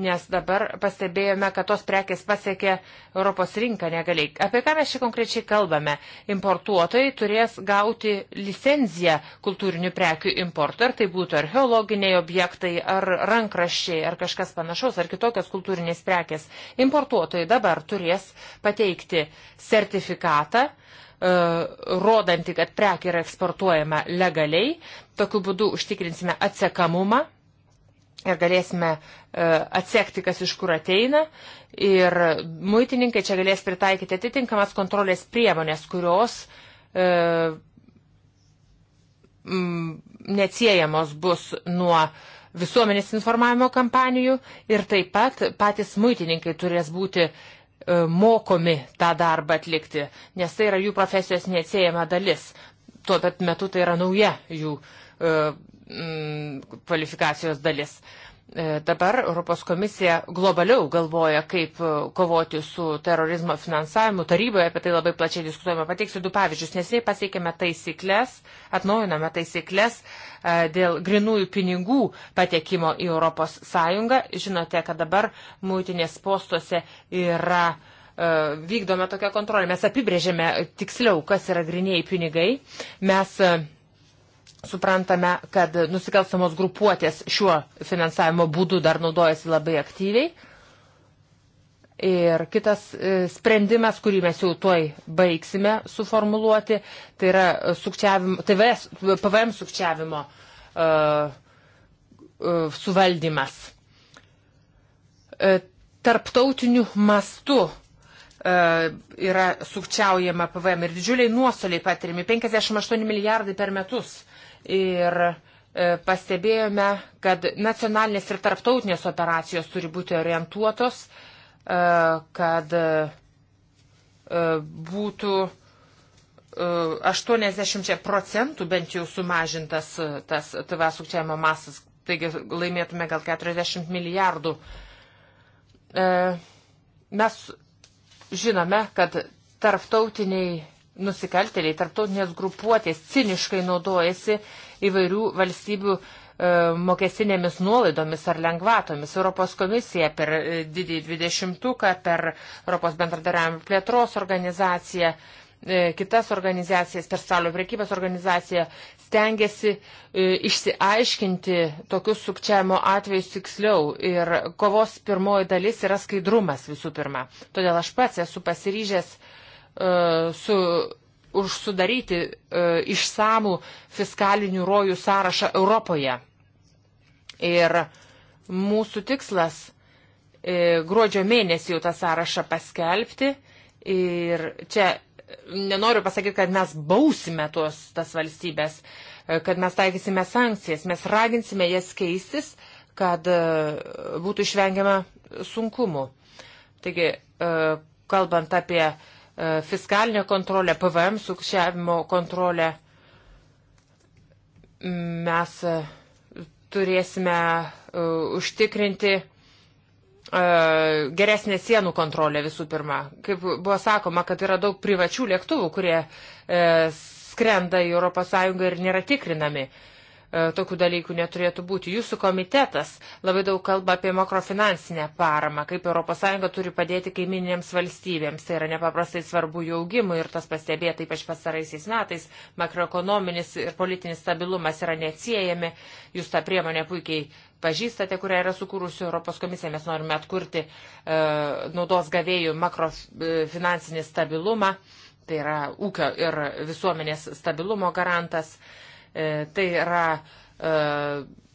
Nes dabar pastebėjome, kad tos prekės pasiekė Europos rinką negaliai. Apie ką mes čia konkrečiai kalbame? Importuotojai turės gauti licenciją kultūrinių prekių importą, ar tai būtų archeologiniai objektai, ar rankraščiai, ar kažkas panašaus, ar kitokios kultūrinės prekės. Importuotojai dabar turės pateikti sertifikatą, uh, E, rodanti, kad prekė yra eksportuojama legaliai. Tokiu būdu užtikrinsime atsekamumą ir galėsime e, atsekti, kas iš kur ateina. Ir muitininkai čia galės pritaikyti atitinkamas kontrolės priemonės, kurios e, neatsiejamos bus nuo visuomenės informavimo kampanijų ir taip pat patys muitininkai turės būti E, mokomi tą darbą atlikti, nes tai yra jų profesijos neatsiejama dalis. Tuo pat metu tai yra nauja jų e, kvalifikacijos dalis. Uh, E, dabar Europos komisija globaliau galvoja, kaip e, kovoti su terorizmo finansavimu. Taryboje apie tai labai plačiai diskutuojame. Pateiksiu du pavyzdžius. Neseniai pasiekėme taisyklės, atnaujiname taisyklės e, dėl grinųjų pinigų patekimo į Europos Sąjungą. Žinote, kad dabar mūtinės postuose yra vykdome tokią kontrolę. Mes apibrėžėme tiksliau, kas yra grinėjai pinigai. Mes Suprantame, kad nusikalstamos grupuotės šiuo finansavimo būdu dar naudojasi labai aktyviai. Ir kitas e, sprendimas, kurį mes jau toj baigsime suformuluoti, tai yra sukčiavimo, TVS, PVM sukčiavimo uh, uh, suvaldymas. Uh, tarptautiniu mastu uh, yra sukčiaujama PVM ir didžiuliai nuostoliai patirimi - 58 milijardai per metus ir e, pastebėjome, kad nacionalinės ir tarptautinės operacijos turi būti orientuotos, e, kad e, būtų 80 procentų bent jau sumažintas tas TV sukčiavimo masas, taigi laimėtume gal 40 milijardų. Mes žinome, kad tarptautiniai nusikaltėliai, tarptautinės grupuotės ciniškai naudojasi įvairių valstybių e, mokestinėmis nuolaidomis ar lengvatomis. Europos komisija per e, didį dvidešimtuką, per Europos bendradarbiavimo plėtros organizaciją, e, kitas organizacijas, per salio priekybės organizaciją stengiasi išsiaiškinti tokius sukčiavimo atvejus tiksliau. Ir kovos pirmoji dalis yra skaidrumas visų pirma. Todėl aš pats esu pasiryžęs uh, E, su, už sudaryti e, išsamų fiskalinių rojų sąrašą Europoje. Ir mūsų tikslas e, gruodžio mėnesį jau tą sąrašą paskelbti. Ir čia nenoriu pasakyti, kad mes bausime tuos tas valstybės, kad mes taikysime sankcijas, mes raginsime jas keistis, kad būtų išvengiama sunkumų. Taigi, kalbant apie uh, E, fiskalinę kontrolę, PVM sukčiavimo kontrolę. Mes e, turėsime e, užtikrinti geresnė sienų kontrolė visų pirma. Kaip buvo sakoma, kad yra daug privačių lėktuvų, kurie skrenda į ES ir nėra tikrinami. Uh, E, tokių dalykų neturėtų būti. Jūsų komitetas labai daug kalba apie makrofinansinę paramą, kaip ES turi padėti kaiminėms valstybėms. Tai yra nepaprastai svarbu jų augimui ir tas pastebėta ypač pasaraisiais metais. Makroekonominis ir politinis stabilumas yra neatsiejami. Jūs tą priemonę puikiai pažįstate, kurią yra sukūrusi Europos komisija. Mes norime atkurti e, naudos gavėjų makrofinansinį stabilumą. Tai yra ūkio ir visuomenės stabilumo garantas. E, E, tai yra e,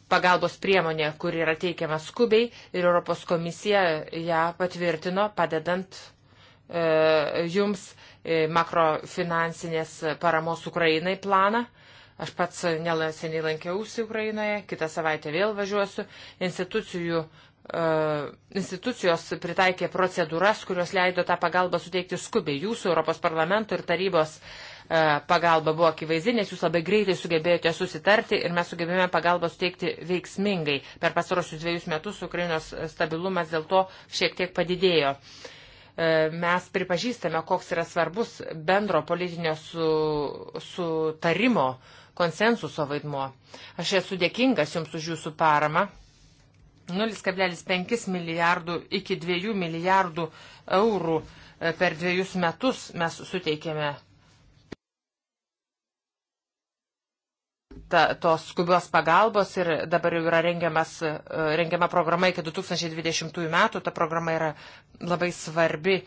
pagalbos priemonė, kuri yra teikiama skubiai ir Europos komisija ją patvirtino, padedant e, jums makrofinansinės paramos Ukrainai planą. Aš pats nelainseniai lankiausi Ukrainoje, kitą savaitę vėl važiuosiu. Institucijų, institucijos pritaikė procedūras, kurios leido tą pagalbą suteikti skubiai. Jūsų Europos parlamento ir tarybos uh, E, pagalba buvo akivaizdi, nes jūs labai greitai sugebėjote susitarti ir mes sugebėjome pagalbą suteikti veiksmingai. Per pastarosius dviejus metus Ukrainos stabilumas dėl to šiek tiek padidėjo. E, mes pripažįstame, koks yra svarbus bendro politinio sutarimo, su konsensuso vaidmuo. Aš esu dėkingas Jums už Jūsų paramą. 0,5 milijardų iki 2 milijardų eurų e, per dviejus metus mes suteikėme ta, tos skubios pagalbos ir dabar jau yra rengiamas, e, rengiama programa iki 2020 metų. Ta programa yra labai svarbi e,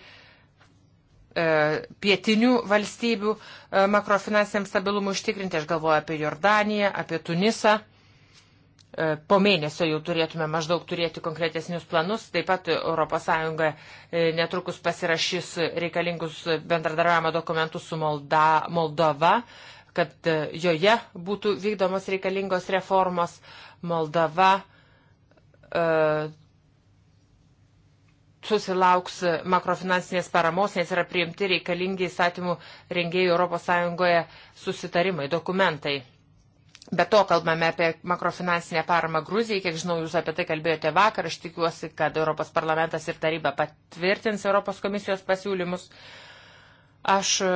pietinių valstybių e, makrofinansiniam stabilumui užtikrinti. Aš galvoju apie Jordaniją, apie Tunisą. E, po mėnesio jau turėtume maždaug turėti konkretesnius planus. Taip pat ES e, netrukus pasirašys reikalingus bendradarbiavimo dokumentus su Molda, Moldova. Moldova kad e, joje būtų vykdomos reikalingos reformos. Moldava e, susilauks makrofinansinės paramos, nes yra priimti reikalingi įstatymų rengėjų ES susitarimai, dokumentai. Be to kalbame apie makrofinansinę paramą Gruzijai, kiek žinau, jūs apie tai kalbėjote vakar, aš tikiuosi, kad Europos parlamentas ir taryba patvirtins Europos komisijos pasiūlymus. Aš e,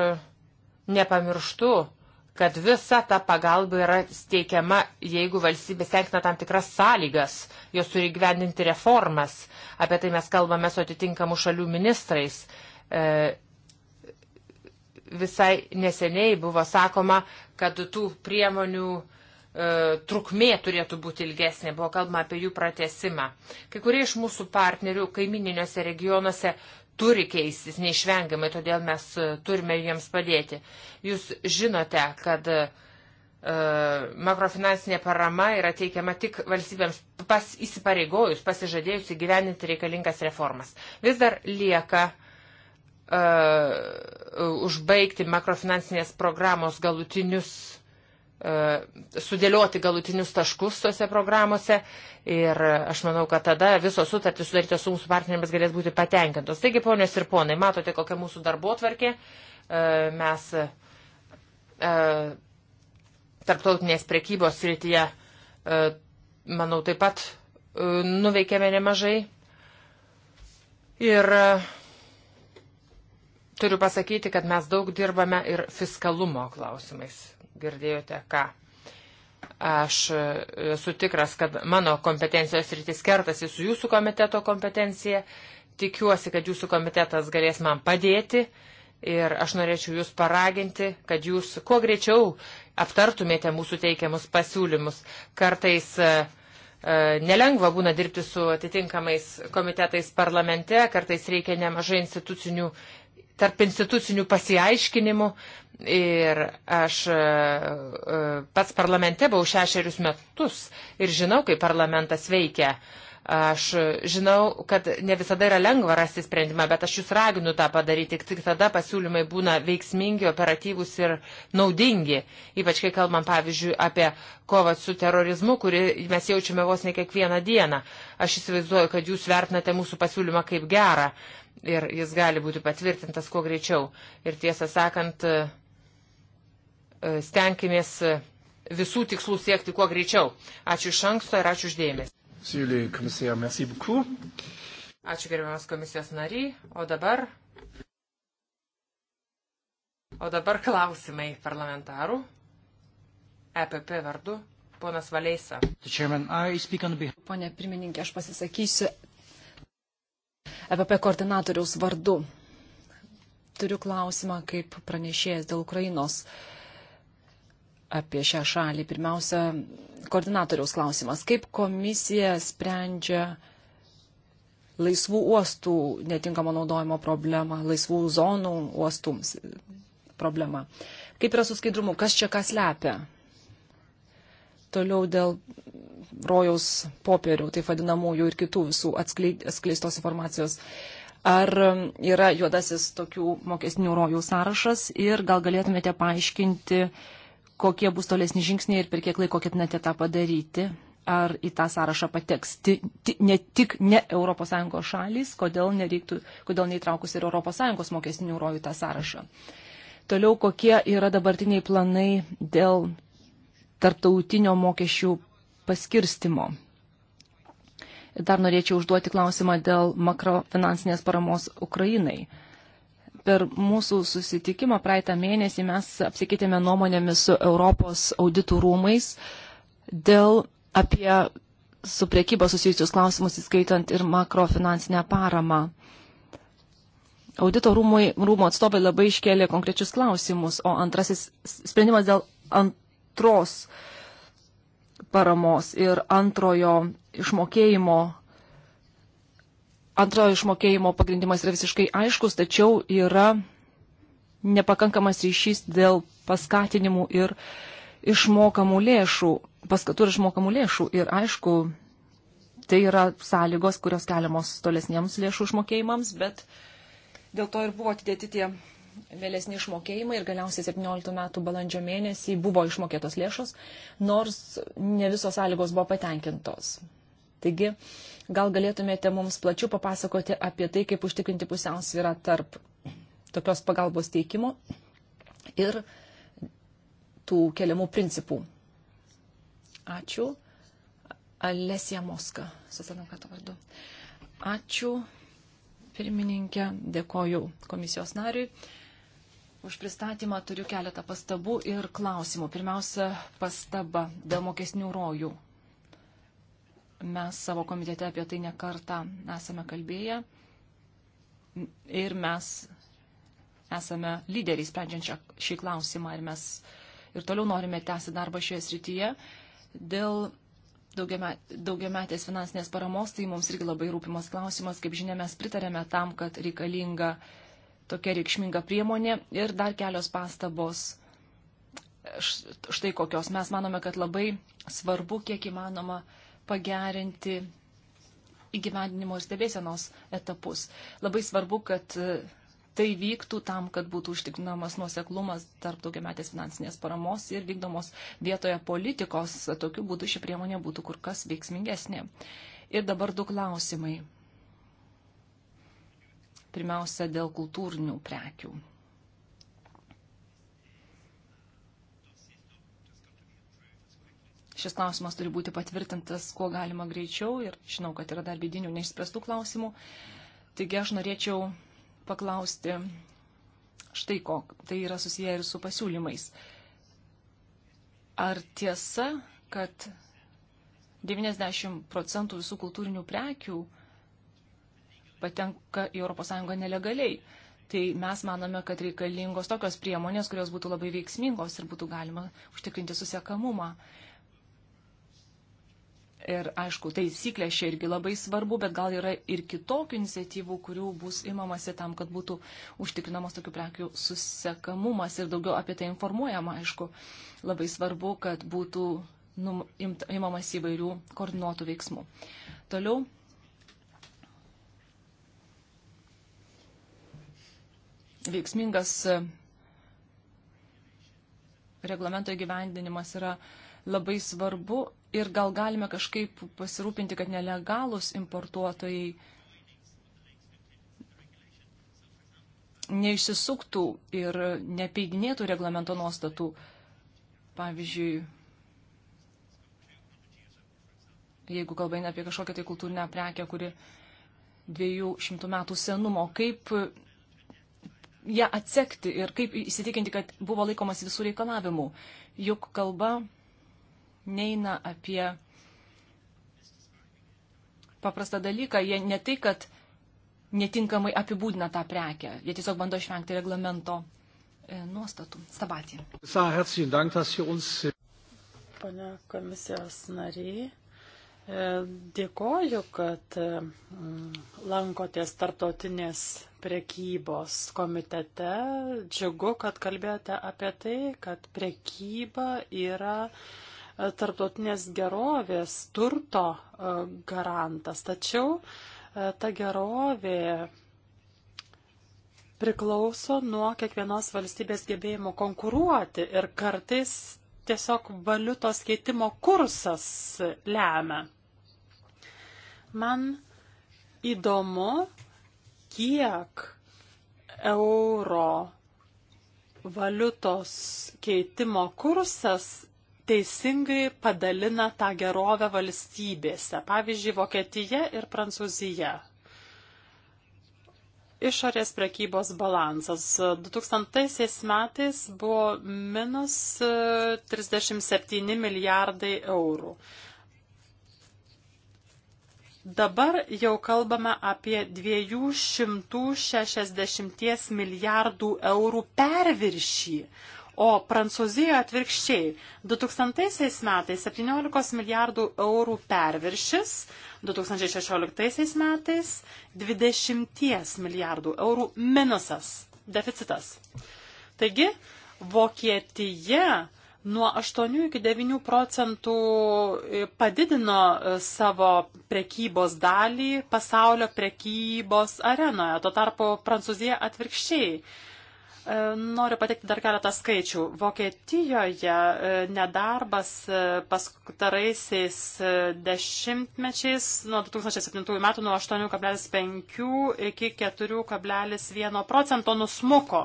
nepamirštu kad visa ta pagalba yra steikiama, jeigu valstybė tenkina tam tikras sąlygas, jos turi gyvendinti reformas. Apie tai mes kalbame su atitinkamų šalių ministrais. E, visai neseniai buvo sakoma, kad tų priemonių e, trukmė turėtų būti ilgesnė, buvo kalbama apie jų pratesimą. Kai kurie iš mūsų partnerių kaimininiuose regionuose turi keistis neišvengiamai, todėl mes e, turime jiems padėti. Jūs žinote, kad e, makrofinansinė parama yra teikiama tik valstybėms pas, įsipareigojus, pasižadėjus įgyveninti reikalingas reformas. Vis dar lieka e, užbaigti makrofinansinės programos galutinius E, sudėlioti galutinius taškus tose programuose ir aš manau, kad tada visos sutartys sudarytos su mūsų partnerėmis galės būti patenkintos. Taigi, ponios ir ponai, matote, kokia mūsų darbo tvarkė. E, mes e, tarptautinės prekybos srityje, manau, taip pat nuveikėme nemažai. Ir Turiu pasakyti, kad mes daug dirbame ir fiskalumo klausimais. Girdėjote ką? Aš esu tikras, kad mano kompetencijos rytis kertasi su jūsų komiteto kompetencija. Tikiuosi, kad jūsų komitetas galės man padėti ir aš norėčiau jūs paraginti, kad jūs kuo greičiau aptartumėte mūsų teikiamus pasiūlymus. Kartais e, e, nelengva būna dirbti su atitinkamais komitetais parlamente, kartais reikia nemažai institucinių tarp institucinių pasiaiškinimų. Ir aš e, e, pats parlamente buvau šešerius metus ir žinau, kaip parlamentas veikia. Aš žinau, kad ne visada yra lengva rasti sprendimą, bet aš jūs raginu tą padaryti, tik, tik tada pasiūlymai būna veiksmingi, operatyvūs ir naudingi. Ypač kai kalbam, pavyzdžiui, apie kovą su terorizmu, kurį mes jaučiame vos ne kiekvieną dieną. Aš įsivaizduoju, kad jūs vertinate mūsų pasiūlymą kaip gerą ir jis gali būti patvirtintas kuo greičiau. Ir tiesą sakant, e, e, stenkimės e, visų tikslų siekti kuo greičiau. Ačiū iš anksto ir ačiū uždėmės. Ačiū gerbiamas komisijos nariai. O dabar. O dabar klausimai parlamentarų. EPP vardu. Ponas Valeisa. Pone pirmininkė, aš pasisakysiu EPP koordinatoriaus vardu. Turiu klausimą kaip pranešėjas dėl Ukrainos apie šią šalį. Pirmiausia, koordinatoriaus klausimas. Kaip komisija sprendžia laisvų uostų netinkamo naudojimo problemą, laisvų zonų uostums problemą? Kaip yra su skaidrumu, kas čia kas lepia? Toliau dėl rojaus popierių, taip vadinamųjų ir kitų visų atskleistos informacijos. Ar um, yra juodasis tokių mokesnių rojų sąrašas ir gal galėtumėte paaiškinti, kokie bus tolesni žingsniai ir per kiek laiko ketinate tą padaryti? Ar į tą sąrašą pateks ti, ti, ne tik ne ES šalys, kodėl, nereiktų, kodėl neįtraukus ir ES mokesnių rojų tą sąrašą? Toliau, kokie yra dabartiniai planai dėl tarptautinio mokesčių paskirstimo. Dar norėčiau užduoti klausimą dėl makrofinansinės paramos Ukrainai. Per mūsų susitikimą praeitą mėnesį mes apsikeitėme nuomonėmis su Europos auditų rūmais dėl apie su priekyba susijusius klausimus, įskaitant ir makrofinansinę paramą. Audito rūmai, rūmų atstovai labai iškėlė konkrečius klausimus, o antrasis sprendimas dėl antros paramos ir antrojo išmokėjimo. Antrojo išmokėjimo pagrindimas yra visiškai aiškus, tačiau yra nepakankamas ryšys dėl paskatinimų ir išmokamų lėšų, paskatų ir išmokamų lėšų. Ir aišku, tai yra sąlygos, kurios keliamos tolesniems lėšų išmokėjimams, bet dėl to ir buvo atidėti tie vėlesni išmokėjimai ir galiausiai 17 metų balandžio mėnesį buvo išmokėtos lėšos, nors ne visos sąlygos buvo patenkintos. Taigi, gal galėtumėte mums plačiau papasakoti apie tai, kaip užtikrinti pusiausvyrą tarp tokios pagalbos teikimo ir tų keliamų principų. Ačiū. Alesija Moska, socialdemokratų vardu. Ačiū pirmininkė, dėkoju komisijos nariui už pristatymą. Turiu keletą pastabų ir klausimų. Pirmiausia, pastaba dėl mokesnių rojų. Mes savo komitete apie tai nekartą esame kalbėję ir mes esame lyderiai sprendžiančią šį klausimą ir mes ir toliau norime tęsti darbą šioje srityje. Dėl daugiametės finansinės paramos, tai mums irgi labai rūpimas klausimas. Kaip žinia, mes pritarėme tam, kad reikalinga uh, tokia reikšminga priemonė. Ir dar kelios pastabos. Štai kokios. Mes manome, kad labai svarbu, kiek įmanoma, pagerinti įgyvendinimo ir stebėsenos etapus. Labai svarbu, kad tai vyktų tam, kad būtų užtikrinamas nuoseklumas tarp daugiametės finansinės paramos ir vykdomos vietoje politikos. Tokiu būdu ši priemonė būtų kur kas veiksmingesnė. Ir dabar du klausimai pirmiausia dėl kultūrinių prekių. Šis klausimas turi būti patvirtintas, kuo galima greičiau ir žinau, kad yra dar vidinių neišspręstų klausimų. Taigi aš norėčiau paklausti štai ko, tai yra susiję ir su pasiūlymais. Ar tiesa, kad 90 procentų visų kultūrinių prekių patenka į ES nelegaliai. Tai mes manome, kad reikalingos tokios priemonės, kurios būtų labai veiksmingos ir būtų galima užtikrinti susiekamumą. Ir aišku, taisyklės čia irgi labai svarbu, bet gal yra ir kitokių iniciatyvų, kurių bus imamasi tam, kad būtų užtikrinamas tokių prekių susekamumas ir daugiau apie tai informuojama, aišku. Labai svarbu, kad būtų num, imt, imamas įvairių koordinuotų veiksmų. Toliau veiksmingas e, reglamento įgyvendinimas yra labai svarbu ir gal galime kažkaip pasirūpinti, kad nelegalus importuotojai neišsisuktų ir nepeidinėtų reglamento nuostatų. Pavyzdžiui, jeigu kalba eina apie kažkokią tai kultūrinę prekę, kuri 200 metų senumo, kaip ją atsekti ir kaip įsitikinti, kad buvo laikomas visų reikalavimų. Juk kalba neina apie paprastą dalyką. Jie ne tai, kad netinkamai apibūdina tą prekę. Jie tiesiog bando išvengti reglamento e, nuostatų. Stabatį. Pane komisijos nariai. E, dėkoju, kad e, lankotės tarptautinės prekybos komitete. Džiugu, kad kalbėjote apie tai, kad prekyba yra e, tarptautinės gerovės, turto garantas. Tačiau ta gerovė priklauso nuo kiekvienos valstybės gebėjimo konkuruoti ir kartais tiesiog valiutos keitimo kursas lemia Man įdomu, kiek euro valiutos keitimo kursas teisingai padalina tą gerovę valstybėse, pavyzdžiui, Vokietija ir Prancūzija. Išorės prekybos balansas 2000 metais buvo minus 37 e, milijardai eurų. Dabar jau kalbame apie 260 milijardų eurų perviršį, o Prancūzijoje atvirkščiai 2000 metais 17 milijardų eurų perviršis, 2016 metais 20 milijardų eurų minusas, deficitas. Taigi, Vokietija nuo 8 iki 9 procentų e, padidino e, savo prekybos dalį pasaulio prekybos arenoje. Tuo tarpu Prancūzija atvirkščiai E, noriu pateikti dar keletą skaičių. Vokietijoje e, nedarbas e, paskutaraisiais dešimtmečiais nuo 2007 metų nuo 8,5 iki 4,1 procento nusmuko.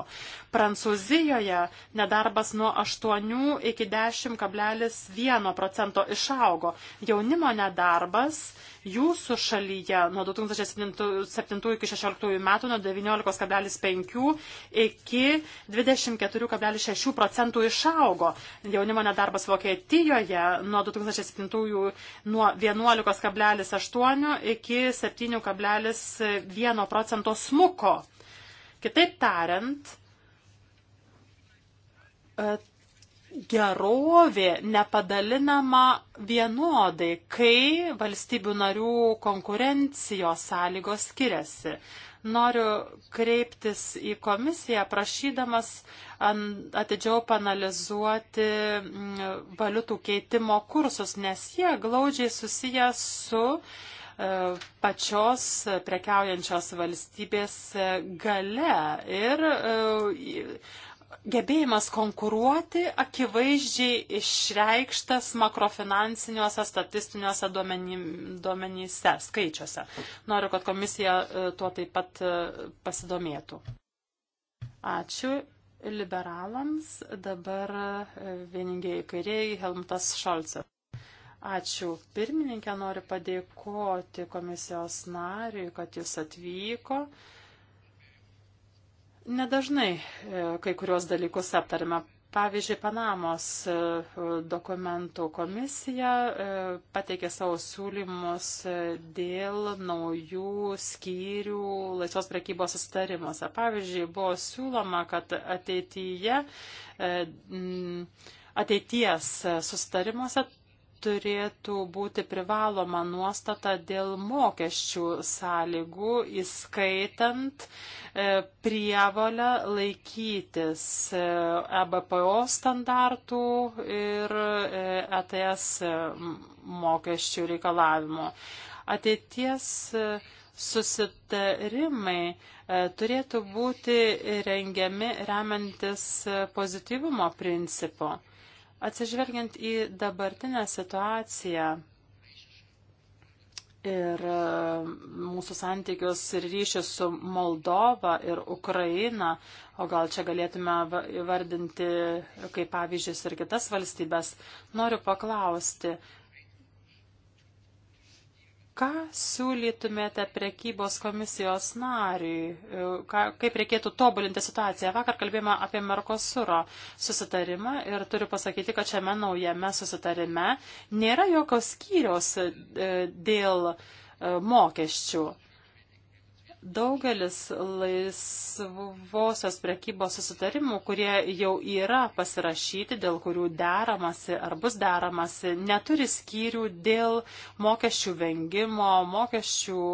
Prancūzijoje nedarbas nuo 8 iki 10,1 procento išaugo. Jaunimo nedarbas Jūsų šalyje nuo 2007 iki 2016 metų nuo 19,5 iki 24,6 procentų išaugo. Jaunimo nedarbas Vokietijoje nuo 2007 nuo 11,8 iki 7,1 procento smuko. Kitaip tariant, gerovė nepadalinama vienodai, kai valstybių narių konkurencijos sąlygos skiriasi. Noriu kreiptis į komisiją, prašydamas atidžiau panalizuoti mm, valiutų keitimo kursus, nes jie glaudžiai susiję su e, pačios prekiaujančios valstybės e, gale ir e, gebėjimas konkuruoti akivaizdžiai išreikštas makrofinansiniuose statistiniuose duomeny, duomenyse, skaičiuose. Noriu, kad komisija e, tuo taip pat e, pasidomėtų. Ačiū liberalams. Dabar e, vieningiai kairiai Helmutas Šolcas. Ačiū pirmininkė, noriu padėkoti komisijos nariui, kad jis atvyko. Uh, Nedažnai e, kai kurios dalykus aptarime. Pavyzdžiui, Panamos e, dokumentų komisija e, pateikė savo siūlymus dėl naujų skyrių laisvos prekybos sustarimuose. Pavyzdžiui, buvo siūloma, kad ateityje, ateities sustarimuose turėtų būti privaloma nuostata dėl mokesčių sąlygų, įskaitant e, prievalę laikytis EBPO e standartų ir ETS e mokesčių reikalavimų. Ateities susitarimai turėtų būti rengiami remiantis pozityvumo principu. Atsižvelgiant į dabartinę situaciją ir e, mūsų santykius ir ryšius su Moldova ir Ukraina, o gal čia galėtume vardinti kaip pavyzdžius ir kitas valstybės, noriu paklausti, Ką siūlytumėte prekybos komisijos nariui, e, ką, kaip reikėtų tobulinti situaciją? Vakar kalbėjome apie Merkosuro susitarimą ir turiu pasakyti, kad šiame naujame susitarime nėra jokios skyrios e, dėl e, mokesčių. Daugelis laisvosios prekybos susitarimų, kurie jau yra pasirašyti, dėl kurių deramasi ar bus deramasi, neturi skyrių dėl mokesčių vengimo, mokesčių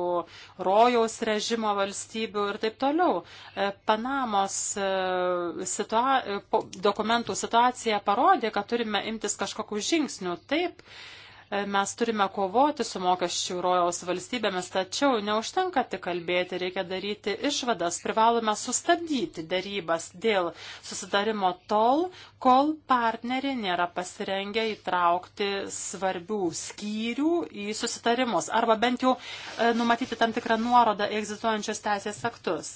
rojaus režimo valstybių ir taip toliau. E, Panamos e, situa e, dokumentų situacija parodė, kad turime imtis kažkokių žingsnių. Taip, Mes turime kovoti su mokesčių rojaus valstybėmis, tačiau neužtenka tik kalbėti, reikia daryti išvadas. Privalome sustabdyti darybas dėl susidarimo tol, kol partneriai nėra pasirengę įtraukti svarbių skyrių į susitarimus arba bent jau e, numatyti tam tikrą nuorodą į egzistuojančius teisės aktus.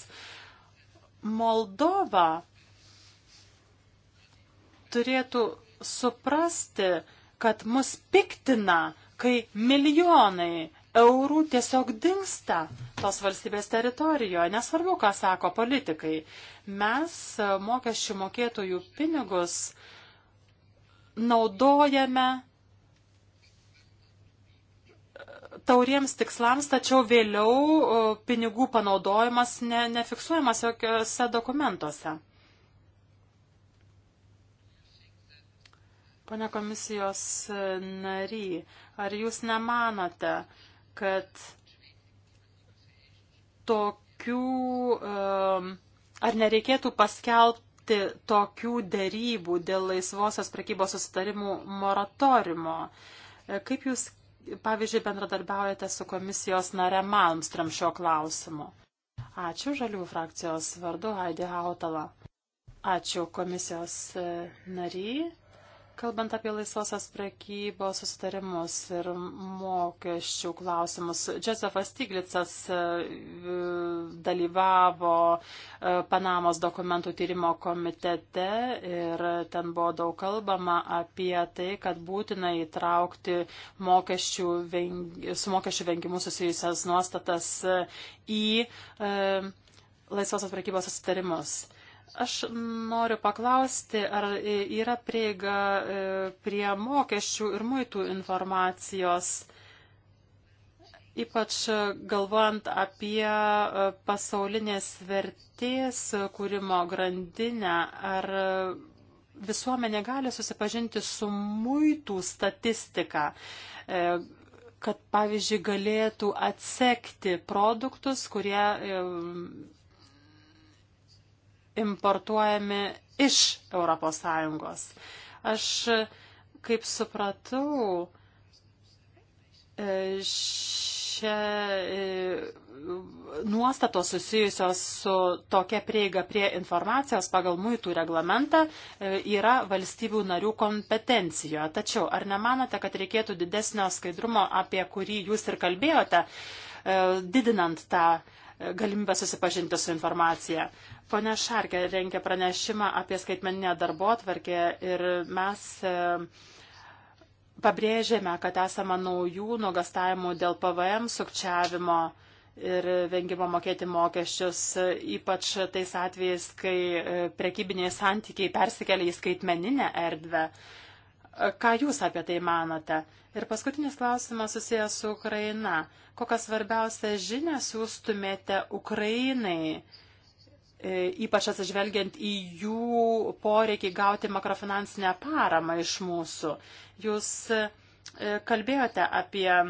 Moldova turėtų suprasti, kad mus piktina, kai milijonai eurų tiesiog dinksta tos valstybės teritorijoje. Nesvarbu, ką sako politikai. Mes mokesčių mokėtojų pinigus naudojame tauriems tikslams, tačiau vėliau e, pinigų panaudojimas ne, nefiksuojamas jokiuose dokumentuose. Pone komisijos e, nary, ar jūs nemanote, kad tokių, ar nereikėtų paskelbti tokių dėrybų dėl laisvosios prekybos susitarimų moratorimo? E, kaip jūs, pavyzdžiui, bendradarbiaujate su komisijos nare Malmstram šio klausimu? Ačiū žalių frakcijos vardu Haidė Hautala. Ačiū komisijos e, nary. Kalbant apie laisvosios prekybos susitarimus ir mokesčių klausimus, Josefas Stiglicas e, dalyvavo e, Panamos dokumentų tyrimo komitete ir ten buvo daug kalbama apie tai, kad būtina įtraukti mokesčių vengi, su mokesčių vengimu susijusias nuostatas į e, laisvosios prekybos susitarimus. Aš noriu paklausti, ar yra prieiga e, prie mokesčių ir muitų informacijos, ypač galvojant apie e, pasaulinės vertės kūrimo grandinę, ar visuomenė gali susipažinti su muitų statistika e, kad, pavyzdžiui, galėtų atsekti produktus, kurie importuojami iš ES. Aš, kaip supratau, čia e, e, nuostatos susijusios su tokia prieiga prie informacijos pagal muitų reglamentą e, yra valstybių narių kompetencijoje. Tačiau ar nemanote, kad reikėtų didesnio skaidrumo, apie kurį jūs ir kalbėjote, didinant tą galimybę susipažinti su informacija? Pone Šarkė rengia pranešimą apie skaitmeninę darbo atvarkę ir mes e, pabrėžėme, kad esama naujų nuogastavimų dėl PVM sukčiavimo ir vengimo mokėti mokesčius, ypač tais atvejais, kai e, prekybiniai santykiai persikelia į skaitmeninę erdvę. E, ką Jūs apie tai manote? Ir paskutinis klausimas susijęs su Ukraina. Kokias svarbiausias žinias jūs tumėte Ukrainai? E, ypač atsižvelgiant į jų poreikį gauti makrofinansinę paramą iš mūsų. Jūs e, kalbėjote apie e,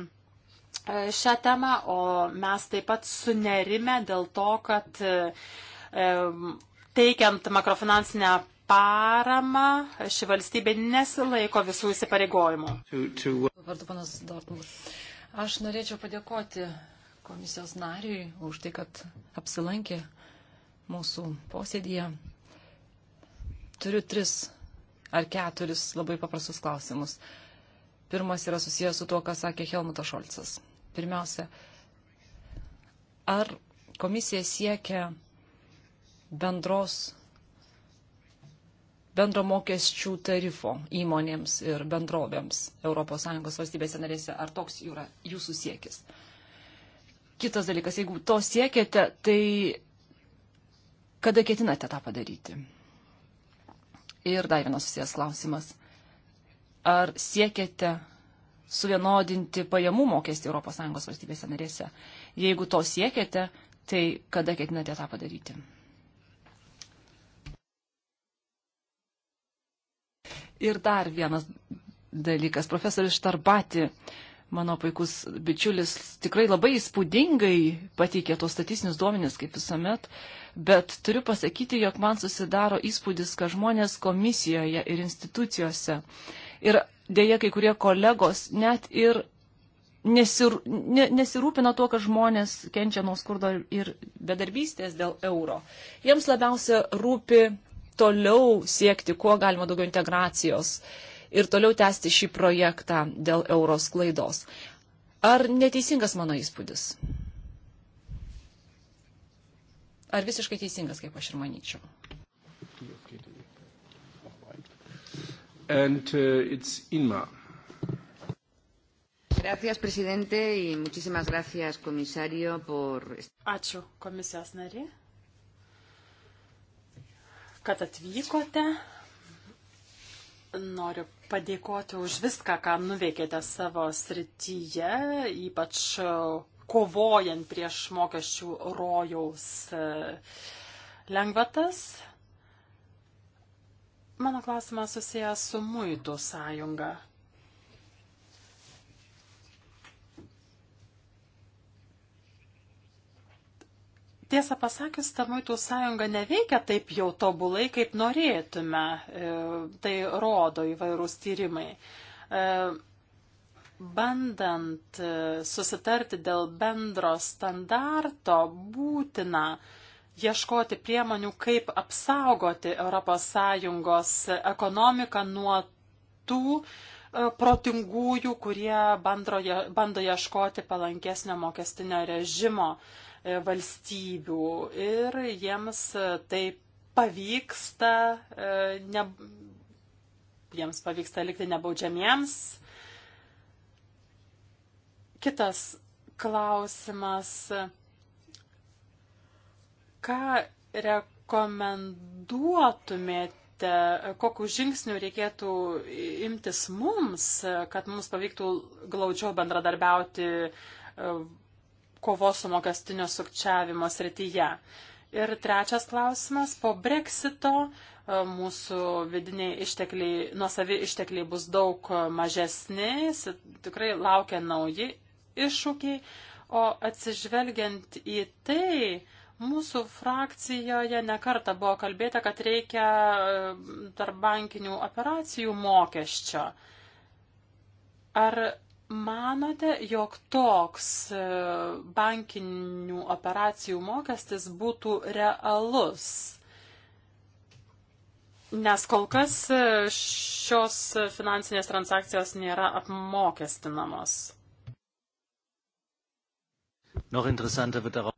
šią temą, o mes taip pat sunerime dėl to, kad teikiant makrofinansinę paramą ši valstybė nesilaiko visų įsipareigojimų. Uh, Vardu panas Dortmund. Aš norėčiau padėkoti komisijos nariui už tai, kad apsilankė mūsų posėdėje. Turiu tris ar keturis labai paprastus klausimus. Pirmas yra susijęs su tuo, ką sakė Helmutas Šolcas. Pirmiausia, ar komisija siekia bendros, bendro mokesčių tarifo įmonėms ir bendrovėms ES valstybėse narėse? Ar toks yra jūsų siekis? Kitas dalykas, jeigu to siekiate, tai Kada ketinate tą padaryti? Ir dar vienas susijęs klausimas. Ar siekiate suvienodinti pajamų mokestį ES valstybėse narėse? Jeigu to siekiate, tai kada ketinate tą padaryti? Ir dar vienas dalykas. Profesorius Štarbati Mano puikus bičiulis tikrai labai įspūdingai pateikė tos statistinius duomenis, kaip visuomet, bet turiu pasakyti, jog man susidaro įspūdis, kad žmonės komisijoje ir institucijose ir dėja kai kurie kolegos net ir nesir, ne, nesirūpina tuo, kad žmonės kenčia nuo skurdo ir bedarbystės dėl euro. Jiems labiausia rūpi toliau siekti, kuo galima daugiau integracijos. Uh, ir toliau tęsti šį projektą dėl euros klaidos. Ar neteisingas mano įspūdis? Ar visiškai teisingas, kaip aš ir manyčiau? And, uh, it's Inma. Gracias, presidente, y muchísimas gracias, comisario, por. Ačiū, komisijos nari, kad atvykote noriu padėkoti už viską, ką nuveikėte savo srityje, ypač e, kovojant prieš mokesčių rojaus e, lengvatas. Mano klausimas susijęs su muitų sąjunga. Tiesą pasakius, ta muitų sąjunga neveikia taip jau tobulai, kaip norėtume. E, tai rodo įvairūs tyrimai. E, bandant e, susitarti dėl bendro standarto, būtina ieškoti priemonių, kaip apsaugoti ES ekonomiką nuo tų protingųjų, kurie bando ieškoti palankesnio mokestinio režimo valstybių ir jiems tai pavyksta, e, ne, jiems pavyksta likti nebaudžiamiems. Kitas klausimas, ką rekomenduotumėte? kokiu žingsniu reikėtų imtis mums, kad mums pavyktų glaudžiau bendradarbiauti e, kovos su mokestinio sukčiavimo srityje. Ir trečias klausimas, po breksito e, mūsų vidiniai ištekliai, nuosavi ištekliai bus daug mažesni, tikrai laukia nauji iššūkiai, o atsižvelgiant į tai, Mūsų frakcijoje nekarta buvo kalbėta, kad reikia e, tarp bankinių operacijų mokesčio. Ar Manote, jog toks e, bankinių operacijų mokestis būtų realus? Nes kol kas e, šios finansinės transakcijos nėra apmokestinamos. Noch interessanter wird darauf.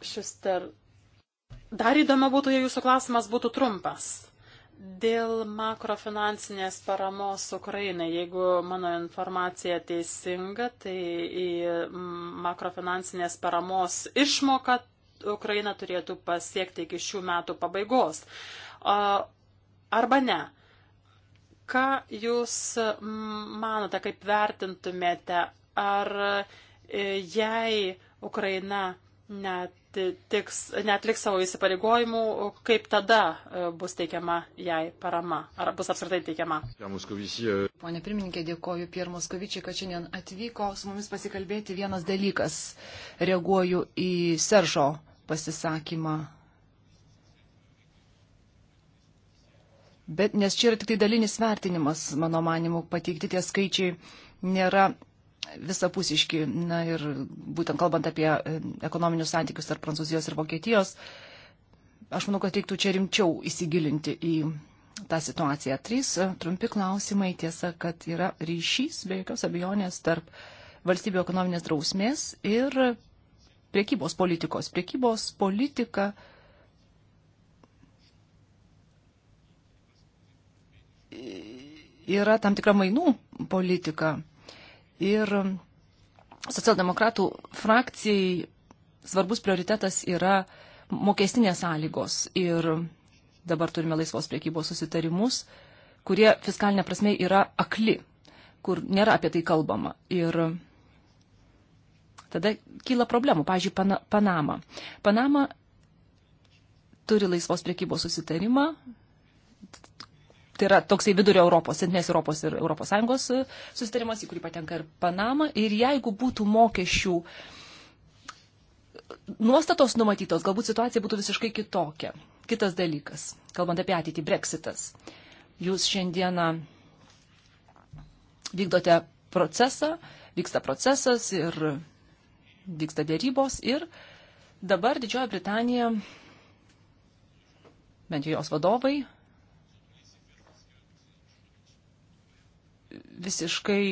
Šister. Dar įdomu būtų, jei jūsų klausimas būtų trumpas. Dėl makrofinansinės paramos Ukrainai, jeigu mano informacija teisinga, tai į makrofinansinės paramos išmoką Ukraina turėtų pasiekti iki šių metų pabaigos. Arba ne. Ką Jūs manote, kaip vertintumėte, ar e, jei Ukraina netitiks, netliks savo įsipareigojimų, kaip tada e, bus teikiama jai parama, ar bus apskritai teikiama. E. Pone pirmininkė, dėkoju Pier Moskovičiai, kad šiandien atvyko su mumis pasikalbėti vienas dalykas. Reaguoju į Seržo pasisakymą. Bet nes čia yra tik tai dalinis vertinimas, mano manimu, pateikti tie skaičiai nėra visapusiški. Na ir būtent kalbant apie e, ekonominius santykius tarp Prancūzijos ir Vokietijos, aš manau, kad reiktų čia rimčiau įsigilinti į tą situaciją. Trys e, trumpi klausimai. Tiesa, kad yra ryšys be jokios abejonės tarp valstybių ekonominės drausmės ir priekybos politikos. Priekybos politika. Yra tam tikra mainų politika Ir socialdemokratų frakcijai svarbus prioritetas yra mokestinės sąlygos. Ir dabar turime laisvos priekybos susitarimus, kurie fiskalinė prasme yra akli, kur nėra apie tai kalbama. Ir tada kyla problemų. Pavyzdžiui, pana, Panama. Panama turi laisvos priekybos susitarimą, tai yra toksai vidurio Europos, centrinės Europos ir Europos Sąjungos e, susitarimas, į kurį patenka ir Panama. Ir jeigu būtų mokesčių e, nuostatos numatytos, galbūt situacija būtų visiškai kitokia. Kitas dalykas, kalbant apie ateitį, Brexitas. Jūs šiandieną vykdote procesą, vyksta procesas ir vyksta dėrybos ir dabar Didžioji Britanija, bent jau jos vadovai, visiškai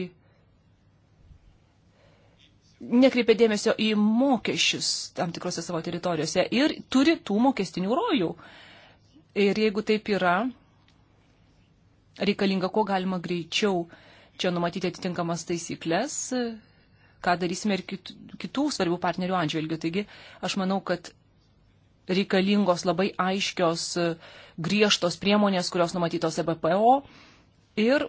nekreipia dėmesio į mokesčius tam tikrose savo teritorijose ir turi tų mokestinių rojų. Ir jeigu taip yra, reikalinga kuo galima greičiau čia numatyti atitinkamas taisyklės, ką darysime ir kitų, kitų svarbių partnerių atžvilgių. Taigi aš manau, kad reikalingos labai aiškios, griežtos priemonės, kurios numatytos EBPO ir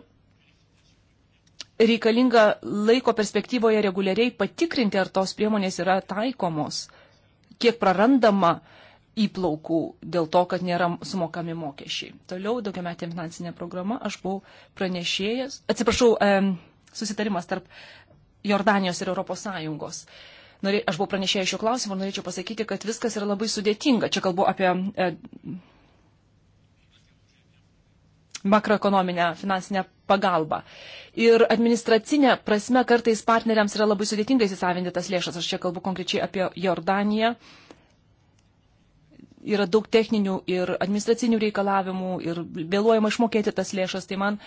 reikalinga laiko perspektyvoje reguliariai patikrinti, ar tos priemonės yra taikomos, kiek prarandama įplaukų dėl to, kad nėra sumokami mokesčiai. Toliau daugiametė finansinė programa, aš buvau pranešėjęs, atsiprašau, e, susitarimas tarp Jordanijos ir Europos Sąjungos. Norė, aš buvau pranešėjęs šio klausimo ir norėčiau pasakyti, kad viskas yra labai sudėtinga. Čia kalbu apie e, makroekonominę finansinę pagalbą. Ir administracinė prasme kartais partneriams yra labai sudėtinga įsisavinti tas lėšas. Aš čia kalbu konkrečiai apie Jordaniją. Yra daug techninių ir administracinių reikalavimų ir vėluojama išmokėti tas lėšas. Tai man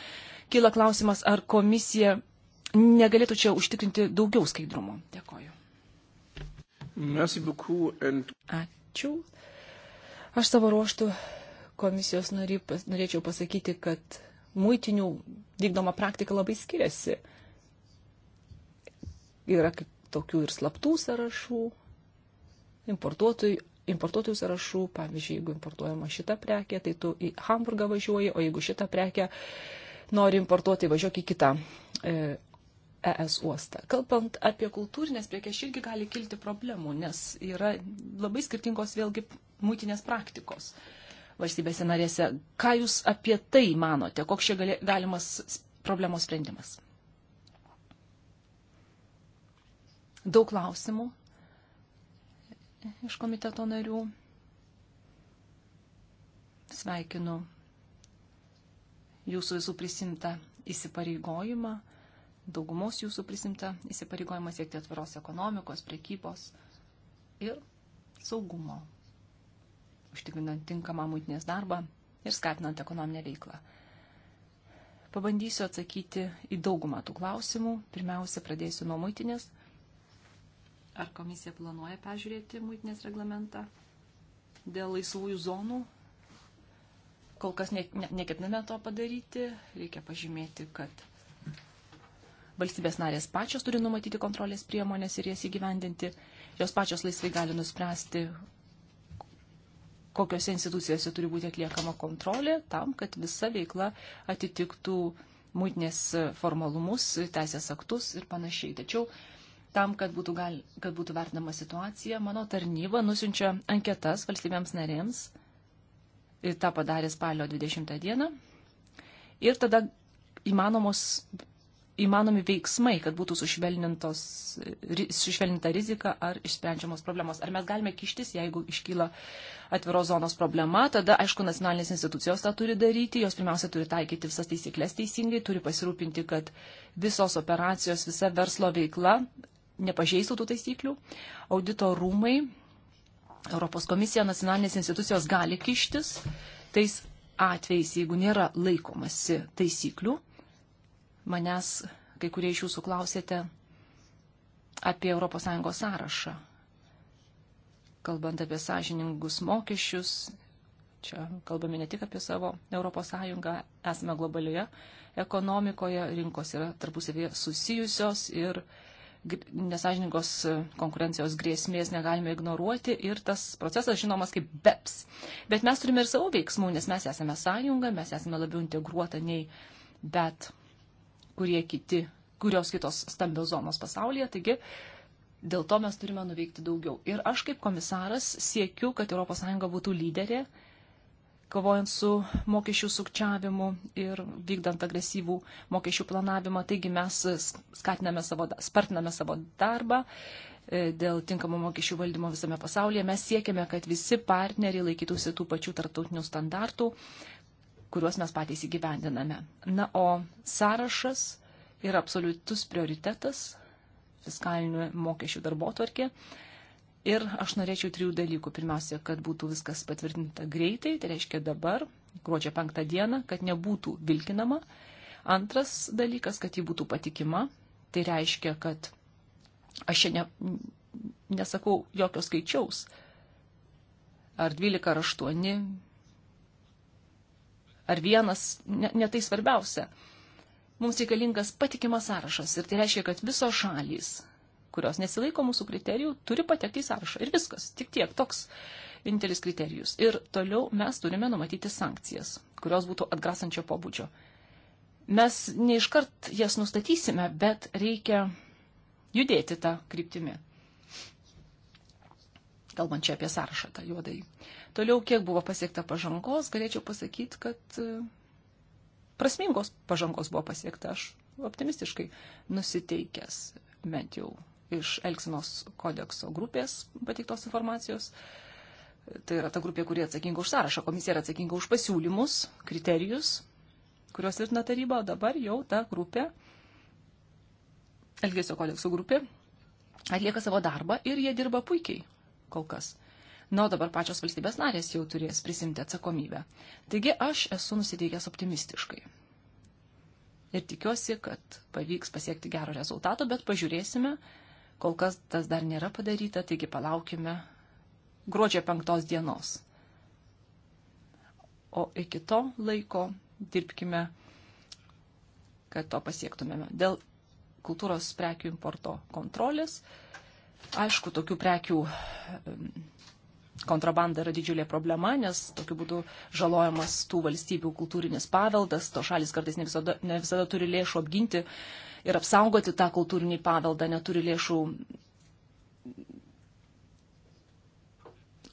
kyla klausimas, ar komisija negalėtų čia užtikrinti daugiau skaidrumo. Dėkoju. Ačiū. Aš savo ruoštų komisijos nary, pas, norėčiau pasakyti, kad muitinių vykdoma praktika labai skiriasi. Yra kaip tokių ir slaptų sąrašų, importuotojų, importuotojų sąrašų, pavyzdžiui, jeigu importuojama šita prekė, tai tu į Hamburgą važiuoji, o jeigu šitą prekę nori importuoti, važiuok į kitą e, ES uostą. Kalbant apie kultūrinės prekes, irgi gali kilti problemų, nes yra labai skirtingos vėlgi mūtinės praktikos. E, valstybėse narėse. Ką Jūs apie tai manote? Koks čia galimas problemos sprendimas? Daug klausimų iš komiteto narių. Sveikinu Jūsų visų prisimtą įsipareigojimą, daugumos Jūsų prisimtą įsipareigojimą siekti atviros ekonomikos, prekybos ir saugumo užtikrinant tinkamą mūtinės darbą ir skatinant ekonominę veiklą. Pabandysiu atsakyti į daugumą tų klausimų. Pirmiausia, pradėsiu nuo mūtinės. Ar komisija planuoja peržiūrėti mūtinės reglamentą dėl laisvųjų zonų? Kol kas ne, ne, neketiname to padaryti. Reikia pažymėti, kad valstybės narės pačios turi numatyti kontrolės priemonės ir jas įgyvendinti. Jos pačios laisvai gali nuspręsti, kokiose institucijose turi būti atliekama kontrolė, tam, kad visa veikla atitiktų mūtinės formalumus, teisės aktus ir panašiai. Tačiau tam, kad būtų, gal, kad būtų vertinama situacija, mano tarnyba nusinčia anketas valstybėms narėms ir tą padarė spalio 20 dieną. Ir tada įmanomos įmanomi veiksmai, kad būtų sušvelninta rizika ar išsprendžiamos problemos. Ar mes galime kištis, jeigu iškyla atviros zonos problema, tada, aišku, nacionalinės institucijos tą turi daryti, jos pirmiausia turi taikyti visas taisyklės teisingai, turi pasirūpinti, kad visos operacijos, visa verslo veikla nepažeistų tų taisyklių. Audito rūmai, Europos komisija, nacionalinės institucijos gali kištis tais atvejais, jeigu nėra laikomasi taisyklių Manęs kai kurie iš jūsų klausėte apie ES sąrašą. Kalbant apie sąžiningus mokesčius, čia kalbame ne tik apie savo ES, esame globalioje ekonomikoje, rinkos yra tarpusavėje susijusios ir nesažiningos konkurencijos grėsmės negalime ignoruoti ir tas procesas žinomas kaip BEPS. Bet mes turime ir savo veiksmų, nes mes esame sąjunga, mes esame labiau integruota nei bet kurie kiti, kurios kitos stambios zonos pasaulyje. Taigi dėl to mes turime nuveikti daugiau. Ir aš kaip komisaras siekiu, kad ES būtų lyderė, kovojant su mokesčių sukčiavimu ir vykdant agresyvų mokesčių planavimą. Taigi mes skatiname savo, spartiname savo darbą e, dėl tinkamo mokesčių valdymo visame pasaulyje. Mes siekiame, kad visi partneriai laikytųsi tų pačių tarptautinių standartų, kuriuos mes patys įgyvendiname. Na, o sąrašas yra absoliutus prioritetas fiskalinių mokesčių darbo tvarkė. Ir aš norėčiau trijų dalykų. Pirmiausia, kad būtų viskas patvirtinta greitai, tai reiškia dabar, gruodžio penktą dieną, kad nebūtų vilkinama. Antras dalykas, kad ji būtų patikima, tai reiškia, kad aš čia ne, nesakau jokio skaičiaus, ar 12 ar 8 ar vienas, ne, ne tai svarbiausia. Mums reikalingas patikimas sąrašas ir tai reiškia, kad visos šalys, kurios nesilaiko mūsų kriterijų, turi patekti į sąrašą. Ir viskas, tik tiek, toks vienintelis kriterijus. Ir toliau mes turime numatyti sankcijas, kurios būtų atgrasančio pobūdžio. Mes neiškart jas nustatysime, bet reikia judėti tą kryptimį kalbant čia apie sąrašą tą juodai. Toliau, kiek buvo pasiekta pažangos, galėčiau pasakyti, kad e, prasmingos pažangos buvo pasiekta, aš optimistiškai nusiteikęs, bent jau iš Elksinos kodekso grupės pateiktos informacijos. Tai yra ta grupė, kurie atsakinga už sąrašą, komisija yra atsakinga už pasiūlymus, kriterijus, kuriuos tvirtina taryba, o dabar jau ta grupė, Elgesio kodekso grupė, atlieka savo darbą ir jie dirba puikiai kol kas. Na, o dabar pačios valstybės narės jau turės prisimti atsakomybę. Taigi aš esu nusiteikęs optimistiškai. Ir tikiuosi, kad pavyks pasiekti gero rezultato, bet pažiūrėsime. Kol kas tas dar nėra padaryta, taigi palaukime gruodžio penktos dienos. O iki to laiko dirbkime, kad to pasiektumėme. Dėl kultūros prekių importo kontrolės Aišku, tokių prekių kontrabanda yra didžiulė problema, nes tokiu būdu žalojamas tų valstybių kultūrinis paveldas, to šalis kartais ne visada, ne visada turi lėšų apginti ir apsaugoti tą kultūrinį paveldą, neturi lėšų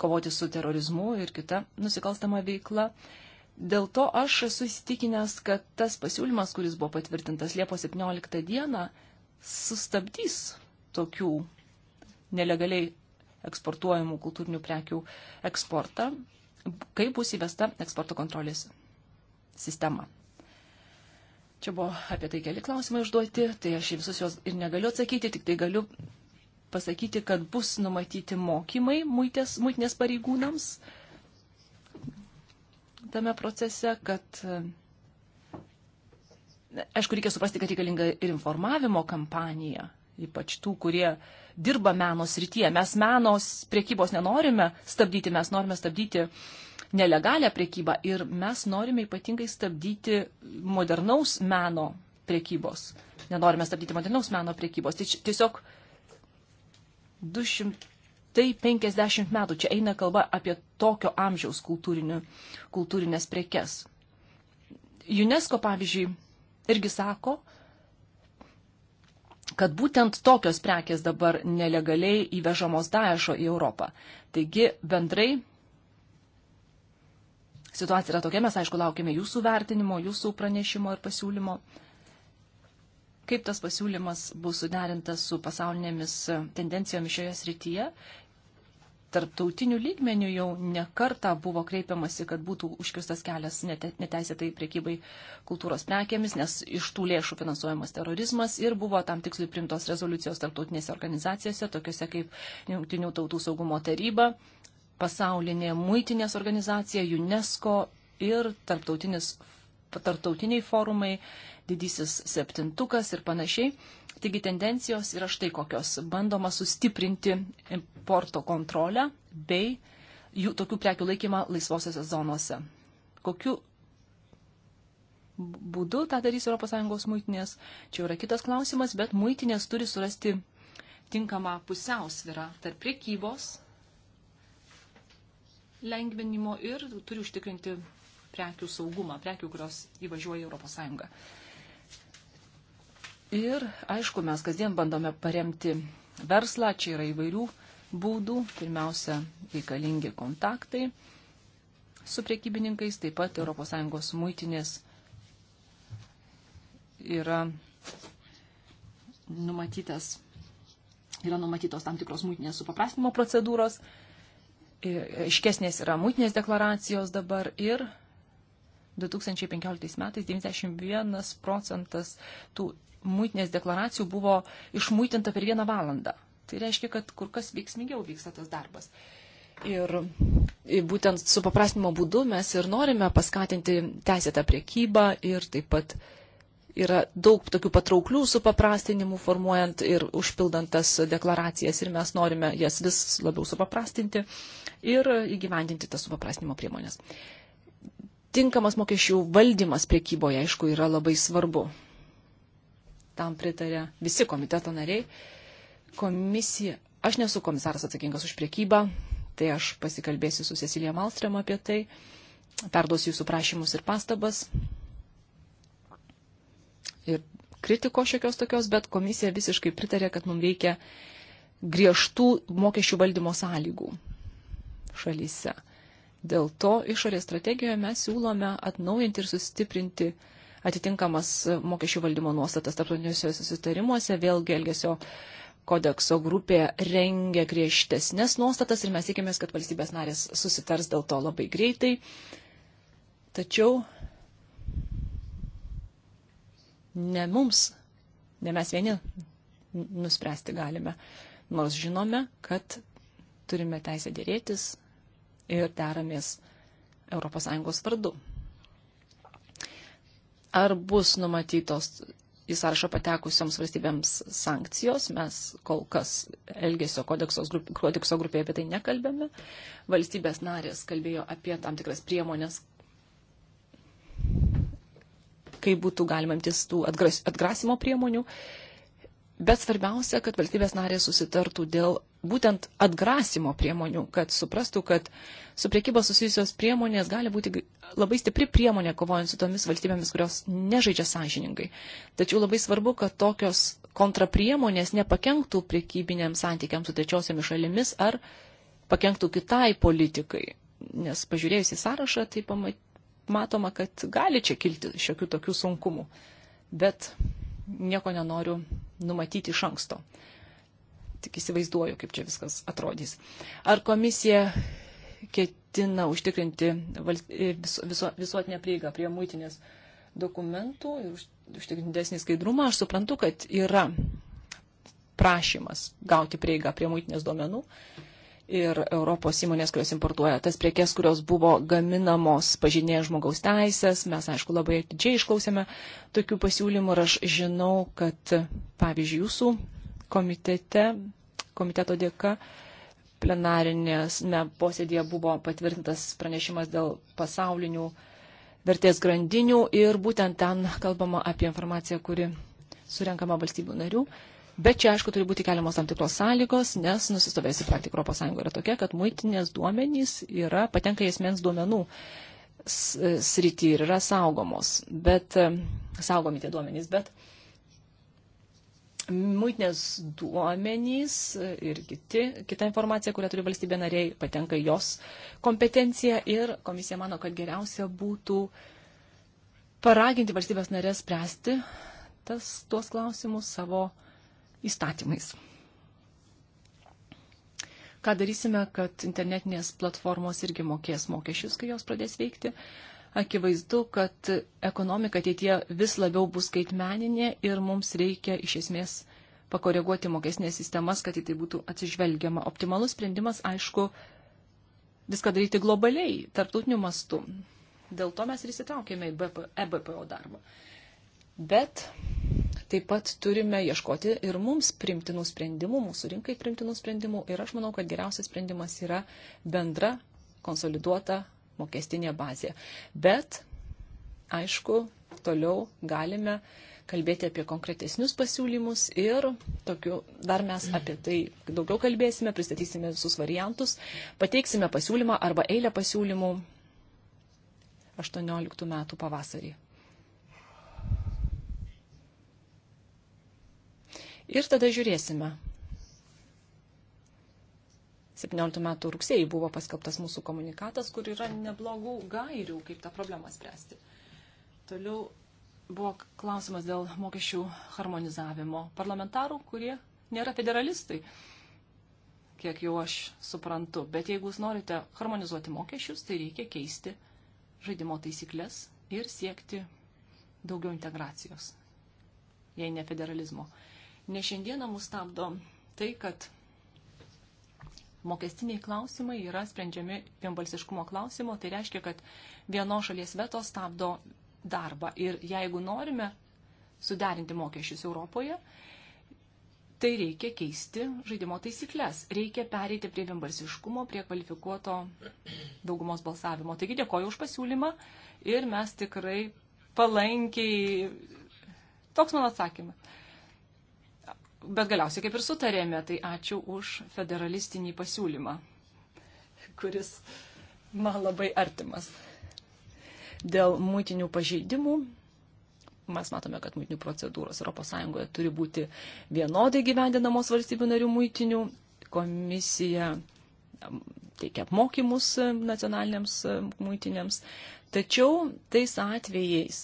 kovoti su terorizmu ir kita nusikalstama veikla. Dėl to aš esu įsitikinęs, kad tas pasiūlymas, kuris buvo patvirtintas Liepos 17 dieną, sustabdys tokių nelegaliai eksportuojamų kultūrinių prekių eksportą, kai bus įvesta eksporto kontrolės sistema. Čia buvo apie tai keli klausimai užduoti, tai aš į visus juos ir negaliu atsakyti, tik tai galiu pasakyti, kad bus numatyti mokymai muitės, muitinės pareigūnams tame procese, kad aišku, reikia suprasti, kad reikalinga ir informavimo kampanija ypač tų, kurie dirba meno srityje. Mes menos priekybos nenorime stabdyti, mes norime stabdyti nelegalią priekybą ir mes norime ypatingai stabdyti modernaus meno priekybos. Nenorime stabdyti modernaus meno priekybos. Tai tiesiog 250 metų čia eina kalba apie tokio amžiaus kultūrinės prekes. UNESCO, pavyzdžiui, irgi sako, kad būtent tokios prekės dabar nelegaliai įvežamos Daešo į Europą. Taigi bendrai situacija yra tokia, mes aišku laukime jūsų vertinimo, jūsų pranešimo ir pasiūlymo, kaip tas pasiūlymas bus suderintas su pasaulinėmis tendencijomis šioje srityje tarptautinių lygmenių jau nekarta buvo kreipiamasi, kad būtų užkirstas kelias neteisėtai priekybai kultūros prekėmis, nes iš tų lėšų finansuojamas terorizmas ir buvo tam tikslui primtos rezoliucijos tarptautinėse organizacijose, tokiuose kaip Junktinių tautų saugumo taryba, pasaulinė muitinės organizacija, UNESCO ir tarptautinis tarptautiniai forumai, didysis septintukas ir panašiai. Taigi tendencijos yra štai kokios. Bandoma sustiprinti importo kontrolę bei jų tokių prekių laikymą laisvosiose zonose. Kokiu būdu tą darys ES muitinės, čia yra kitas klausimas, bet muitinės turi surasti tinkamą pusiausvirą tarp priekybos lengvinimo ir turi užtikrinti prekių saugumą, prekių, kurios įvažiuoja į ES. Ir, aišku, mes kasdien bandome paremti verslą, čia yra įvairių būdų. Pirmiausia, reikalingi kontaktai su priekybininkais, taip pat ES muitinės yra numatytas, yra numatytos tam tikros muitinės supaprastinimo procedūros, e, aiškesnės yra muitinės deklaracijos dabar ir 2015 metais 91 procentas tų muitinės deklaracijų buvo išmuitinta per vieną valandą. Tai reiškia, kad kur kas veiksmingiau vyksta tas darbas. Ir, ir būtent su paprastinimo būdu mes ir norime paskatinti teisėtą priekybą ir taip pat yra daug tokių patrauklių su paprastinimu formuojant ir užpildant tas deklaracijas ir mes norime jas vis labiau supaprastinti ir įgyvendinti tas supaprastinimo priemonės tinkamas mokesčių valdymas priekyboje, aišku, yra labai svarbu tam pritarė visi komiteto nariai. Komisija, aš nesu komisaras atsakingas už priekybą, tai aš pasikalbėsiu su Cecilija Malstrėm apie tai, perduosiu jūsų prašymus ir pastabas ir kritiko šiokios tokios, bet komisija visiškai pritarė, kad mums reikia griežtų mokesčių valdymo sąlygų šalyse. Dėl to išorės strategijoje mes siūlome atnaujinti ir sustiprinti atitinkamas mokesčių valdymo nuostatas tarptautiniuose susitarimuose, vėlgi Elgesio kodekso grupė rengia griežtesnės nuostatas ir mes tikimės, kad valstybės narės susitars dėl to labai greitai. Tačiau ne mums, ne mes vieni nuspręsti galime, nors žinome, kad turime teisę dėrėtis ir deramės ES vardu ar bus numatytos į sąrašą patekusioms valstybėms sankcijos. Mes kol kas Elgesio grup, kodekso grupėje apie tai nekalbėme. Valstybės narės kalbėjo apie tam tikras priemonės, kaip būtų galima imtis tų atgras, atgrasimo priemonių. Bet svarbiausia, kad valstybės narės susitartų dėl būtent atgrasimo priemonių, kad suprastų, kad su priekyba susijusios priemonės gali būti labai stipri priemonė kovojant su tomis valstybėmis, kurios nežaidžia sąžiningai. Tačiau labai svarbu, kad tokios kontrapriemonės nepakenktų priekybinėms santykiams su trečiosiamis šalimis ar pakenktų kitai politikai. Nes pažiūrėjus į sąrašą, tai matoma, kad gali čia kilti šiokių tokių sunkumų. Bet nieko nenoriu numatyti iš anksto tik įsivaizduoju, kaip čia viskas atrodys. Ar komisija ketina užtikrinti viso, visuotinę prieigą prie muitinės dokumentų ir užtikrinti desnį skaidrumą? Aš suprantu, kad yra prašymas gauti prieigą prie muitinės duomenų. Ir Europos įmonės, kurios importuoja tas priekes, kurios buvo gaminamos, pažinėja žmogaus teisės. Mes, aišku, labai atidžiai išklausėme tokių pasiūlymų ir aš žinau, kad, pavyzdžiui, jūsų komitete, komiteto dėka plenarinės ne, posėdėje buvo patvirtintas pranešimas dėl pasaulinių vertės grandinių ir būtent ten kalbama apie informaciją, kuri surenkama valstybių narių. Bet čia, aišku, turi būti keliamos tam tikros sąlygos, nes nusistovėjusi praktika Europos Sąjungoje yra tokia, kad muitinės duomenys yra, patenka į esmens duomenų srity ir yra saugomos, bet saugomi tie duomenys, bet Muitinės duomenys ir kiti, kita informacija, kurią turi valstybė nariai, patenka jos kompetencija ir komisija mano, kad geriausia būtų paraginti valstybės narės spręsti tas, tuos klausimus savo įstatymais. Ką darysime, kad internetinės platformos irgi mokės mokesčius, kai jos pradės veikti. Uh, akivaizdu, kad ekonomika ateitie vis labiau bus skaitmeninė ir mums reikia iš esmės pakoreguoti mokesnės sistemas, kad į tai būtų atsižvelgiama. Optimalus sprendimas, aišku, viską daryti globaliai, tarptautiniu mastu. Dėl to mes ir įsitraukėme į BP, EBPO darbą. Bet taip pat turime ieškoti ir mums primtinų sprendimų, mūsų rinkai primtinų sprendimų. Ir aš manau, kad geriausias sprendimas yra bendra konsoliduota mokestinė bazė. Bet, aišku, toliau galime kalbėti apie konkretesnius pasiūlymus ir tokiu, dar mes apie tai daugiau kalbėsime, pristatysime visus variantus, pateiksime pasiūlymą arba eilę pasiūlymų 18 metų pavasarį. Ir tada žiūrėsime, 17 metų rugsėjai buvo paskelbtas mūsų komunikatas, kur yra neblogų gairių, kaip tą problemą spręsti. Toliau buvo klausimas dėl mokesčių harmonizavimo parlamentarų, kurie nėra federalistai, kiek jau aš suprantu. Bet jeigu jūs norite harmonizuoti mokesčius, tai reikia keisti žaidimo taisyklės ir siekti daugiau integracijos, jei ne federalizmo. Ne šiandieną mus stabdo tai, kad mokestiniai klausimai yra sprendžiami vienbalsiškumo klausimo, tai reiškia, kad vienos šalies veto stabdo darbą. Ir jeigu norime suderinti mokesčius Europoje, tai reikia keisti žaidimo taisyklės. Reikia pereiti prie vienbalsiškumo, prie kvalifikuoto daugumos balsavimo. Taigi dėkoju už pasiūlymą ir mes tikrai palankiai. Toks mano atsakymas bet galiausiai kaip ir sutarėme, tai ačiū už federalistinį pasiūlymą, kuris man labai artimas. Dėl mūtinių pažeidimų mes matome, kad mūtinių procedūros ES turi būti vienodai gyvendinamos valstybių narių mūtinių. Komisija um, teikia apmokymus um, nacionaliniams mūtinėms. Um, Tačiau tais atvejais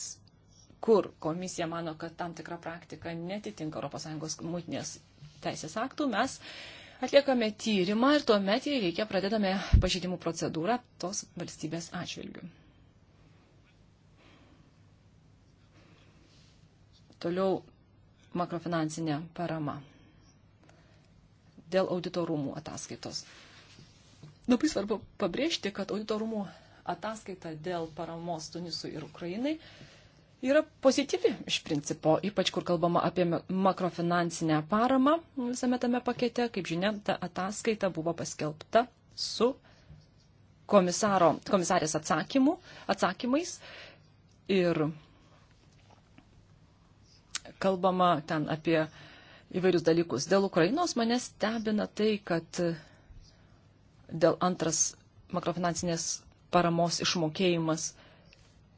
kur komisija mano, kad tam tikra praktika netitinka ES muitinės teisės aktų, mes atliekame tyrimą ir tuomet, jei reikia, pradedame pažydimų procedūrą tos valstybės atžvilgių. Toliau makrofinansinė parama dėl auditorumų ataskaitos. Labai svarbu pabrėžti, kad auditorumų ataskaita dėl paramos Tunisui ir Ukrainai yra pozityvi iš principo, ypač kur kalbama apie makrofinansinę paramą visame tame pakete. Kaip žinia, ta ataskaita buvo paskelbta su komisaro, komisarės atsakymu, atsakymais ir kalbama ten apie įvairius dalykus. Dėl Ukrainos mane stebina tai, kad dėl antras makrofinansinės paramos išmokėjimas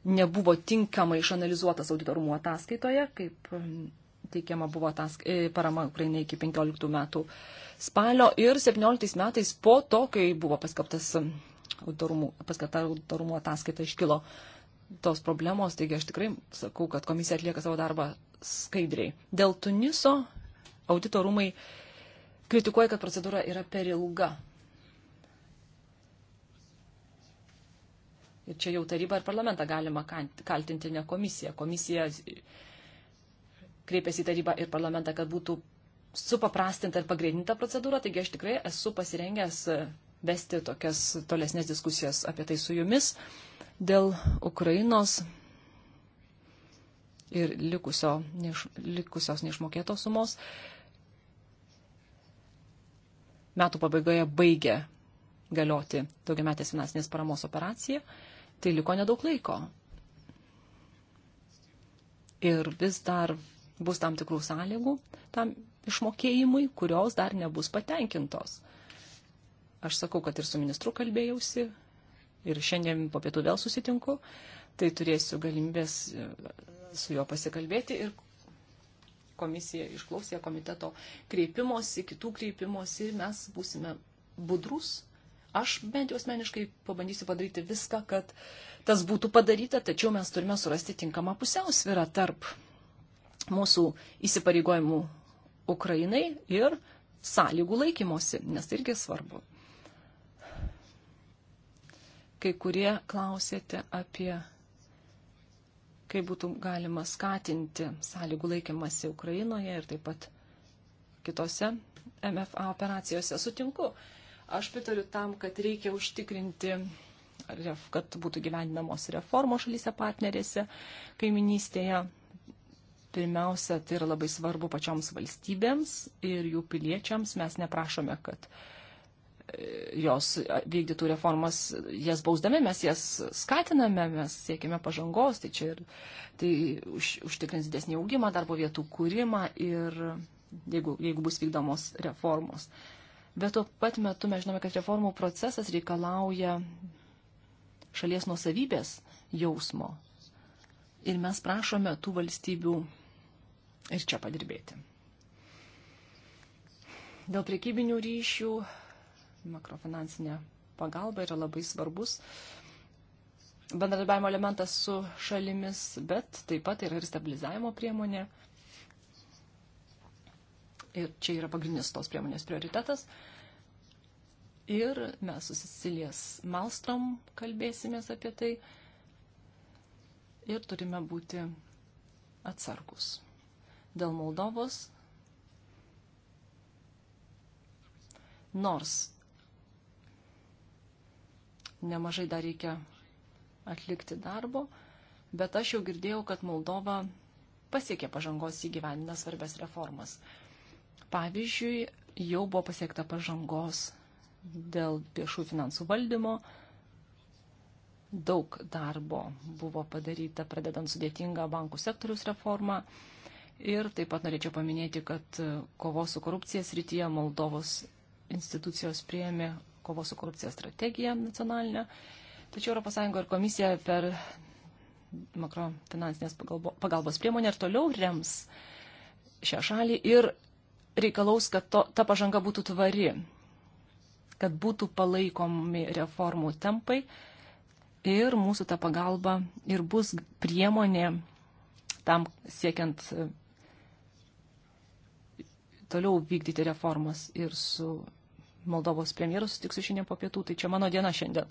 nebuvo tinkamai išanalizuotas auditorumų ataskaitoje, kaip um, teikiama buvo atask... E, parama Ukrainai iki 15 metų spalio ir 17 metais po to, kai buvo paskelbtas um, autorumų, paskelbta autorumų ataskaita iškilo tos problemos, taigi aš tikrai sakau, kad komisija atlieka savo darbą skaidriai. Dėl Tuniso auditorumai kritikuoja, kad procedūra yra per ilga. Ir čia jau tarybą ir parlamentą galima kaltinti, ne komisiją. Komisija kreipėsi į tarybą ir parlamentą, kad būtų supaprastinta ir pagreitinta procedūra, taigi aš tikrai esu pasirengęs vesti tokias tolesnės diskusijas apie tai su jumis dėl Ukrainos ir likusio, neiš, likusios neišmokėtos sumos. Metų pabaigoje baigė galioti daugiametės finansinės paramos operacija tai liko nedaug laiko. Ir vis dar bus tam tikrų sąlygų tam išmokėjimui, kurios dar nebus patenkintos. Aš sakau, kad ir su ministru kalbėjausi ir šiandien po pietų vėl susitinku, tai turėsiu galimybės e, su juo pasikalbėti ir komisija išklausė komiteto kreipimosi, kitų kreipimosi ir mes būsime budrus Aš bent jau asmeniškai pabandysiu padaryti viską, kad tas būtų padaryta, tačiau mes turime surasti tinkamą pusiausvyrą tarp mūsų įsipareigojimų Ukrainai ir sąlygų laikymosi, nes tai irgi svarbu. Kai kurie klausėte apie, kaip būtų galima skatinti sąlygų laikymasi Ukrainoje ir taip pat kitose MFA operacijose. Sutinku, Aš pritariu tam, kad reikia užtikrinti, kad būtų gyvendinamos reformos šalyse partnerėse, kaiminystėje. Pirmiausia, tai yra labai svarbu pačioms valstybėms ir jų piliečiams. Mes neprašome, kad e, jos vykdytų reformas, jas bausdami, mes jas skatiname, mes siekime pažangos, tai čia ir tai už, užtikrins didesnį augimą, darbo vietų kūrimą ir jeigu, jeigu bus vykdomos reformos. Uh, bet tuo pat metu mes žinome, kad reformų procesas reikalauja šalies nuosavybės jausmo. Ir mes prašome tų valstybių ir čia padirbėti. Dėl priekybinių ryšių makrofinansinė pagalba yra labai svarbus bendradarbiavimo elementas su šalimis, bet taip pat yra ir stabilizavimo priemonė. Ir čia yra pagrindinis tos priemonės prioritetas. Ir mes susisilės Malstrom kalbėsimės apie tai. Ir turime būti atsargus. Dėl Moldovos, nors nemažai dar reikia atlikti darbo, bet aš jau girdėjau, kad Moldova pasiekė pažangos įgyvendinę svarbės reformas. Pavyzdžiui, jau buvo pasiekta pažangos dėl viešų finansų valdymo. Daug darbo buvo padaryta, pradedant sudėtingą bankų sektorius reformą. Ir taip pat norėčiau paminėti, kad kovos su korupcija srityje Moldovos institucijos prieėmė kovos su korupcija strategiją nacionalinę. Tačiau ES ir komisija per makrofinansinės pagalbos priemonę ir toliau rems šią šalį ir reikalaus, kad to, ta pažanga būtų tvari, kad būtų palaikomi reformų tempai ir mūsų ta pagalba ir bus priemonė tam siekiant e, toliau vykdyti reformas ir su Moldovos premjeru sutiksiu šiandien po pietų, tai čia mano diena šiandien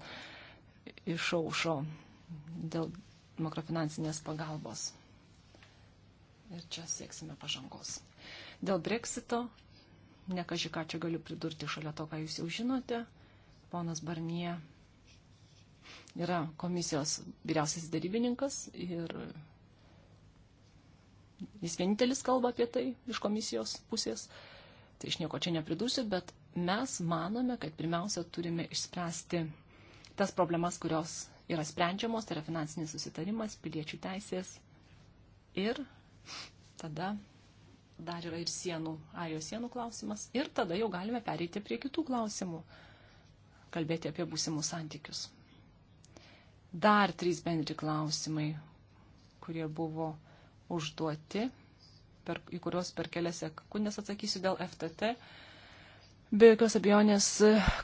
išaušo dėl makrofinansinės pagalbos. Ir čia sieksime pažangos. Dėl breksito, nekaži ką čia galiu pridurti šalia to, ką jūs jau žinote, ponas Barnie yra komisijos vyriausias darybininkas ir jis vienintelis kalba apie tai iš komisijos pusės. Tai iš nieko čia nepridursiu, bet mes manome, kad pirmiausia turime išspręsti tas problemas, kurios yra sprendžiamos, tai yra finansinis susitarimas, piliečių teisės ir tada dar yra ir sienų, arijos sienų klausimas. Ir tada jau galime pereiti prie kitų klausimų, kalbėti apie būsimus santykius. Dar trys bendri klausimai, kurie buvo užduoti, per, į kuriuos per kelias sekundės atsakysiu dėl FTT. Be jokios abejonės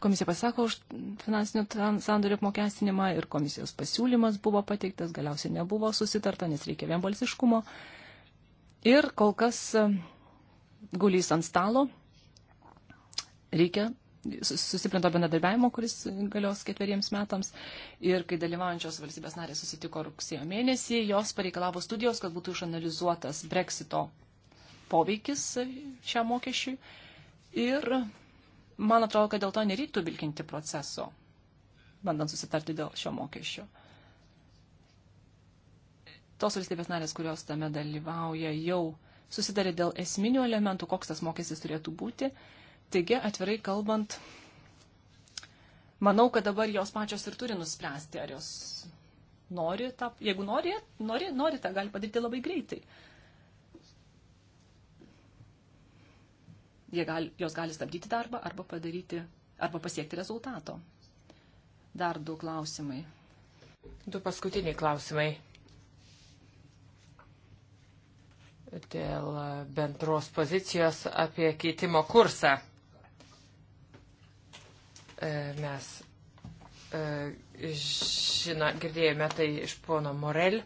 komisija pasako už finansinių sandorių apmokestinimą ir komisijos pasiūlymas buvo pateiktas, galiausiai nebuvo susitarta, nes reikia vienbalsiškumo. balsiškumo Ir kol kas e, gulys ant stalo. Reikia sustiprinto bendradarbiavimo, kuris galios ketveriems metams. Ir kai dalyvaujančios valstybės narės susitiko rugsėjo mėnesį, jos pareikalavo studijos, kad būtų išanalizuotas breksito poveikis šiam mokesčiui. Ir man atrodo, kad dėl to nereiktų vilkinti proceso, bandant susitarti dėl šio mokesčio tos valstybės narės, kurios tame dalyvauja, jau susidarė dėl esminių elementų, koks tas mokestis turėtų būti. Taigi, atvirai kalbant, manau, kad dabar jos pačios ir turi nuspręsti, ar jos nori tą, jeigu nori, nori, nori tą gali padaryti labai greitai. Gali, jos gali stabdyti darbą arba padaryti, arba pasiekti rezultato. Dar du klausimai. Du paskutiniai klausimai. dėl bendros pozicijos apie keitimo kursą. E, mes e, žino, girdėjome tai iš pono Morel.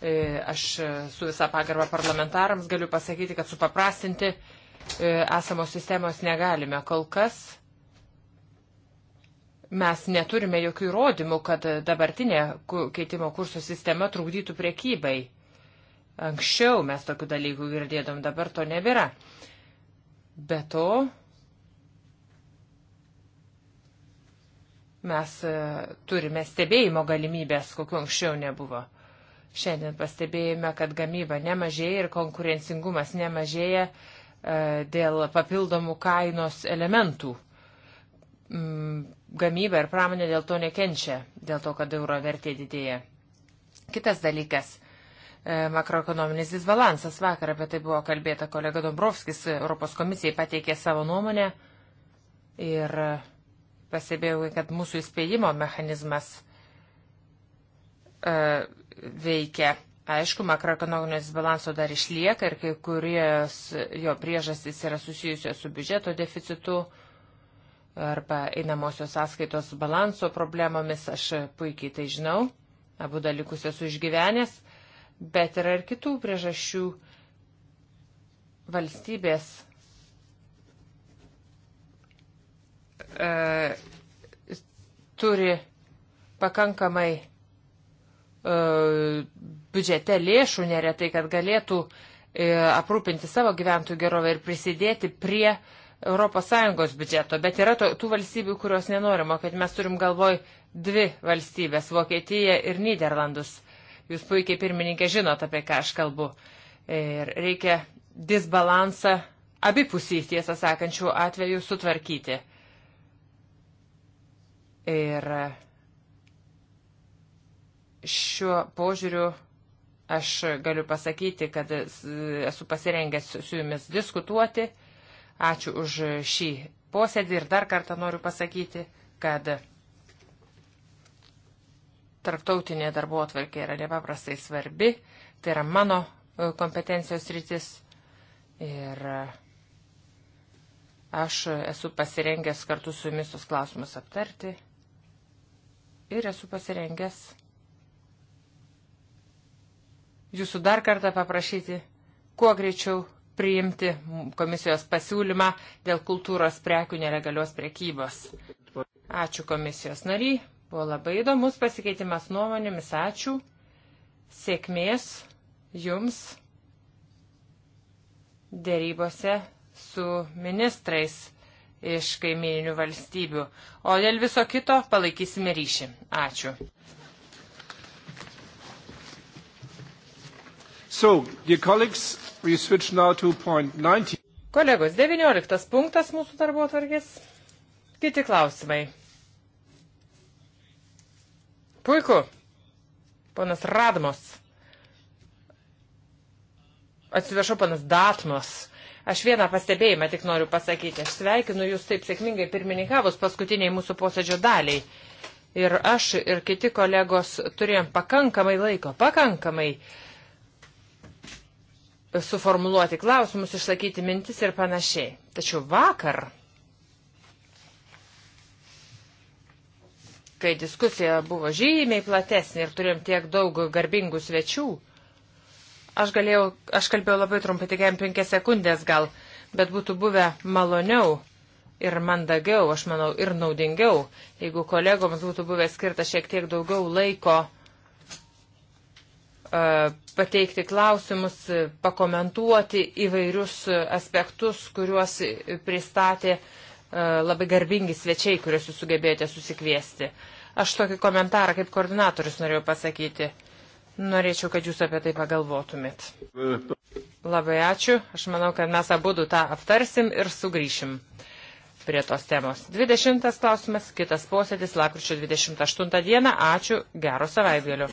E, aš su visa pagarba parlamentarams galiu pasakyti, kad supaprastinti esamos sistemos negalime kol kas. Mes neturime jokių įrodymų, kad dabartinė keitimo kurso sistema trukdytų priekybai Anksčiau mes tokių dalykų girdėdom, dabar to nebėra. Be to, mes e, turime stebėjimo galimybės, kokiu anksčiau nebuvo. Šiandien pastebėjome, kad gamyba nemažėja ir konkurencingumas nemažėja e, dėl papildomų kainos elementų. Mm, gamyba ir pramonė dėl to nekenčia, dėl to, kad euro vertė didėja. Kitas dalykas E, makroekonominis disbalansas. Vakar apie tai buvo kalbėta kolega Dombrovskis, Europos komisijai pateikė savo nuomonę ir e, pastebėjau, kad mūsų įspėjimo mechanizmas e, veikia. Aišku, makroekonominio disbalanso dar išlieka ir kai kurios jo priežastys yra susijusios su biudžeto deficitu arba einamosios sąskaitos balanso problemomis. Aš puikiai tai žinau, abu dalykus esu išgyvenęs bet yra ir kitų priežasčių valstybės e, turi pakankamai e, biudžete lėšų neretai, kad galėtų e, aprūpinti savo gyventojų gerovę ir prisidėti prie ES biudžeto. Bet yra to, tų valstybių, kurios nenorima, kad mes turim galvoj dvi valstybės - Vokietiją ir Niderlandus. Jūs puikiai pirmininkė žinot, apie ką aš kalbu. Ir reikia disbalansą abipusį, tiesą sakant, šiuo atveju sutvarkyti. Ir šiuo požiūriu aš galiu pasakyti, kad esu pasirengęs su jumis diskutuoti. Ačiū už šį posėdį ir dar kartą noriu pasakyti, kad tarptautinė darbo atvarkė yra nepaprastai svarbi, tai yra mano e, kompetencijos rytis ir e, aš esu pasirengęs kartu su jumis tos klausimus aptarti ir esu pasirengęs jūsų dar kartą paprašyti, kuo greičiau priimti komisijos pasiūlymą dėl kultūros prekių nelegalios prekybos. Ačiū komisijos nariai. Buvo labai įdomus pasikeitimas nuomonėmis. Ačiū. Sėkmės jums dėrybose su ministrais iš kaimininių valstybių. O dėl viso kito palaikysime ryšį. Ačiū. So, Kolegos, 19 punktas mūsų darbo atvargės. Kiti klausimai. Puiku. Ponas Radmos. Atsiprašau, panas Datmos. Aš vieną pastebėjimą tik noriu pasakyti. Aš sveikinu jūs taip sėkmingai pirmininkavus paskutiniai mūsų posėdžio daliai. Ir aš ir kiti kolegos turėjom pakankamai laiko, pakankamai suformuluoti klausimus, išsakyti mintis ir panašiai. Tačiau vakar kai diskusija buvo žymiai platesnė ir turėjom tiek daug garbingų svečių. Aš, galėjau, aš kalbėjau labai trumpai, tik 5 sekundės gal, bet būtų buvę maloniau ir mandagiau, aš manau, ir naudingiau, jeigu kolegoms būtų buvę skirta šiek tiek daugiau laiko uh, pateikti klausimus, pakomentuoti įvairius aspektus, kuriuos pristatė uh, E, labai garbingi svečiai, kuriuos jūs sugebėjote susikviesti. Aš tokį komentarą kaip koordinatorius norėjau pasakyti. Norėčiau, kad jūs apie tai pagalvotumėt. Labai ačiū. Aš manau, kad mes abu tą aptarsim ir sugrįšim prie tos temos. 20 klausimas, kitas posėdis, lakrušio 28 dieną. Ačiū, gero savaitgalio.